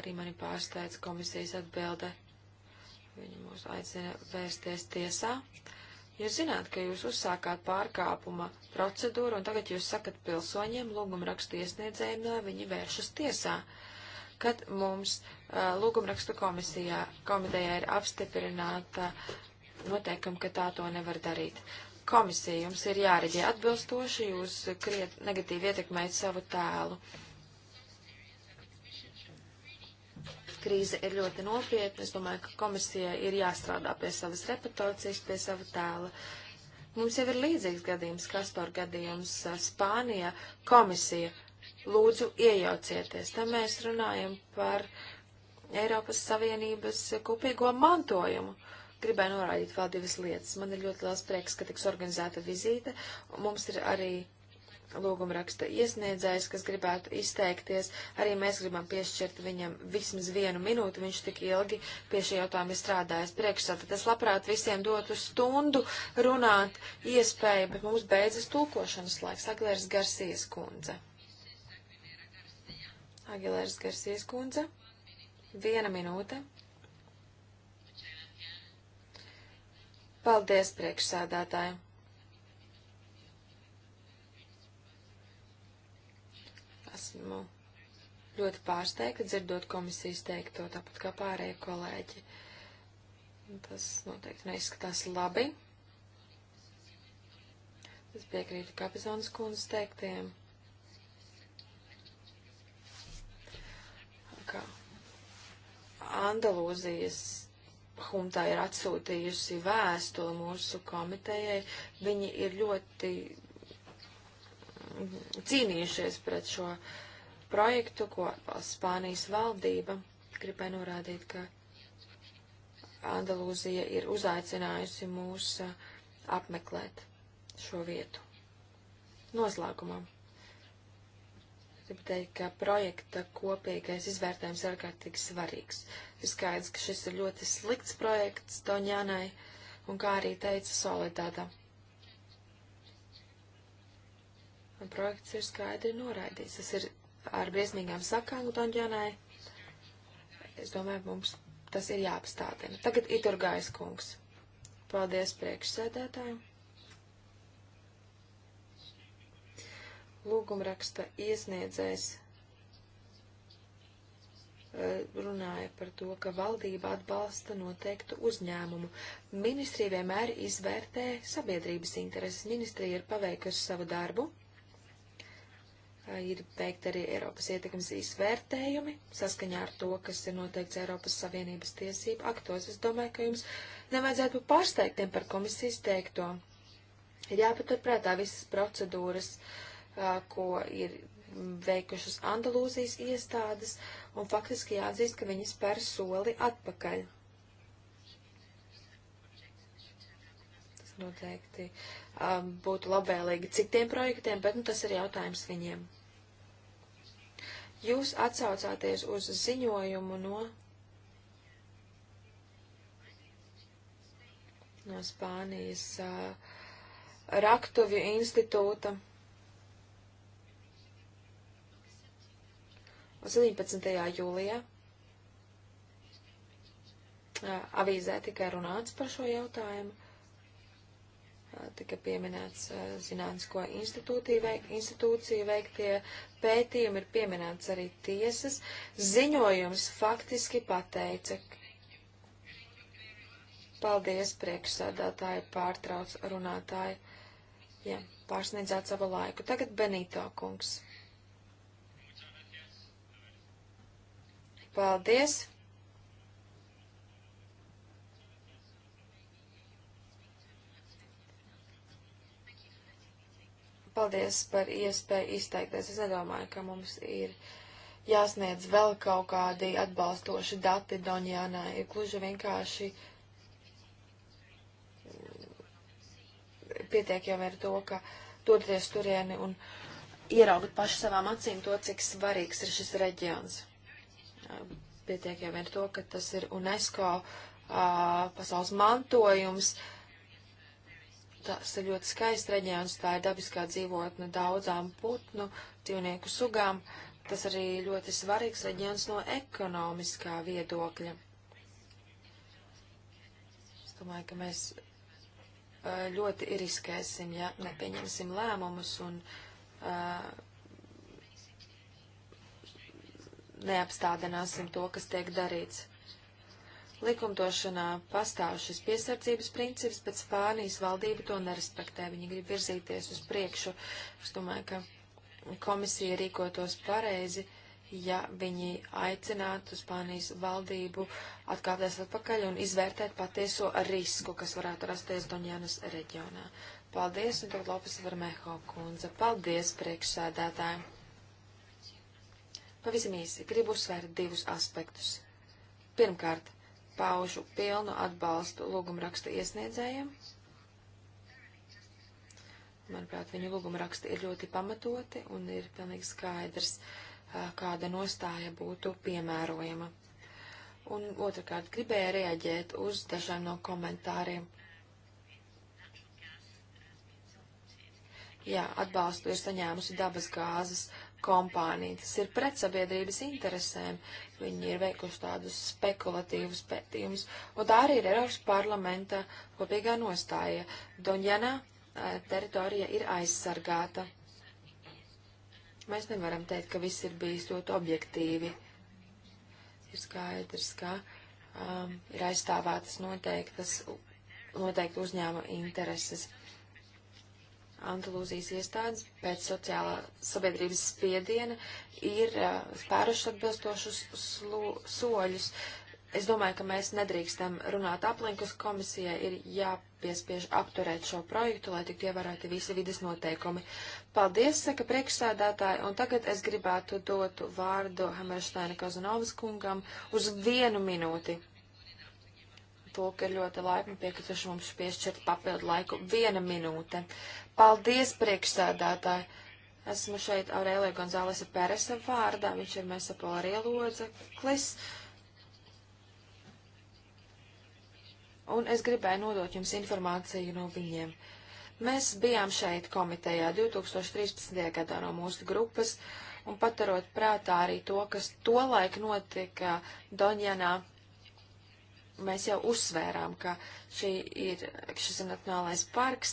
Arī mani pārsteidz komisijas atbilde. Viņa mūs aicina vērsties tiesā. Uh, Jūs zināt, ka jūs uzsākāt pārkāpuma procedūru, un tagad jūs sakat pilsoņiem, lūgumrakstu iesniedzējiem, lai viņi vēršas tiesā. Kad mums uh, lūgumrakstu komisijā, komitejā ir apstiprināta noteikuma, ka tā to nevar darīt. Komisija jums ir jāreģē atbilstoši, jūs kriet negatīvi ietekmējat savu tēlu. Uh, krīze ir ļoti nopietna. Es domāju, ka komisija ir jāstrādā pie savas reputācijas, pie sava tēla. Mums jau ir līdzīgs gadījums, Kaspar gadījums Spānijā. Komisija, lūdzu, iejaucieties. Tam mēs runājam par Eiropas Savienības kopīgo mantojumu. Gribēju norādīt vēl divas lietas. Man ir ļoti liels prieks, ka tiks organizēta vizīte. Mums ir arī lūguma raksta iesniedzējs, kas gribētu izteikties. Arī mēs gribam piešķirt viņam vismaz vienu minūti, viņš tik ilgi pie šī jautājuma ir strādājis priekšā. Tad es labprāt visiem dotu stundu runāt iespēju, bet mums beidzas tūkošanas laiks. Aglērs Garsies kundze. Aglērs Garsies kundze. Viena minūte. Paldies priekšsēdētājiem! esmu ļoti pārsteigta dzirdot komisijas teikto, tāpat kā pārējie kolēģi. Tas noteikti neizskatās labi. Es piekrītu Kapizonas kundzes teiktiem. Kā Andalūzijas humtā ir atsūtījusi vēstuli mūsu komitejai, viņi ir ļoti cīnījušies pret šo projektu, ko Spānijas valdība gribēja norādīt, ka Andalūzija ir uzaicinājusi mūs apmeklēt šo vietu. Noslēgumā. Gribu teikt, ka projekta kopīgais izvērtējums ir ārkārtīgi svarīgs. Ir skaidrs, ka šis ir ļoti slikts projekts Doņānai un, kā arī teica, solidāta un projekts ir skaidri noraidīts. Tas ir ar briesmīgām sakām Londonai. Es domāju, mums tas ir jāapstādina. Tagad Iturgais kungs. Paldies priekšsēdētājiem. Lūgumraksta iesniedzējs e, runāja par to, ka valdība atbalsta noteiktu uzņēmumu. Ministrija vienmēr izvērtē sabiedrības intereses. Ministrija ir paveikusi savu darbu ir veikti arī Eiropas ietekmes izvērtējumi saskaņā ar to, kas ir noteikts Eiropas Savienības tiesību aktos. Es domāju, ka jums nevajadzētu būt pārsteigtiem par komisijas teikto. Ir jāpaturprātā visas procedūras, ko ir veikušas Andalūzijas iestādes, un faktiski jāatzīst, ka viņas spēr soli atpakaļ. Tas noteikti um, būtu labvēlīgi citiem projektiem, bet nu, tas ir jautājums viņiem. Jūs atsaucāties uz ziņojumu no, no Spānijas uh, Raktuvju institūta. Un 17. jūlijā uh, avīzē tikai runāts par šo jautājumu tika pieminēts zinātnisko institūciju veiktie pētījumi, ir pieminēts arī tiesas. Ziņojums faktiski pateica, paldies priekšsādātāji, pārtrauc runātāji, ja pārsniedzāt savu laiku. Tagad Benito kungs. Paldies! Paldies par iespēju izteikties. Es nedomāju, ka mums ir jāsniedz vēl kaut kādi atbalstoši dati Donjānā. Ir gluži vienkārši pietiekami ar to, ka doties turieni un ieraugot paši savām acīm to, cik svarīgs ir šis reģions. Pietiekami ar to, ka tas ir UNESCO uh, pasaules mantojums. Uh, Tas ir ļoti skaists reģions, tā ir dabiskā dzīvotne daudzām putnu dzīvnieku sugām. Tas arī ļoti svarīgs reģions no ekonomiskā viedokļa. Es domāju, ka mēs ļoti riskēsim, ja nepieņemsim lēmumus un uh, neapstādināsim to, kas tiek darīts. Likumdošanā pastāv šis piesardzības princips, bet Spānijas valdība to nerespektē. Viņi grib virzīties uz priekšu. Es domāju, ka komisija rīkotos pareizi, ja viņi aicinātu Spānijas valdību atkāpties atpakaļ un izvērtēt patieso risku, kas varētu rasties Doņēnas reģionā. Paldies, un tagad Lopes Varmeho kundze. Paldies, priekšsēdētāji! Pavisam īsi, gribu uzsvērt divus aspektus. Pirmkārt, paužu pilnu atbalstu lūgumrakstu iesniedzējiem. Manuprāt, viņu lūgumraksti ir ļoti pamatoti un ir pilnīgi skaidrs, kāda nostāja būtu piemērojama. Un otrkārt, gribēju reaģēt uz dažiem no komentāriem. Jā, atbalstu ir saņēmusi dabas gāzes kompānija, kas ir pret sabiedrības interesēm. Viņi ir veikuši tādus spekulatīvus pētījumus, un tā arī ir Eiropas parlamenta kopīgā nostāja. Donjana teritorija ir aizsargāta. Mēs nevaram teikt, ka viss ir bijis ļoti objektīvi. Ir skaidrs, ka um, ir aizstāvētas noteiktas, noteikti uzņēma intereses. Andalūzijas iestādes pēc sociālā sabiedrības spiediena ir uh, spēruši atbilstošus soļus. Es domāju, ka mēs nedrīkstam runāt aplinkus. Komisija ir jāpiespiež apturēt šo projektu, lai tiktu ievēroti visi vidas noteikumi. Paldies, saka priekšsēdētāji, un tagad es gribētu dot vārdu Hamersteina Kazanovas kungam uz vienu minūti to, ka ļoti laipni piekrituši mums piešķirt papildu laiku. Viena minūte. Paldies, priekšsēdētāji! Esmu šeit Aurēlija Gonzālesa Peresa vārdā, viņš ir mēs apolārija lodzeklis. Un es gribēju nodot jums informāciju no viņiem. Mēs bijām šeit komitejā 2013. gadā no mūsu grupas, un paturot prātā arī to, kas tolaik notika Doņjanā Mēs jau uzsvērām, ka šī ir, šis ir nacionālais parks,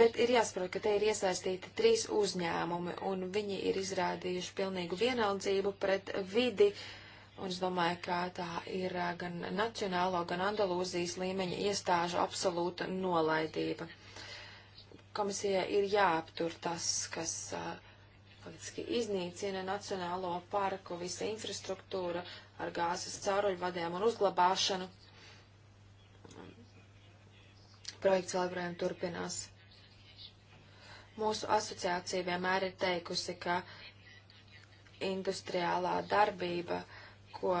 bet ir jāsaprot, ka te ir iesaistīti trīs uzņēmumi, un viņi ir izrādījuši pilnīgu vienaldzību pret vidi, un es domāju, ka tā ir gan nacionālo, gan Andalūzijas līmeņa iestāžu absolūta nolaidība. Komisija ir jāaptur tas, kas. Uh, faktiski iznīcina nacionālo parku, visa infrastruktūra, ar gāzes cauruļvadiem un uzglabāšanu. Projekts vēl joprojām turpinās. Mūsu asociācija vienmēr ir teikusi, ka industriālā darbība, ko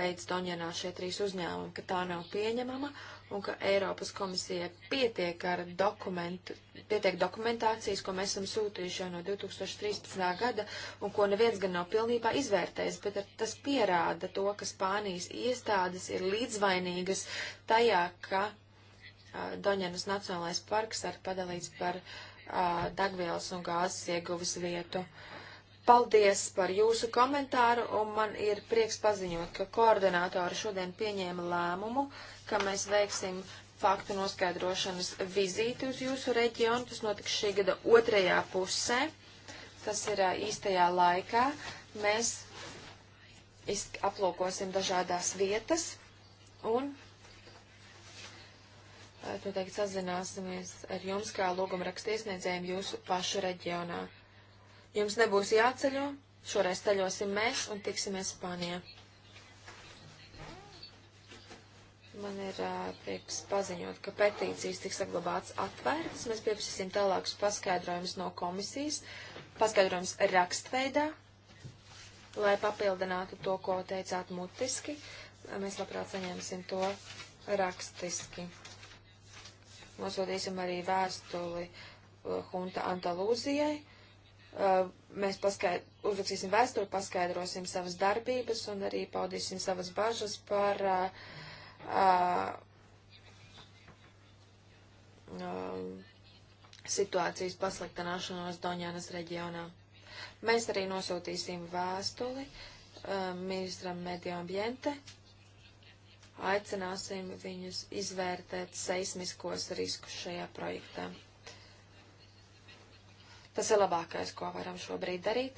veids Doņenā šie trīs uzņēmumi, ka tā nav pieņemama un ka Eiropas komisija pietiek ar dokumentu, pietiek dokumentācijas, ko mēs esam sūtījuši jau no 2013. gada, un ko neviens gan nav pilnībā izvērtējis, bet tas pierāda to, ka Spānijas iestādes ir līdzvainīgas tajā, ka a, Doņenas Nacionālais parks ir padalīts par a, dagvielas un gāzes ieguves vietu. Uh, Paldies par jūsu komentāru, un man ir prieks paziņot, ka koordinātori šodien pieņēma lēmumu, ka mēs veiksim faktu noskaidrošanas vizīti uz jūsu reģionu. Tas notiks šī gada otrajā pusē. Tas ir īstajā laikā. Mēs aplūkosim dažādās vietas un noteikti sazināsimies ar jums kā lūguma rakstiesniedzējiem jūsu pašu reģionā. Jums nebūs jāceļo, šoreiz ceļosim mēs un tiksimies Spānijā. Man ir uh, prieks paziņot, ka petīcijas tiks saglabāts atvērtas. Mēs pieprasīsim tālākus paskaidrojumus no komisijas, paskaidrojums rakstveidā, lai papildinātu to, ko teicāt mutiski. Mēs labprāt saņemsim to rakstiski. Nosūtīsim arī vēstuli uh, Hunta Antalūzijai. Uh, Uh, mēs paskaid... uzrakstīsim vēstuli, paskaidrosim savas darbības un arī paudīsim savas bažas par uh, uh, um, situācijas pasliktināšanos Doņānas reģionā. Mēs arī nosūtīsim vēstuli uh, ministram Medio Ambiente. Aicināsim viņus izvērtēt seismiskos riskus šajā projektā. Tas ir labākais, ko varam šobrīd darīt.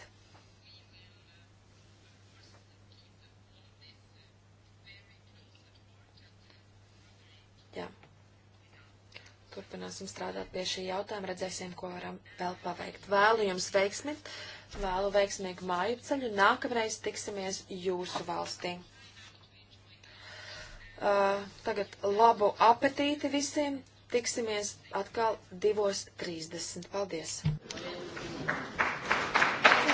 Jā. Turpināsim strādāt pie šī jautājuma, redzēsim, ko varam vēl paveikt. Vēlu jums veiksmi, vēlu veiksmīgu māju ceļu. Nākamreiz tiksimies jūsu valstī. Uh, tagad labu apetīti visiem! Tiksimies atkal 2.30. Paldies!